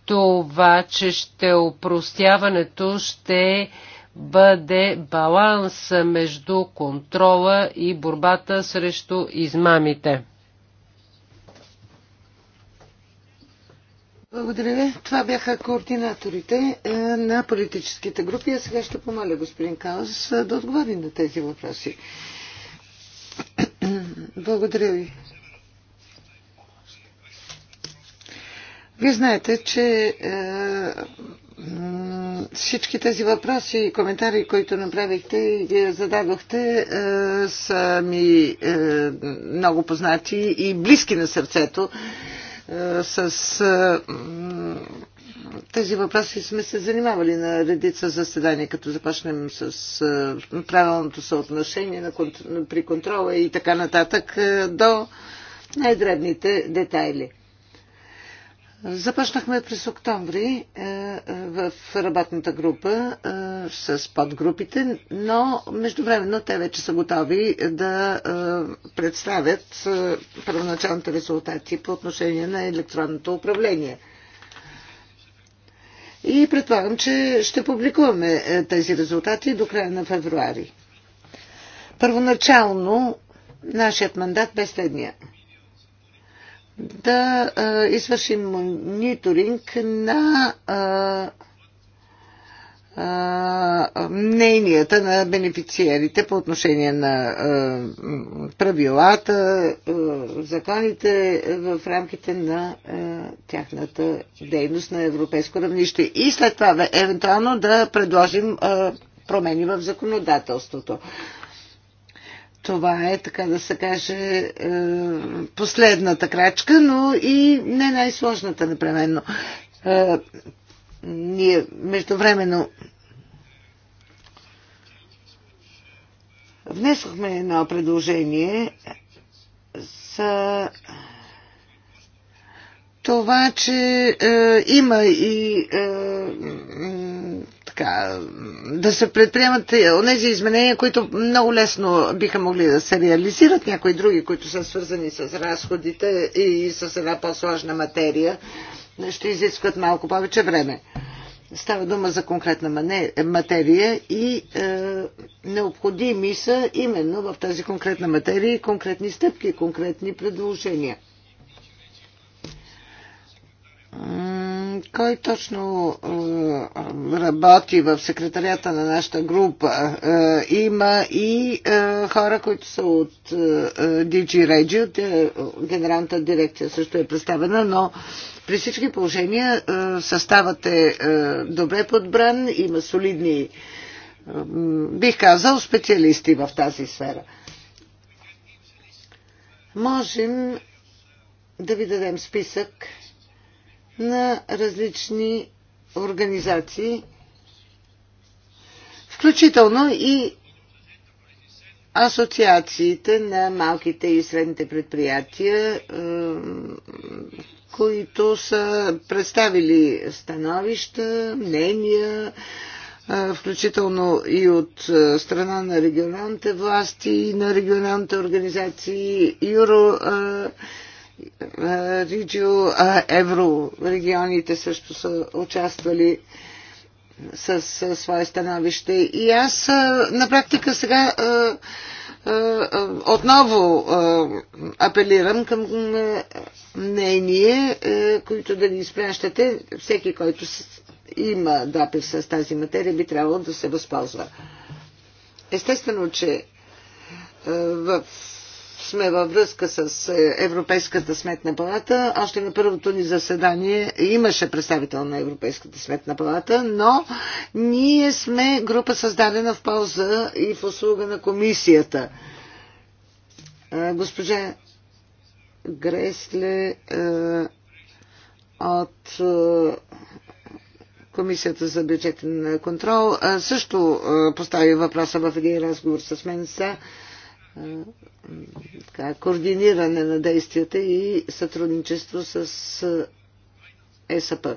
това, че ще опростяването ще бъде баланс между контрола и борбата срещу измамите. Благодаря ви. Това бяха координаторите е, на политическите групи. А сега ще помоля господин Калас е, да отговори на тези въпроси. Благодаря ви. Вие знаете, че е, всички тези въпроси и коментари, които направихте и ги зададохте, е, са ми е, много познати и близки на сърцето. Е, с тези въпроси сме се занимавали на редица заседания, като започнем с правилното съотношение при контрола и така нататък до най-дребните детайли. Започнахме през октомври е, е, в работната група е, с подгрупите, но междувременно те вече са готови да представят първоначалните резултати по отношение на електронното управление. И предполагам, че ще публикуваме тези резултати до края на февруари. Първоначално нашият мандат бе следния – да извършим мониторинг на мненията на бенефициерите по отношение на правилата, законите в рамките на тяхната дейност на европейско равнище и след това евентуално да предложим промени в законодателството това е, така да се каже, е, последната крачка, но и не най-сложната непременно. Е, ние междувременно внесохме едно предложение за това, че е, има и така, да се предприемат тези изменения, които много лесно биха могли да се реализират, някои други, които са свързани с разходите и с една по-сложна материя, ще изискват малко повече време. Става дума за конкретна материя и е, необходими са именно в тази конкретна материя конкретни стъпки, конкретни предложения кой точно работи в секретарията на нашата група? Има и хора, които са от DG Regio, генералната дирекция също е представена, но при всички положения съставът е добре подбран, има солидни, бих казал, специалисти в тази сфера. Можем да ви дадем списък на различни организации, включително и асоциациите на малките и средните предприятия, които са представили становища, мнения, е, включително и от е, страна на регионалните власти, на регионалните организации, Юро е, Риджио, еврорегионите също са участвали с свое становище. И аз на практика сега отново апелирам към мнение, които да ни изпращате. Всеки, който има допир с тази материя, би трябвало да се възползва. Естествено, че в сме във връзка с е, Европейската сметна палата. Още на първото ни заседание имаше представител на Европейската сметна палата, но ние сме група създадена в полза и в услуга на комисията. Е, госпожа Гресле е, от Комисията за бюджетен контрол също постави въпроса в един разговор с мен са така, координиране на действията и сътрудничество с ЕСП.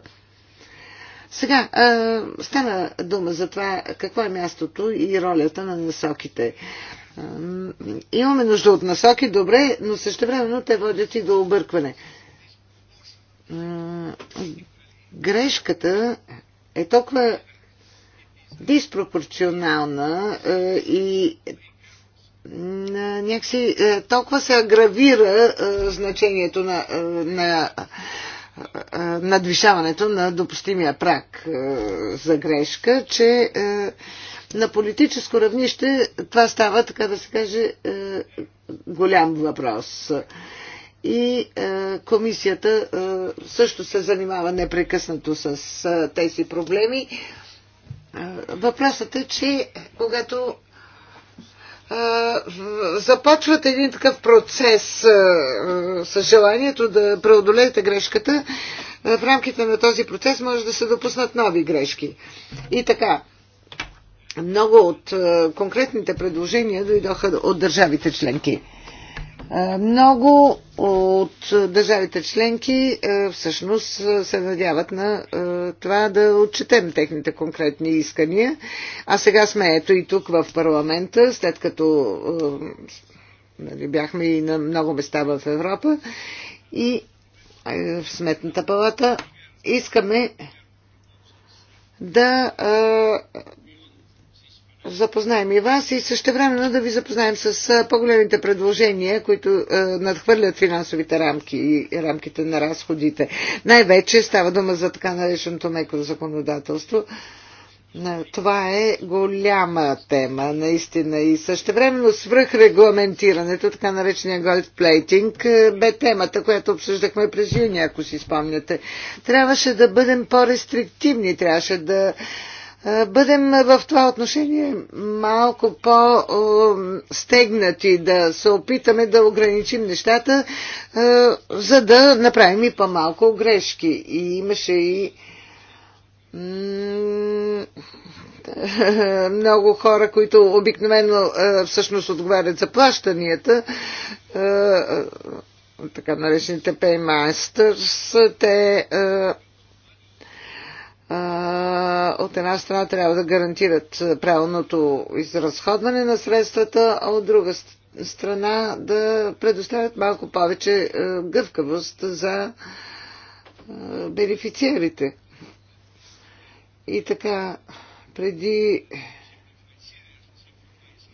Сега, а, стана дума за това какво е мястото и ролята на насоките. А, имаме нужда от насоки, добре, но същевременно те водят и до объркване. А, грешката е толкова диспропорционална а, и някакси толкова се агравира значението на, на надвишаването на допустимия прак за грешка, че на политическо равнище това става, така да се каже, голям въпрос. И комисията също се занимава непрекъснато с тези проблеми. въпросът е, че когато започват един такъв процес с желанието да преодолеете грешката, в рамките на този процес може да се допуснат нови грешки. И така, много от конкретните предложения дойдоха от държавите членки. Е, много от държавите членки е, всъщност се надяват на е, това да отчетем техните конкретни искания. А сега сме ето и тук в парламента, след като нали, бяхме и на много места в Европа и в Сметната палата искаме да запознаем и вас и също времено да ви запознаем с по-големите предложения, които надхвърлят финансовите рамки и рамките на разходите. Най-вече става дума за така нареченото меко законодателство. Това е голяма тема, наистина. И същевременно свръхрегламентирането, така наречения голдплейтинг, бе темата, която обсъждахме през юни, ако си спомняте. Трябваше да бъдем по-рестриктивни, трябваше да е, бъдем в това отношение малко по-стегнати, да се опитаме да ограничим нещата, е, за да направим и по-малко грешки. И имаше и много хора, които обикновено е, всъщност отговарят за плащанията, така наречените paymasters, те от една страна трябва да гарантират правилното изразходване на средствата, а от друга страна да предоставят малко повече е, гъвкавост за е, бенефициерите. И така, преди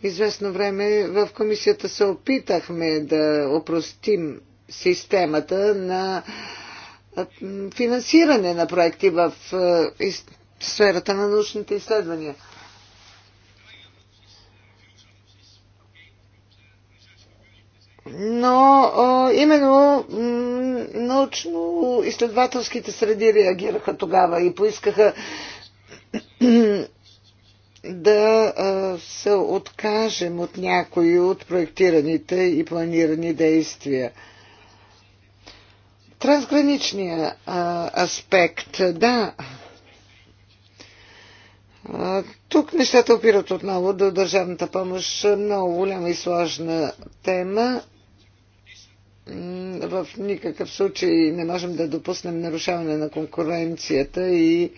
известно време в комисията се опитахме да опростим системата на финансиране на проекти в е, сферата на научните изследвания. Но именно научно-изследователските среди реагираха тогава и поискаха да се откажем от някои от проектираните и планирани действия. Трансграничния аспект, да. Тук нещата опират отново до държавната помощ. Много голяма и сложна тема. В никакъв случай не можем да допуснем нарушаване на конкуренцията и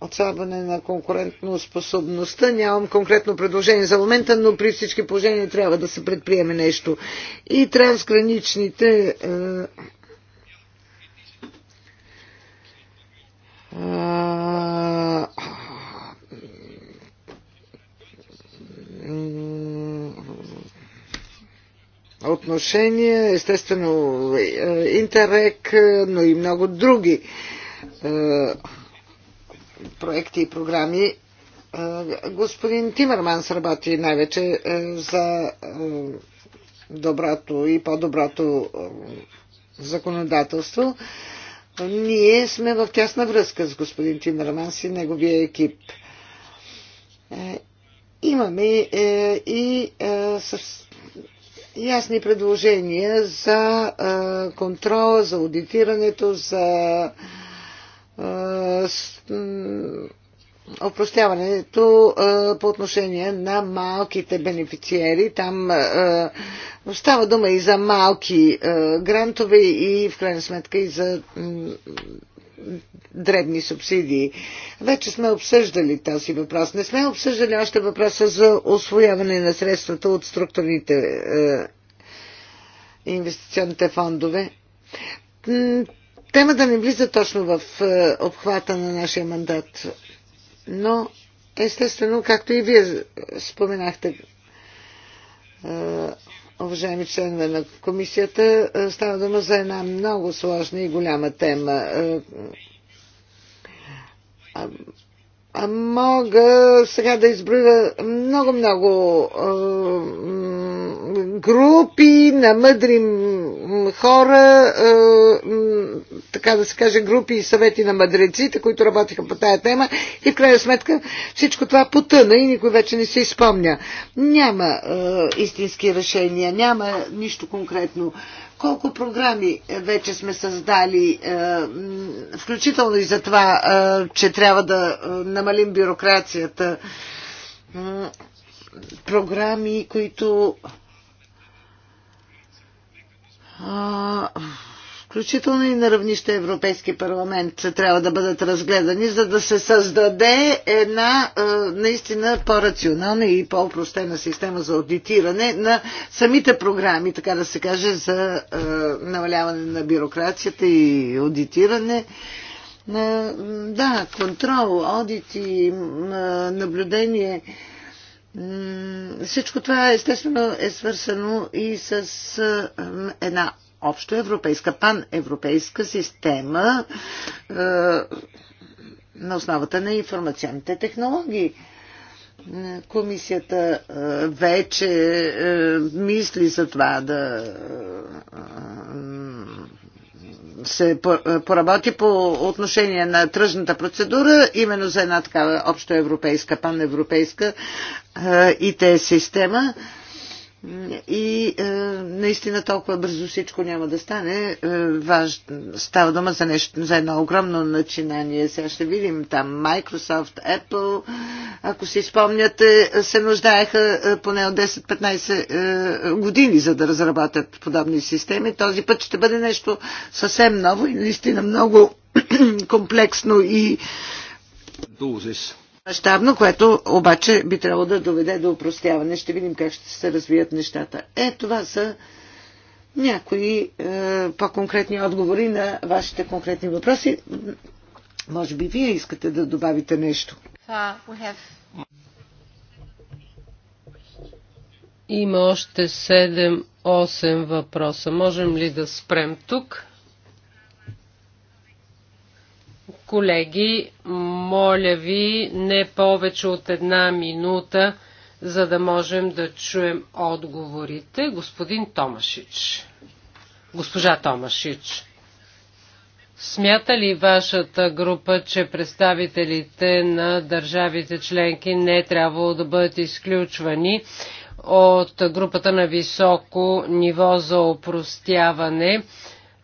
отслабване на конкурентно способността. Нямам конкретно предложение за момента, но при всички положения трябва да се предприеме нещо. И трансграничните е, е, отношения, естествено е, Интерек, но и много други проекти и програми. Е, господин Тимерманс работи най-вече е, за е, доброто и по-доброто законодателство. Ние сме в тясна връзка с господин Тимерманс и неговия екип. Имаме и с ясни предложения за контрола, за аудитирането, за опростяването по отношение на малките бенефициери. Там става дума и за малки грантове и в крайна сметка и за дребни субсидии. Вече сме обсъждали този въпрос. Не сме обсъждали още въпроса за освояване на средствата от структурните е, инвестиционните фондове Тема да не влиза точно в е, обхвата на нашия мандат, но естествено, както и вие споменахте, е, уважаеми членове на комисията, е, става дума за една много сложна и голяма тема. А, а мога сега да изброя много-много групи на мъдри хора, така да се каже, групи и съвети на мъдреците, които работиха по тая тема и в крайна сметка всичко това потъна и никой вече не се изпомня. Няма е, истински решения, няма нищо конкретно. Колко програми вече сме създали, е, включително и за това, е, че трябва да е, намалим бюрокрацията. Е, програми, които а, включително и на равнище Европейски парламент, трябва да бъдат разгледани, за да се създаде една наистина по-рационална и по-опростена система за аудитиране на самите програми, така да се каже, за намаляване на бюрокрацията и аудитиране. Да, контрол, аудити, наблюдение. Всичко това естествено е свързано и с една общо европейска, паневропейска система е, на основата на информационните технологии. Комисията е, вече е, мисли за това да се поработи по отношение на тръжната процедура, именно за една такава общоевропейска, паневропейска ИТ система. И е, наистина толкова бързо всичко няма да стане. Е, важ... Става дума за, нещо, за едно огромно начинание. Сега ще видим там Microsoft, Apple. Ако си спомняте, се нуждаеха е, поне от 10-15 е, години, за да разработят подобни системи. Този път ще бъде нещо съвсем ново и наистина много комплексно и мащабно, което обаче би трябвало да доведе до упростяване. Ще видим как ще се развият нещата. Е, това са някои е, по-конкретни отговори на вашите конкретни въпроси. Може би вие искате да добавите нещо. Uh, Има още 7-8 въпроса. Можем ли да спрем тук? Колеги, моля ви не повече от една минута, за да можем да чуем отговорите. Господин Томашич. Госпожа Томашич. Смята ли вашата група, че представителите на държавите членки не е трябвало да бъдат изключвани от групата на високо ниво за опростяване?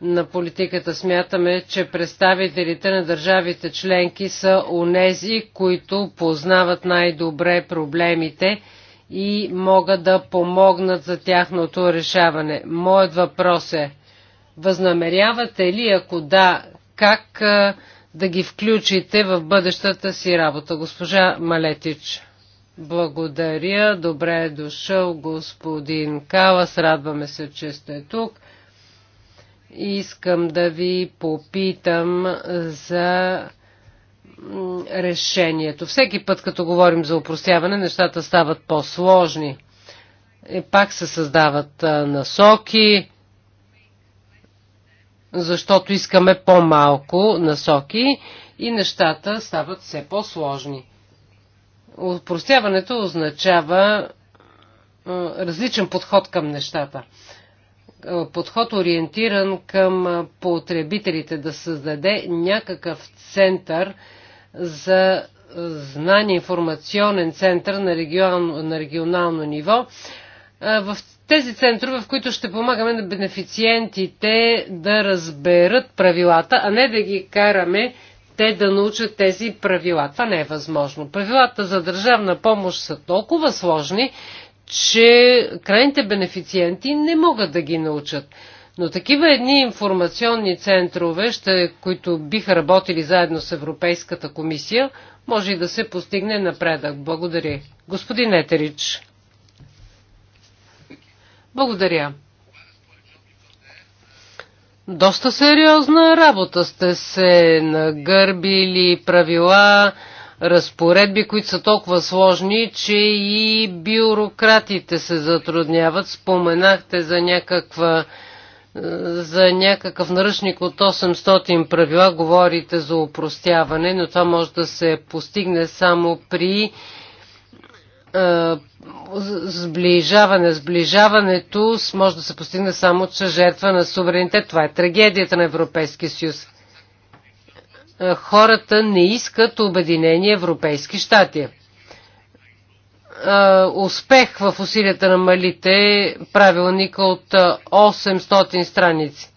на политиката смятаме, че представителите на държавите членки са онези, които познават най-добре проблемите и могат да помогнат за тяхното решаване. Моят въпрос е, възнамерявате ли, ако да, как да ги включите в бъдещата си работа? Госпожа Малетич. Благодаря, добре е дошъл господин Калас, радваме се, че сте тук. Искам да ви попитам за решението. Всеки път, като говорим за упростяване, нещата стават по-сложни. И е, пак се създават насоки, защото искаме по-малко насоки и нещата стават все по-сложни. Упростяването означава различен подход към нещата подход ориентиран към потребителите, да създаде някакъв център за знание, информационен център на регион, на регионално ниво. В тези центрове, в които ще помагаме на бенефициентите да разберат правилата, а не да ги караме те да научат тези правила. Това не е възможно. Правилата за държавна помощ са толкова сложни, че крайните бенефициенти не могат да ги научат. Но такива едни информационни центрове, ще, които биха работили заедно с Европейската комисия, може и да се постигне напредък. Благодаря. Господин Етерич. Благодаря. Доста сериозна работа сте се нагърбили правила, разпоредби, които са толкова сложни, че и бюрократите се затрудняват. Споменахте за някаква за някакъв наръчник от 800 правила, говорите за упростяване, но това може да се постигне само при сближаване. Сближаването може да се постигне само чрез жертва на суверенитет. Това е трагедията на Европейския съюз. Е, хората не искат Обединени Европейски щати. Е, успех в усилията на малите е правилник от 800 страници. Е,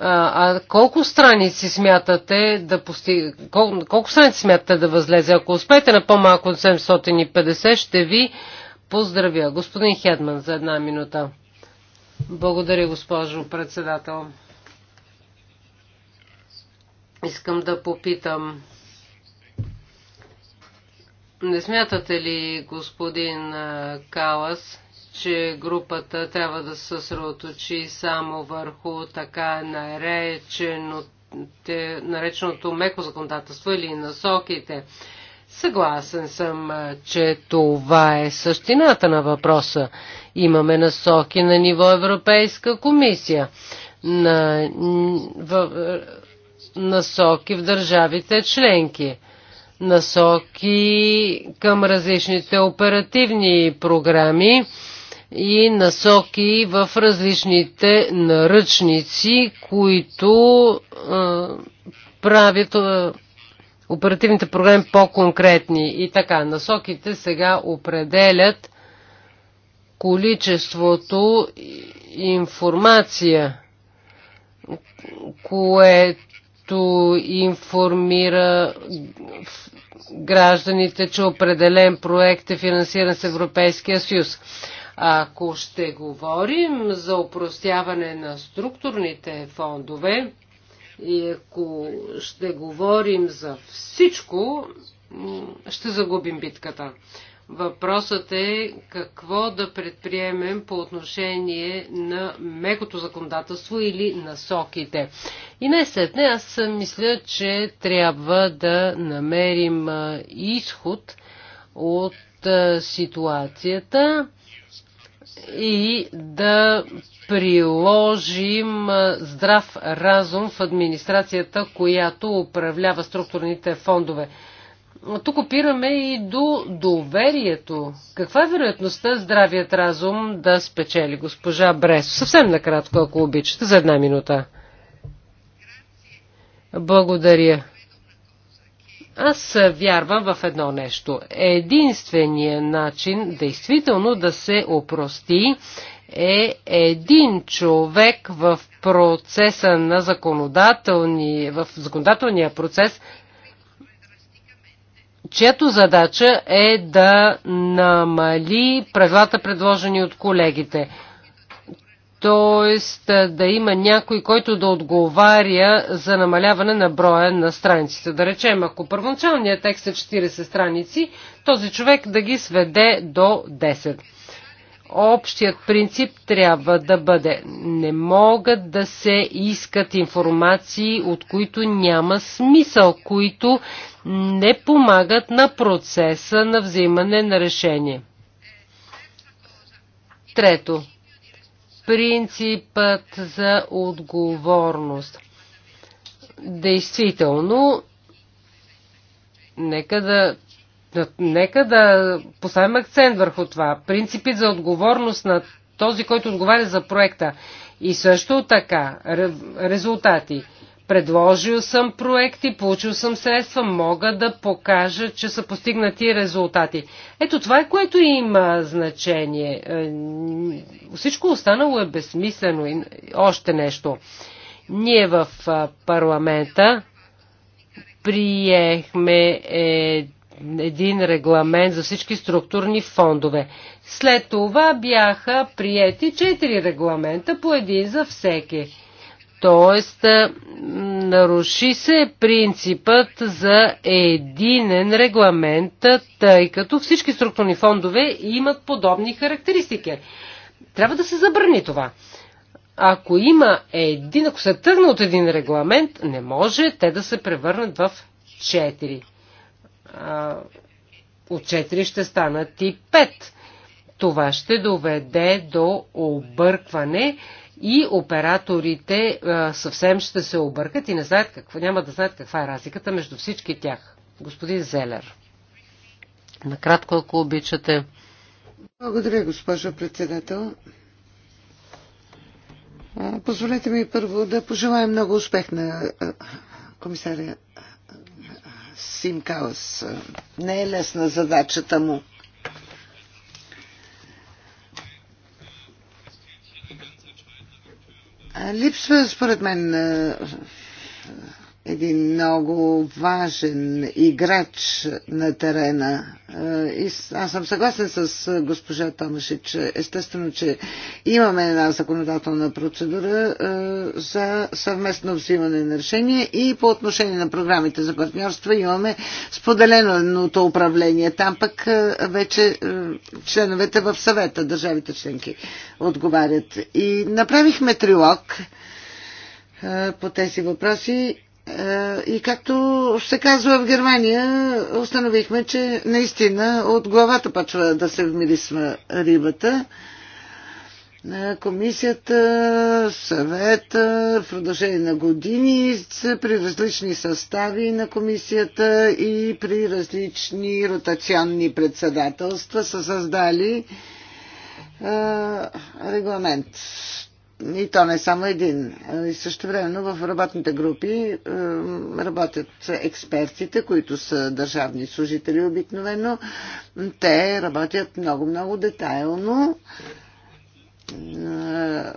а колко страници смятате да постиг... колко, колко страници смятате да възлезе? Ако успеете на по-малко от 750, ще ви поздравя. Господин Хедман, за една минута. Благодаря, госпожо председател. Искам да попитам. Не смятате ли, господин Калас, че групата трябва да се съсредоточи само върху така нареченото, нареченото меко законодателство или насоките? Съгласен съм, че това е същината на въпроса. Имаме насоки на ниво Европейска комисия. На, в, насоки в държавите членки. Насоки към различните оперативни програми и насоки в различните наръчници, които а, правят а, оперативните програми по-конкретни. И така, насоките сега определят количеството информация, което който информира гражданите, че определен проект е финансиран с Европейския съюз. Ако ще говорим за упростяване на структурните фондове и ако ще говорим за всичко, ще загубим битката. Въпросът е какво да предприемем по отношение на мекото законодателство или насоките. И не след не, аз мисля, че трябва да намерим изход от ситуацията и да приложим здрав разум в администрацията, която управлява структурните фондове тук опираме и до доверието. Каква е вероятността здравият разум да спечели госпожа Бресо? Съвсем накратко, ако обичате, за една минута. Благодаря. Аз вярвам в едно нещо. Единственият начин действително да се опрости е един човек в процеса на законодателни, в законодателния процес чиято задача е да намали правилата, предложени от колегите. Тоест да има някой, който да отговаря за намаляване на броя на страниците. Да речем, ако първоначалният текст е 40 страници, този човек да ги сведе до 10. Общият принцип трябва да бъде не могат да се искат информации, от които няма смисъл, които не помагат на процеса на взимане на решение. Трето, принципът за отговорност. Действително, нека да, нека да поставим акцент върху това. Принципът за отговорност на този, който отговаря за проекта. И също така, резултати. Предложил съм проекти, получил съм средства, мога да покажа, че са постигнати резултати. Ето това е което има значение. Е, всичко останало е безсмислено и още нещо. Ние в парламента приехме е, един регламент за всички структурни фондове. След това бяха приети четири регламента по един за всеки Тоест, наруши се принципът за единен регламент, тъй като всички структурни фондове имат подобни характеристики. Трябва да се забрани това. Ако има един, ако се тръгне от един регламент, не може те да се превърнат в четири. От четири ще станат и пет. Това ще доведе до объркване и операторите съвсем ще се объркат и не знаят какво, няма да знаят каква е разликата между всички тях. Господин Зелер. Накратко, ако обичате. Благодаря, госпожо председател. Позволете ми първо да пожелая много успех на комисаря Симкаус. Не е лесна задачата му. Липсва, според мен, един много важен играч на терена. Е, и аз съм съгласен с е, госпожа Томаши, че естествено, че имаме една законодателна процедура е, за съвместно взимане на решение и по отношение на програмите за партньорство имаме споделеното управление. Там пък вече членовете в съвета, държавите членки отговарят. И направихме трилог по тези въпроси е, и както се казва в Германия, установихме, че наистина от главата почва да се вмирисва рибата. Е, комисията, съвета в продължение на години при различни състави на комисията и при различни ротационни председателства са създали е, регламент и то не само един. И също но в работните групи е, работят експертите, които са държавни служители обикновено. Те работят много-много детайлно е,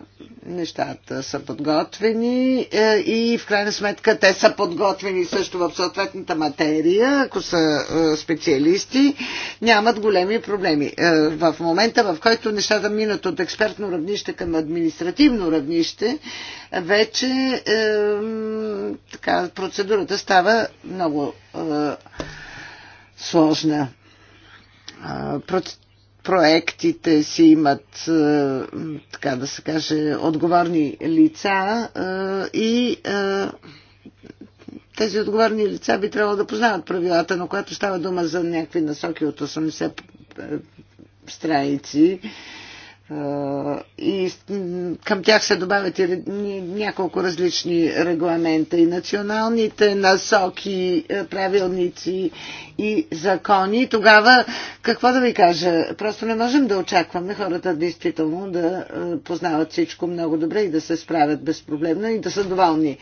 нещата са подготвени е, и в крайна сметка те са подготвени също в съответната материя, ако са е, специалисти, нямат големи проблеми. В момента, в който нещата минат от експертно равнище към административно равнище, вече така, процедурата става много сложна проектите си имат, е, така да се каже, отговорни лица е, и е, тези отговорни лица би трябвало да познават правилата, но когато става дума за някакви насоки от 80 страници, и към тях се добавят и няколко различни регламента и националните насоки, е, правилници и закони. Тогава, какво да ви кажа, просто не можем да очакваме хората действително да е, познават всичко много добре и да се справят безпроблемно и да са доволни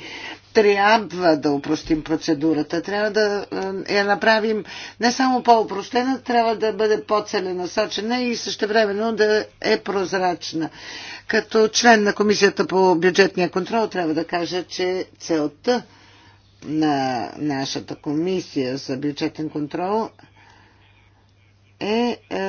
трябва да упростим процедурата, трябва да е, я направим не само по-упростена, трябва да бъде по-целенасочена и същевременно да е прозрачна. Като член на Комисията по бюджетния контрол трябва да кажа, че целта на нашата комисия за бюджетен контрол е, е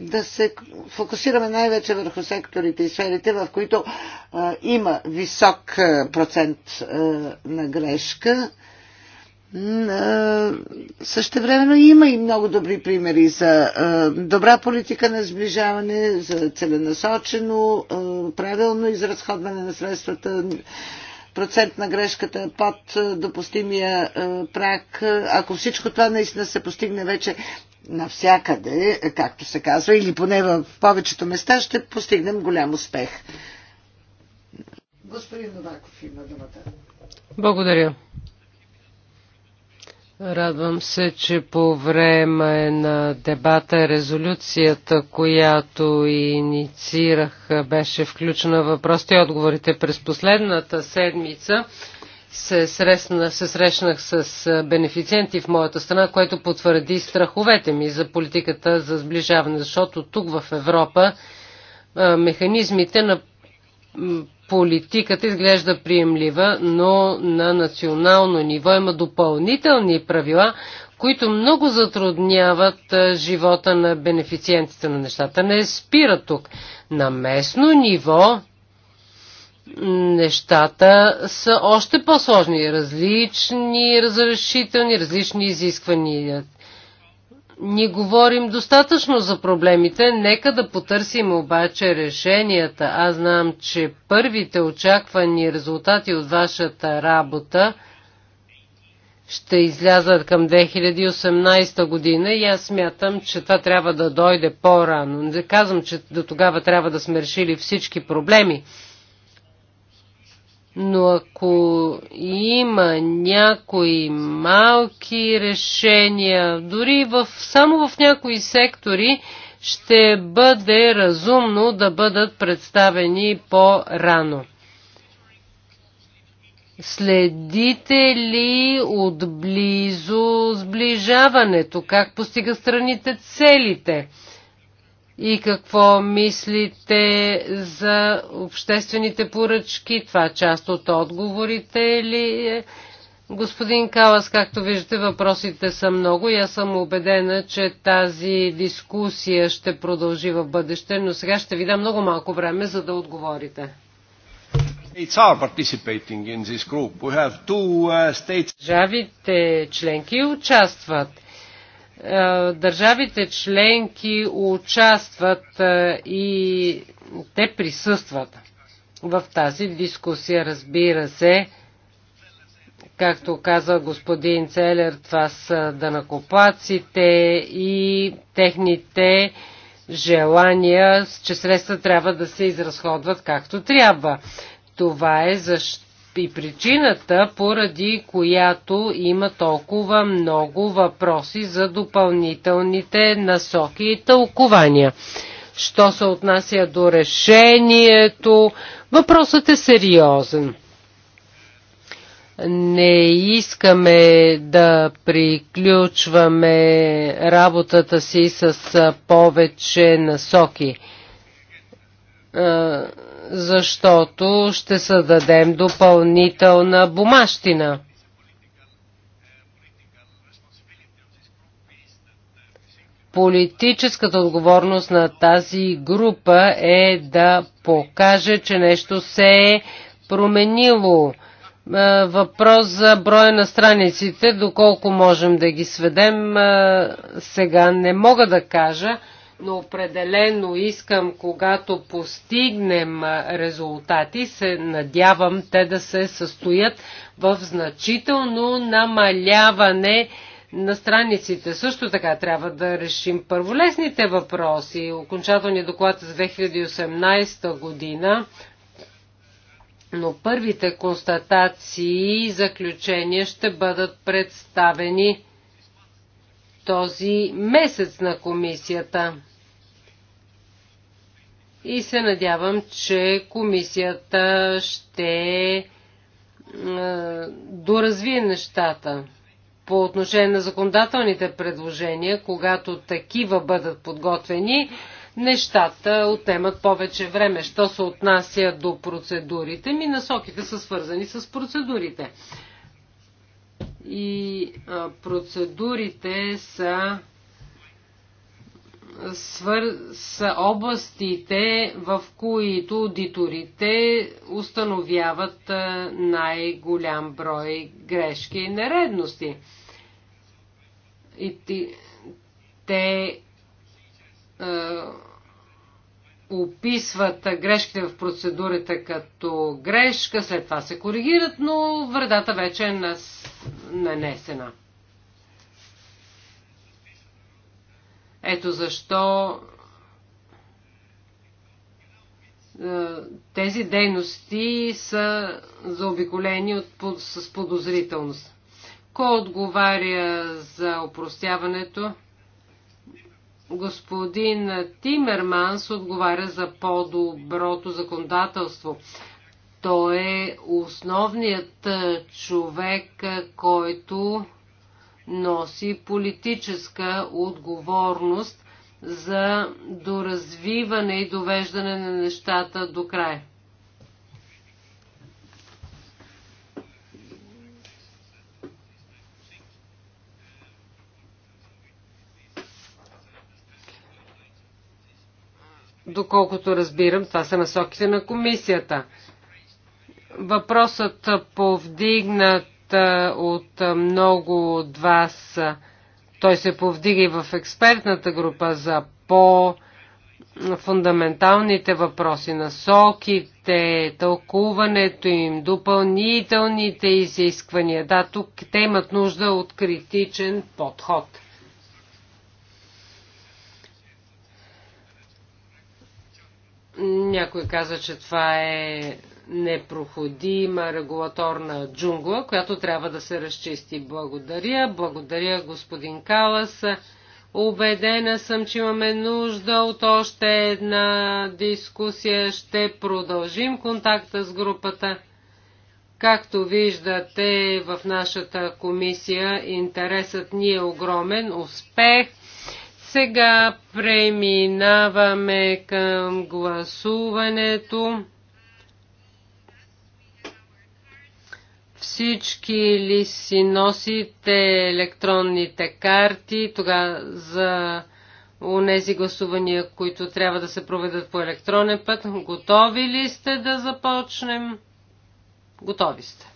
да се фокусираме най-вече върху секторите и сферите, в които а, има висок процент а, на грешка. времено има и много добри примери за добра политика на сближаване, за целенасочено, правилно изразходване на средствата, процент на грешката е под допустимия прак. Ако всичко това наистина се постигне вече навсякъде, както се казва, или поне в повечето места, ще постигнем голям успех. Господин Новаков има думата. Благодаря. Радвам се, че по време на дебата резолюцията, която инициирах, беше включена въпросите и отговорите през последната седмица се, срещна, се срещнах с бенефициенти в моята страна, което потвърди страховете ми за политиката за сближаване, защото тук в Европа механизмите на политиката изглежда приемлива, но на национално ниво има допълнителни правила, които много затрудняват живота на бенефициентите на нещата. Не спира тук. На местно ниво нещата са още по-сложни. Различни разрешителни, различни изисквания. Ни говорим достатъчно за проблемите, нека да потърсим обаче решенията. Аз знам, че първите очаквани резултати от вашата работа ще излязат към 2018 година и аз смятам, че това трябва да дойде по-рано. Не казвам, че до тогава трябва да сме решили всички проблеми но ако има някои малки решения, дори в, само в някои сектори, ще бъде разумно да бъдат представени по-рано. Следите ли отблизо сближаването? Как постига страните целите? И какво мислите за обществените поръчки? Това е част от отговорите ли е? Господин Калас, както виждате, въпросите са много и аз съм убедена, че тази дискусия ще продължи в бъдеще, но сега ще ви дам много малко време, за да отговорите. Uh, Държавите членки участват. Е, държавите членки участват е, и те присъстват в тази дискусия, разбира се. Както каза господин Целер, това са данакопаците и техните желания, че средства трябва да се изразходват както трябва. Това е защо и причината, поради която има толкова много въпроси за допълнителните насоки и тълкования. Що се отнася до решението, въпросът е сериозен. Не искаме да приключваме работата си с повече насоки защото ще създадем допълнителна бумащина. Политическата отговорност на тази група е да покаже, че нещо се е променило. Въпрос за броя на страниците, доколко можем да ги сведем, сега не мога да кажа но определено искам, когато постигнем резултати, се надявам те да се състоят в значително намаляване на страниците. Също така трябва да решим първолесните въпроси. Окончателният доклад е за 2018 година, но първите констатации и заключения ще бъдат представени този месец на комисията и се надявам, че комисията ще доразвие нещата по отношение на законодателните предложения, когато такива бъдат подготвени, нещата отнемат повече време. Що се отнася до процедурите ми, насоките са свързани с процедурите. И процедурите са свър... са областите, в които аудиторите установяват най-голям брой грешки и нередности. И те, те е, описват грешките в процедурата като грешка, след това се коригират, но вредата вече е нанесена. Ето защо е, тези дейности са заобиколени от, с подозрителност. Кой отговаря за опростяването? Господин Тимерманс отговаря за по-доброто законодателство. Той е основният е, човек, е, който носи политическа отговорност за доразвиване и довеждане на нещата до края. Доколкото разбирам, това са насоките на комисията. Въпросът повдигнат от много от вас. Той се повдига и в експертната група за по- фундаменталните въпроси, насоките, тълкуването им, допълнителните изисквания. Да, тук те имат нужда от критичен подход. Някой каза, че това е непроходима регулаторна джунгла, която трябва да се разчисти. Благодаря, благодаря господин Калас. Обедена съм, че имаме нужда от още една дискусия. Ще продължим контакта с групата. Както виждате в нашата комисия, интересът ни е огромен. Успех! Сега преминаваме към гласуването. Всички ли си носите електронните карти, тога за унези гласувания, които трябва да се проведат по електронен път? Готови ли сте да започнем? Готови сте.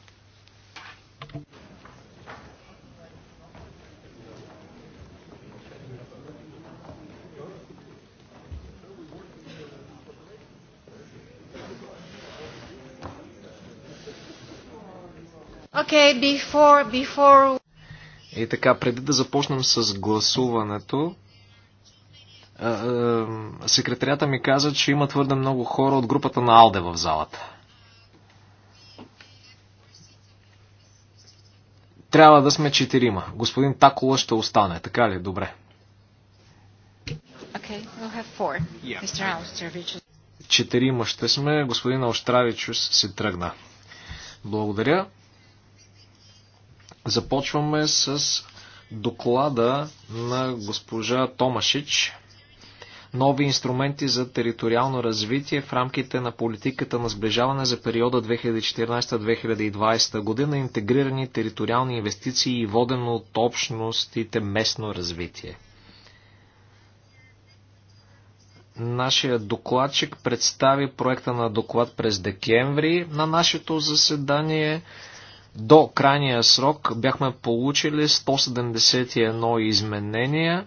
Okay, before, before... И така, преди да започнем с гласуването, секретарята ми каза, че има твърде много хора от групата на Алде в залата. Трябва да сме четирима. Господин Такола ще остане, така ли? Добре. Okay, we'll yeah. Четирима ще сме. Господин Аустравичус се тръгна. Благодаря. Започваме с доклада на госпожа Томашич. Нови инструменти за териториално развитие в рамките на политиката на сближаване за периода 2014-2020 година, интегрирани териториални инвестиции и водено от общностите местно развитие. Нашия докладчик представи проекта на доклад през декември на нашето заседание до крайния срок бяхме получили 171 изменения.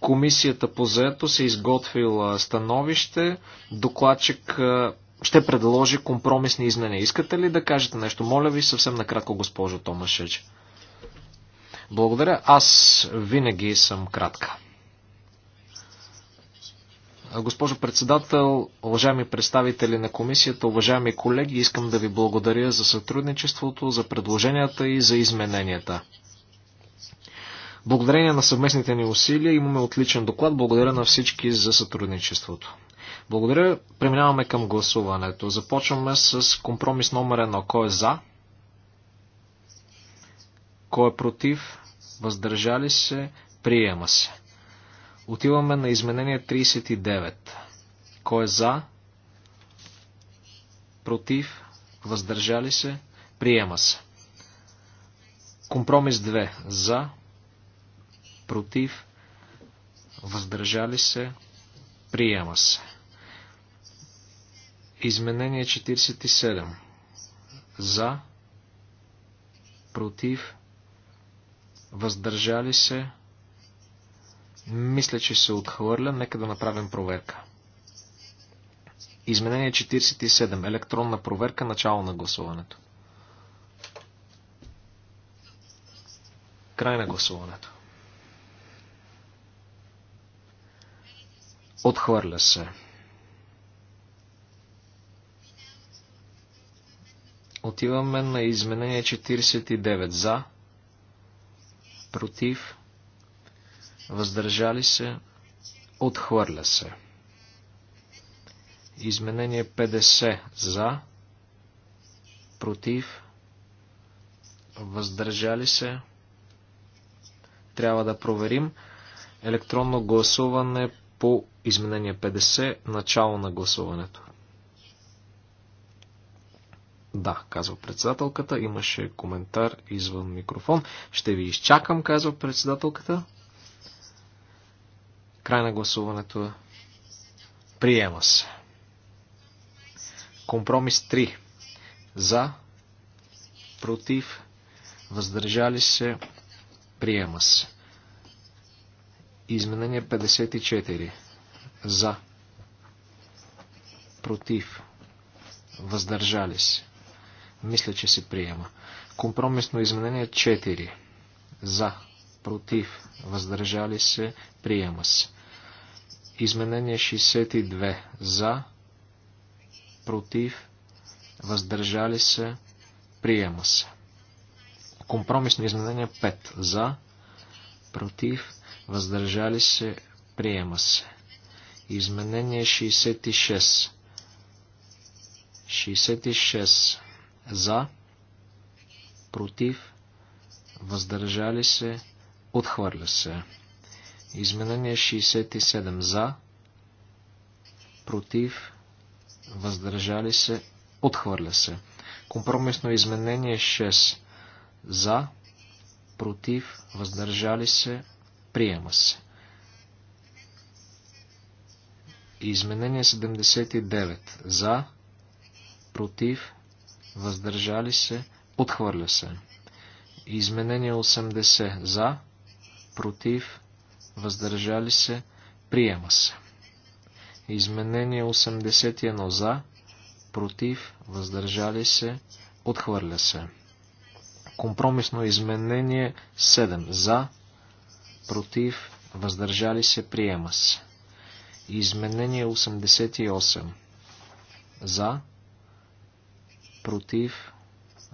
Комисията по заето се изготвила становище. Докладчик ще предложи компромисни изменения. Искате ли да кажете нещо? Моля ви съвсем накратко, госпожо Томашеч. Благодаря. Аз винаги съм кратка. Госпожо председател, уважаеми представители на комисията, уважаеми колеги, искам да ви благодаря за сътрудничеството, за предложенията и за измененията. Благодарение на съвместните ни усилия имаме отличен доклад. Благодаря на всички за сътрудничеството. Благодаря. Преминаваме към гласуването. Започваме с компромис номер едно. Кой е за? Кой е против? Въздържали се? Приема се. Отиваме на изменение 39. Кой е за? Против? Въздържали се? Приема се. Компромис 2. За? Против? Въздържали се? Приема се. Изменение 47. За? Против? Въздържали се? Мисля, че се отхвърля. Нека да направим проверка. Изменение 47. Електронна проверка. Начало на гласуването. Край на гласуването. Отхвърля се. Отиваме на изменение 49 за, против, въздържали се, отхвърля се. Изменение 50 за, против, въздържали се. Трябва да проверим. Електронно гласуване по изменение 50, начало на гласуването. Да, казва председателката, имаше коментар извън микрофон. Ще ви изчакам, казва председателката. Край на гласуването. Приема се. Компромис 3. За. Против. Въздържали се. Приема се. Изменение 54. За. Против. Въздържали се. Мисля, че се приема. Компромисно изменение 4. За. Против. Въздържали се. Приема се. Изменение 62. За, против, въздържали се, приема се. Компромисно изменение 5. За, против, въздържали се, приема се. Изменение 66. 66. За, против, въздържали се, отхвърля се. Изменение 67 за, против, въздържали се, отхвърля се. Компромисно изменение 6 за, против, въздържали се, приема се. Изменение 79 за, против, въздържали се, отхвърля се. Изменение 80 за, против, въздържали се, приема се. Изменение 81 за, против, въздържали се, отхвърля се. Компромисно изменение 7 за, против, въздържали се, приема се. Изменение 88 за, против,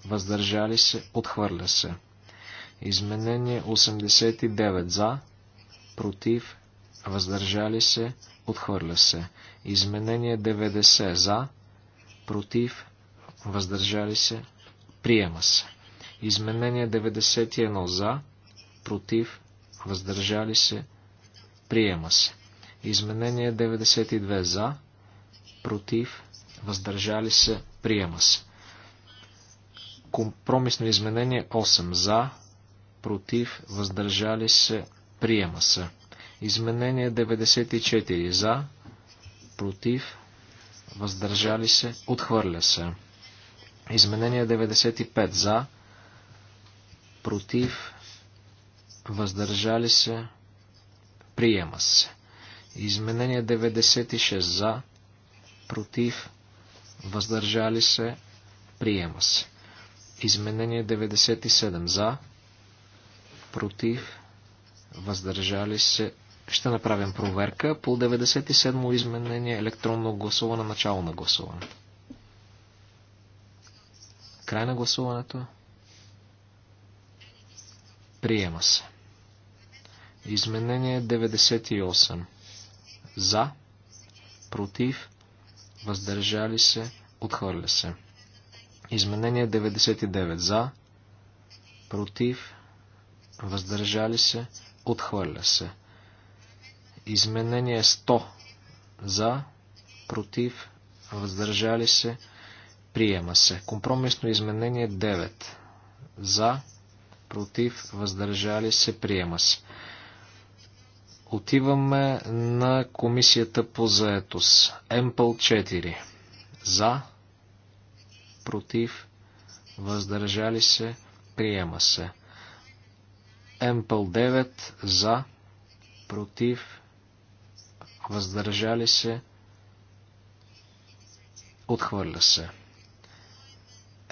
въздържали се, отхвърля се. Изменение 89 за, против, въздържали се, отхвърля се. Изменение 90 за, против, въздържали се, приема се. Изменение 91 за, против, въздържали се, приема се. Изменение 92 за, против, въздържали се, приема се. Компромисно изменение 8 за, против, въздържали се, Приема се. Изменение 94. За. Против. Въздържали се. Отхвърля се. Изменение 95. За. Против. Въздържали се. Приема се. Изменение 96. За. Против. Въздържали се. Приема се. Изменение 97. За. Против въздържали се. Ще направим проверка по 97-о изменение електронно гласуване, начало на гласуването. Край на гласуването. Приема се. Изменение 98. За, против, въздържали се, отхвърля се. Изменение 99. За, против, въздържали се, Отхвърля се. Изменение 100. За, против, въздържали се, приема се. Компромисно изменение 9. За, против, въздържали се, приема се. Отиваме на комисията по заетост. МПЛ 4. За, против, въздържали се, приема се. Емпъл 9 за, против, въздържали се, отхвърля се.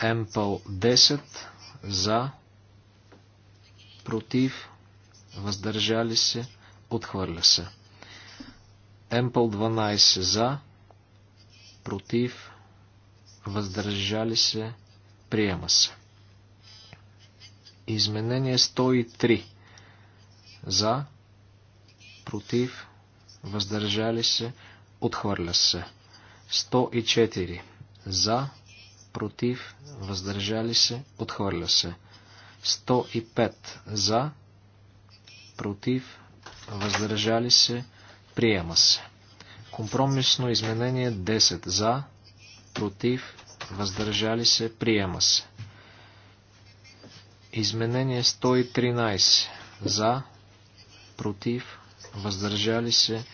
Емпъл 10 за, против, въздържали се, отхвърля се. Емпъл 12 за, против, въздържали се, приема се. Изменение 103. За, против, въздържали се, отхвърля се. 104. За, против, въздържали се, отхвърля се. 105. За, против, въздържали се, приема се. Компромисно изменение 10. За, против, въздържали се, приема се. Изменение 113. За, против, въздържали се,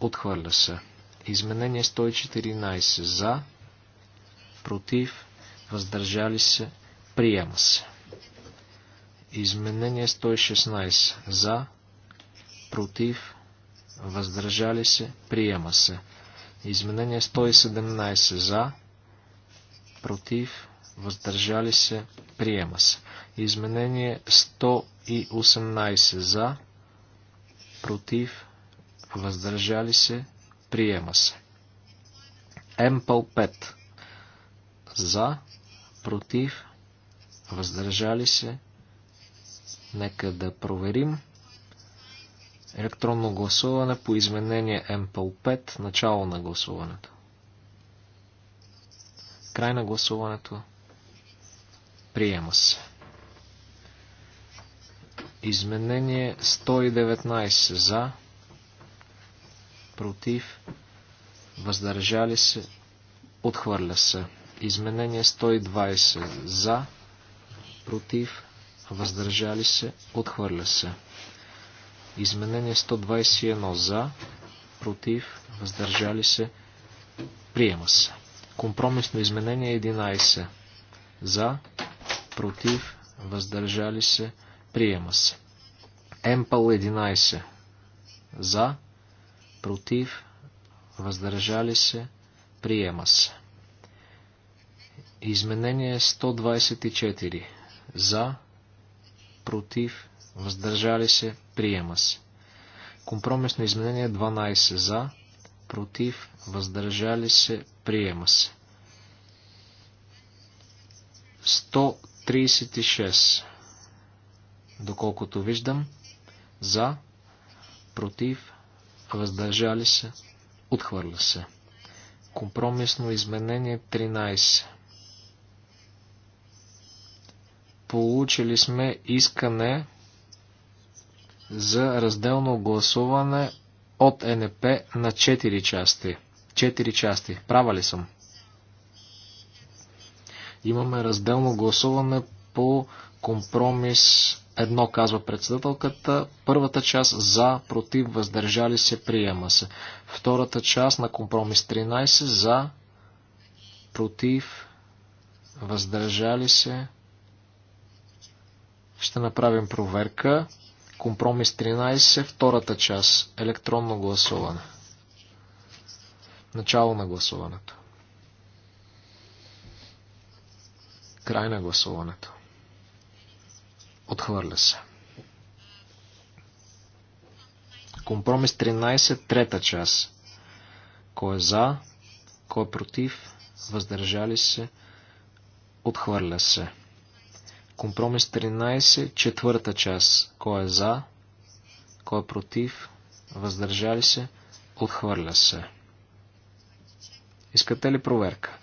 отхвърля се. Изменение 114. За, против, въздържали се, приема се. Изменение 116. За, против, въздържали се, приема се. Изменение 117. За, против, въздържали се, приема се. Изменение 118 за, против, въздържали се, приема се. МПЛ 5 за, против, въздържали се. Нека да проверим. Електронно гласуване по изменение МПЛ 5, начало на гласуването. Край на гласуването. Приема се. Изменение 119 за, против, въздържали се, отхвърля се. Изменение 120 за, против, въздържали се, отхвърля се. Изменение 121 за, против, въздържали се, приема се. Компромисно изменение 11 за, против, въздържали се, отхвърля се Приема се. Емпъл 11. За. Против. Въздържали се. Приема се. Изменение 124. За. Против. Въздържали се. Приема се. Компромисно изменение 12. За. Против. Въздържали се. Приема се. 136 доколкото виждам, за, против, въздържали се, отхвърля се. Компромисно изменение 13. Получили сме искане за разделно гласуване от НП на 4 части. 4 части. Права ли съм? Имаме разделно гласуване по компромис едно, казва председателката. Първата част за, против, въздържали се, приема се. Втората част на компромис 13 за, против, въздържали се. Ще направим проверка. Компромис 13, втората част. Електронно гласуване. Начало на гласуването. Край на гласуването. Отхвърля се. Компромис 13, трета част. Кой е за, кой е против, въздържали се, отхвърля се. Компромис 13, четвърта част. Кой е за, кой е против, въздържали се, отхвърля се. Искате ли проверка?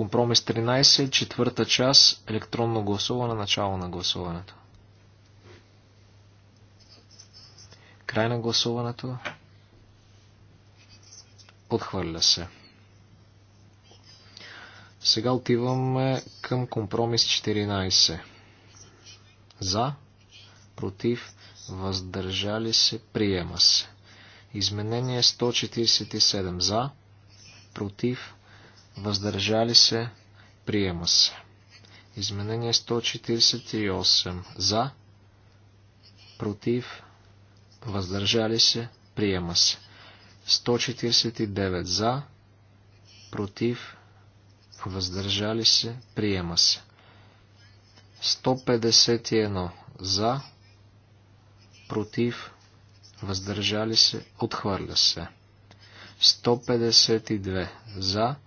Компромис 13, четвърта част, електронно гласуване, начало на гласуването. Край на гласуването. Отхвърля се. Сега отиваме към компромис 14. За, против, въздържали се, приема се. Изменение 147 за, против, въздържали се, приема се. Изменение 148 за, против, въздържали се, приема се. 149 за, против, въздържали се, приема се. 151 за, против, въздържали се, отхвърля се. 152 за, против,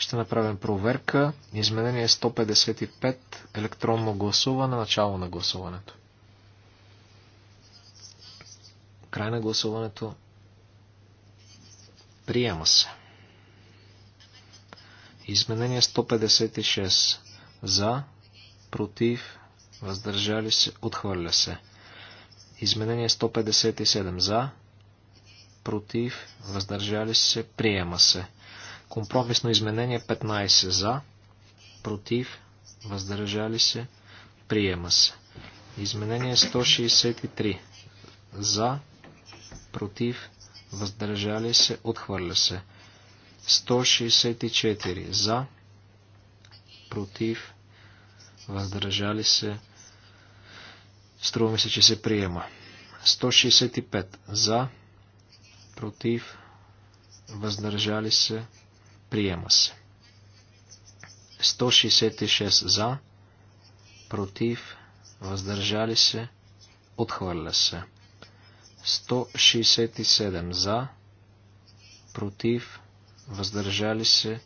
ще направим проверка. Изменение 155. Електронно гласуване. Начало на гласуването. Край на гласуването. Приема се. Изменение 156. За, против, въздържали се, отхвърля се. Изменение 157. За, против, въздържали се, приема се. Компромисно изменение 15 за, против, въздържали се, приема се. Изменение 163 за, против, въздържали се, отхвърля се. 164 за, против, въздържали се, струва ми се, че се приема. 165 за, против, въздържали се, Приема се. 166 за, против, въздържали се, отхвърля се. 167 за, против, въздържали се,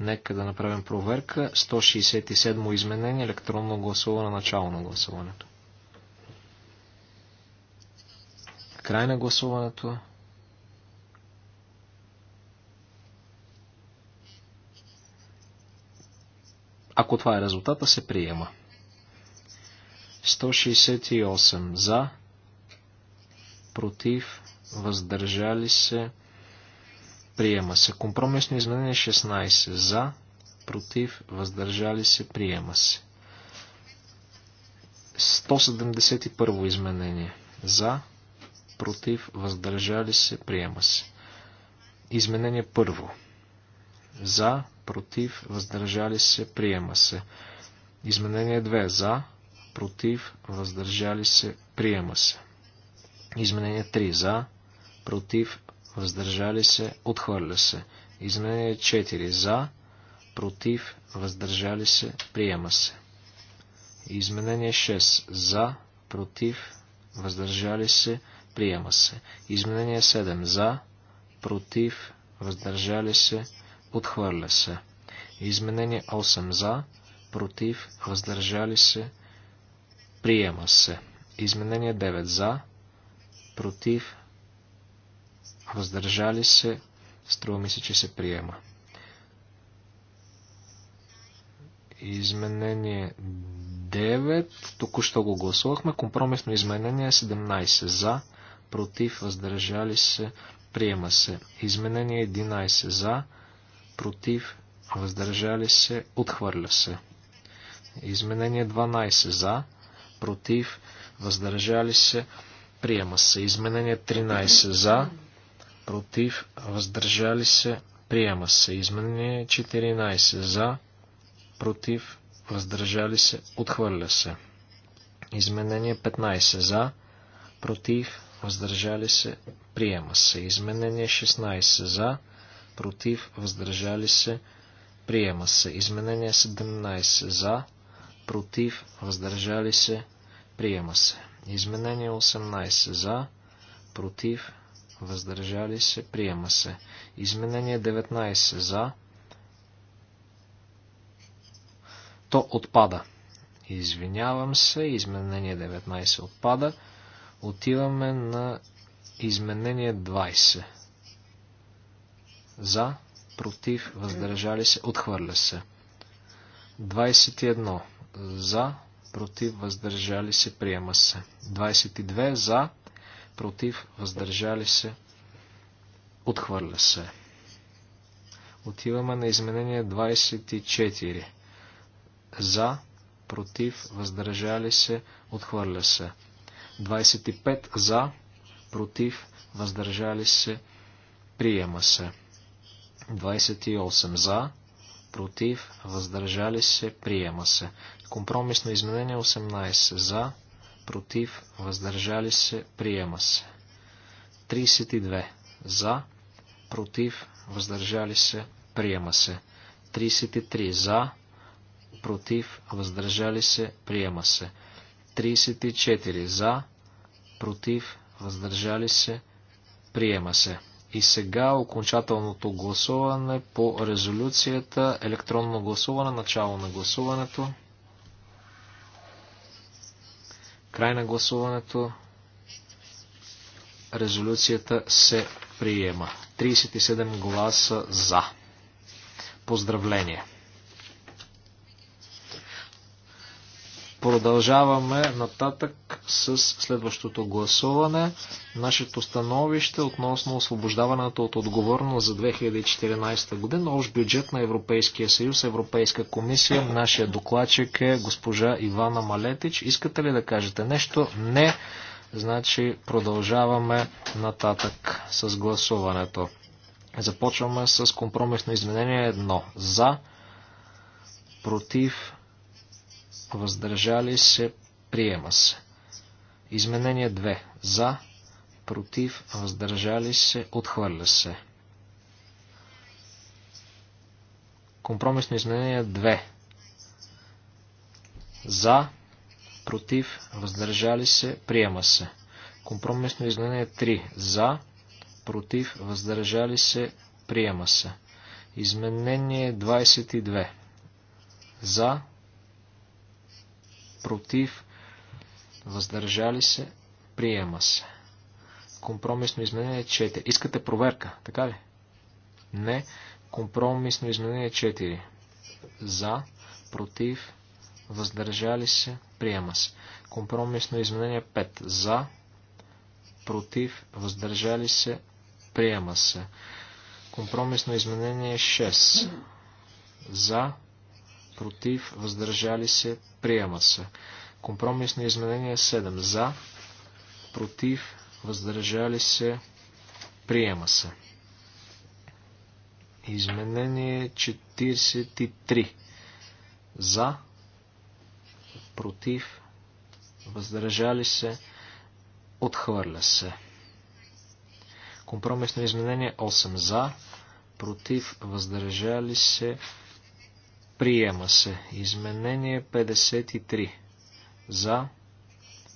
нека да направим проверка. 167 изменение, електронно гласуване, начало на гласуването. Край на гласуването. Ако това е резултата, се приема. 168 за, против, въздържали се, приема се. Компромисно изменение 16 за, против, въздържали се, приема се. 171 изменение за, против, въздържали се, приема се. Изменение първо. За, против, въздържали се, приема се. Изменение 2. За, против, въздържали се, приема се. Изменение 3. За, против, въздържали се, отхвърля се. Изменение 4. За, против, въздържали се, приема се. Изменение 6. За, против, въздържали се, приема се. Изменение 7. За, против, въздържали се, Отхвърля се. Изменение 8 за, против, въздържали се, приема се. Изменение 9 за, против, въздържали се, струва ми се, че се приема. Изменение 9, току-що го гласувахме, компромисно изменение 17 за, против, въздържали се, приема се. Изменение 11 за, против, въздържали се, отхвърля се. Изменение 12 за, против, въздържали се, приема се. Изменение 13 за, против, въздържали се, приема се. Изменение 14 за, против, въздържали се, отхвърля се. Изменение 15 за, против, въздържали се, приема се. Изменение 16 за, против, против, въздържали се, приема се. Изменение 17 за, против, въздържали се, приема се. Изменение 18 за, против, въздържали се, приема се. Изменение 19 за, то отпада. Извинявам се, изменение 19 отпада. Отиваме на изменение 20. За, против, въздържали се, отхвърля се. 21. За, против, въздържали се, приема се. 22. За, против, въздържали се, отхвърля се. Отиваме на изменение 24. За, против, въздържали се, отхвърля се. 25. За, против, въздържали се, приема се. 28 за, против, въздържали се, приема се. Компромисно изменение 18 за, против, въздържали се, приема се. 32 за, против, въздържали се, приема се. 33 за, против, въздържали се, приема се. 34 за, против, въздържали се, приема се. И сега окончателното гласуване по резолюцията. Електронно гласуване. Начало на гласуването. Край на гласуването. Резолюцията се приема. 37 гласа за. Поздравление! Продължаваме нататък с следващото гласуване. Нашето становище относно освобождаването от отговорност за 2014 година, общ бюджет на Европейския съюз, Европейска комисия. Нашия докладчик е госпожа Ивана Малетич. Искате ли да кажете нещо? Не. Значи продължаваме нататък с гласуването. Започваме с компромисно изменение 1. За, против, въздържали се, приема се. Изменение 2. За, против, въздържали се, отхвърля се. Компромисно изменение 2. За, против, въздържали се, приема се. Компромисно изменение 3. За, против, въздържали се, приема се. Изменение 22. За, против, въздържали се, приема се. Компромисно изменение 4. Искате проверка, така ли? Не. Компромисно изменение 4. За, против, въздържали се, приема се. Компромисно изменение 5. За, против, въздържали се, приема се. Компромисно изменение 6. За, против, въздържали се, приема се. Компромисно изменение 7 за, против, въздържали се, приема се. Изменение 43 за, против, въздържали се, отхвърля се. Компромисно изменение 8 за, против, въздържали се, Приема се. Изменение 53. За,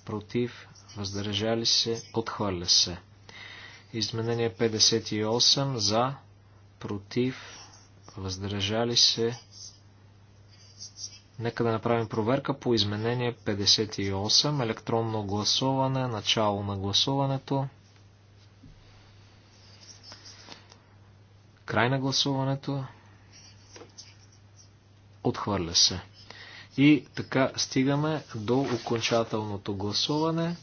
против, въздържали се, отхвърля се. Изменение 58. За, против, въздържали се. Нека да направим проверка по изменение 58. Електронно гласуване. Начало на гласуването. Край на гласуването. Отхвърля се. И така стигаме до окончателното гласуване.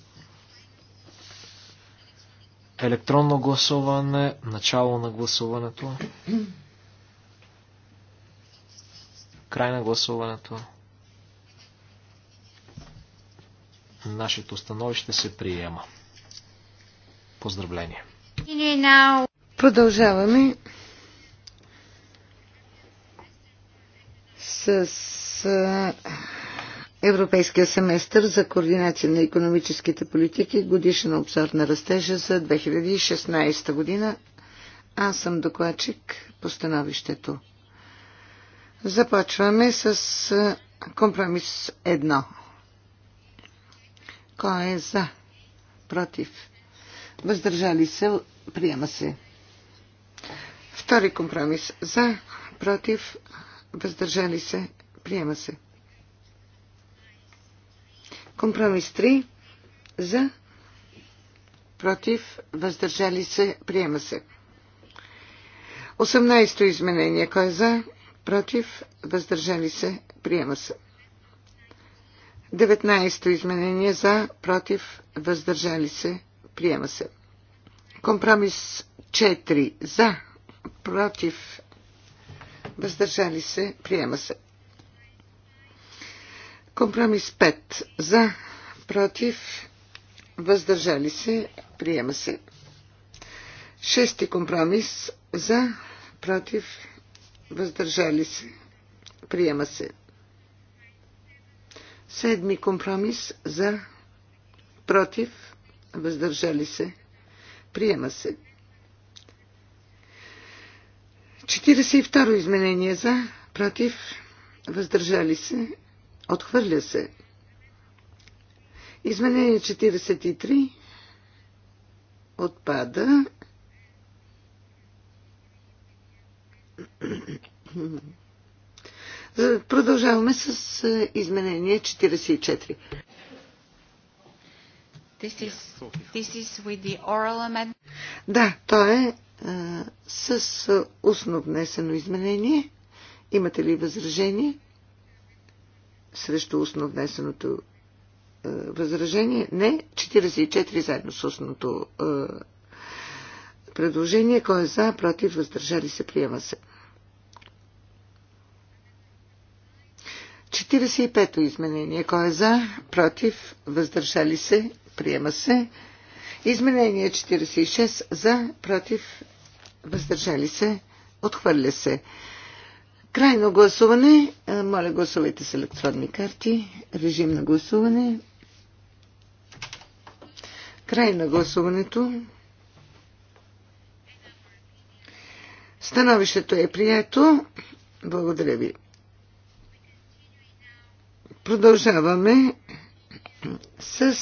Електронно гласуване, начало на гласуването, край на гласуването. Нашето становище се приема. Поздравление. Продължаваме с Европейския семестър за координация на економическите политики, годишен обзор на растежа за 2016 година. Аз съм докладчик по становището. Започваме с компромис 1. Кой е за? Против? Въздържали се? Приема се. Втори компромис. За? Против? въздържали се, приема се. Компромис 3 за, против, въздържали се, приема се. 18-то изменение. Кой е за? Против? Въздържали се? Приема се. 19-то изменение. За? Против? Въздържали се? Приема се. Компромис 4. За? Против? въздържали се, приема се. Компромис 5 за, против, въздържали се, приема се. Шести компромис за, против, въздържали се, приема се. Седми компромис за, против, въздържали се, приема се. 42 изменение за, против, въздържали се, отхвърля се. Изменение 43 отпада. Продължаваме с е, изменение 44. This is, this is with the oral amendment. Да, то е с устно внесено изменение. Имате ли възражение срещу устно внесеното възражение? Не. 44 заедно с устното предложение. Кой е за, против, въздържали се, приема се. 45-то изменение. Кой е за, против, въздържали се, приема се. Изменение 46 за, против, въздържали се, отхвърля се. Крайно гласуване. Е, моля, гласувайте с електронни карти. Режим на гласуване. Край на гласуването. Становището е прието. Благодаря ви. Продължаваме с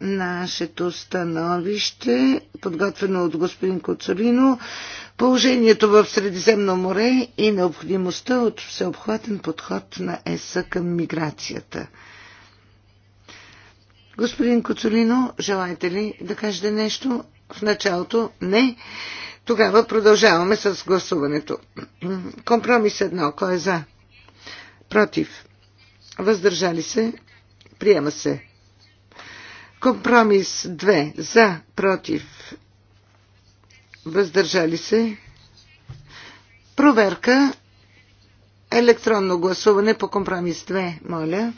нашето становище, подготвено от господин Коцолино, положението в Средиземно море и необходимостта от всеобхватен подход на ЕС към миграцията. Господин Коцолино, желаете ли да кажете нещо? В началото не. Тогава продължаваме с гласуването. Компромис едно. Кой е за? Против. Въздържали се? Приема се. Компромис 2. За, против, въздържали се. Проверка. Електронно гласуване по компромис 2. Моля.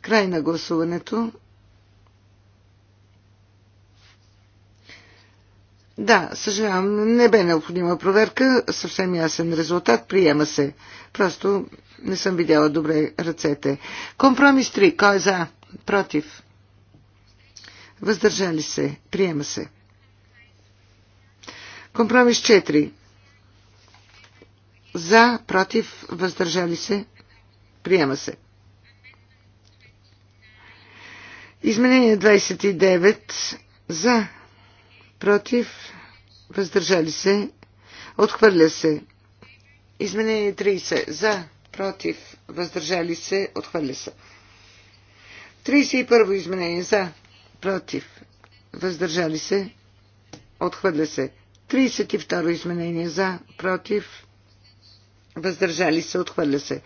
Край на гласуването. Да, съжалявам, не бе необходима проверка, съвсем ясен резултат, приема се. Просто не съм видяла добре ръцете. Компромис 3. Кой е за? Против. Въздържали се. Приема се. Компромис 4. За, против, въздържали се. Приема се. Изменение 29. За, против, въздържали се, отхвърля се. Изменение 30 за, против, въздържали се, отхвърля се. 31 изменение за, против, въздържали се, отхвърля се. 32 изменение за, против, въздържали се, отхвърля се.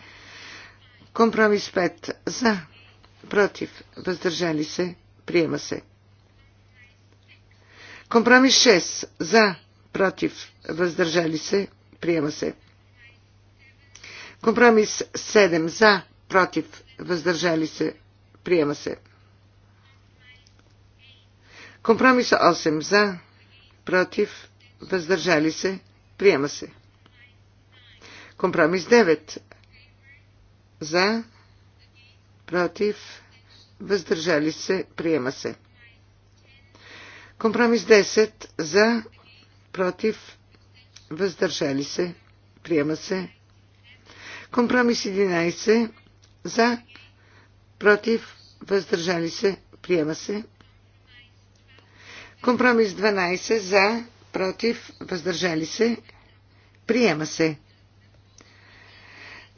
Компромис 5 за, против, въздържали се, приема се. Компромис 6. За, против, въздържали се, приема се. Компромис 7. За, против, въздържали се, приема се. Компромис 8. За, против, въздържали се, приема се. Компромис 9. За, против, въздържали се, приема се. Компромис 10 за, против, въздържали се, приема се. Компромис 11 за, против, въздържали се, приема се. Компромис 12 за, против, въздържали се, приема се.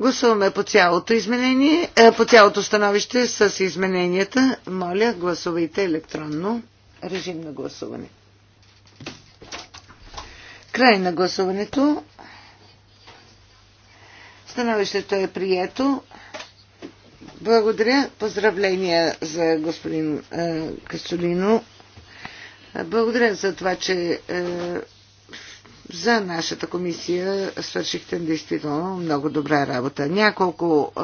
Гласуваме по цялото изменение, е, по цялото становище с измененията. Моля, гласувайте електронно. Режим на гласуване. Край на гласуването. Становището е прието. Благодаря. Поздравления за господин е, Касолино. Благодаря за това, че е, за нашата комисия свършихте действително много добра работа. Няколко е,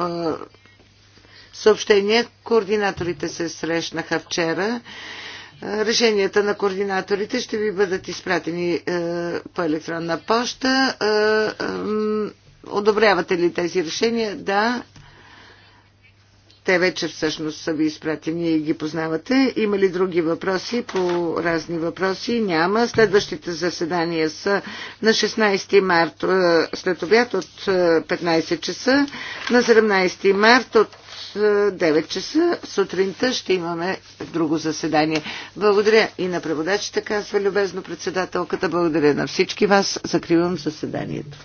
съобщения. Координаторите се срещнаха вчера. Решенията на координаторите ще ви бъдат изпратени е, по електронна поща. Е, е, одобрявате ли тези решения? Да. Те вече всъщност са ви изпратени и ги познавате. Има ли други въпроси по разни въпроси? Няма. Следващите заседания са на 16 март след обяд от 15 часа, на 17 март от 9 часа сутринта ще имаме друго заседание. Благодаря и на преводачите, казва любезно председателката. Благодаря на всички вас. Закривам заседанието.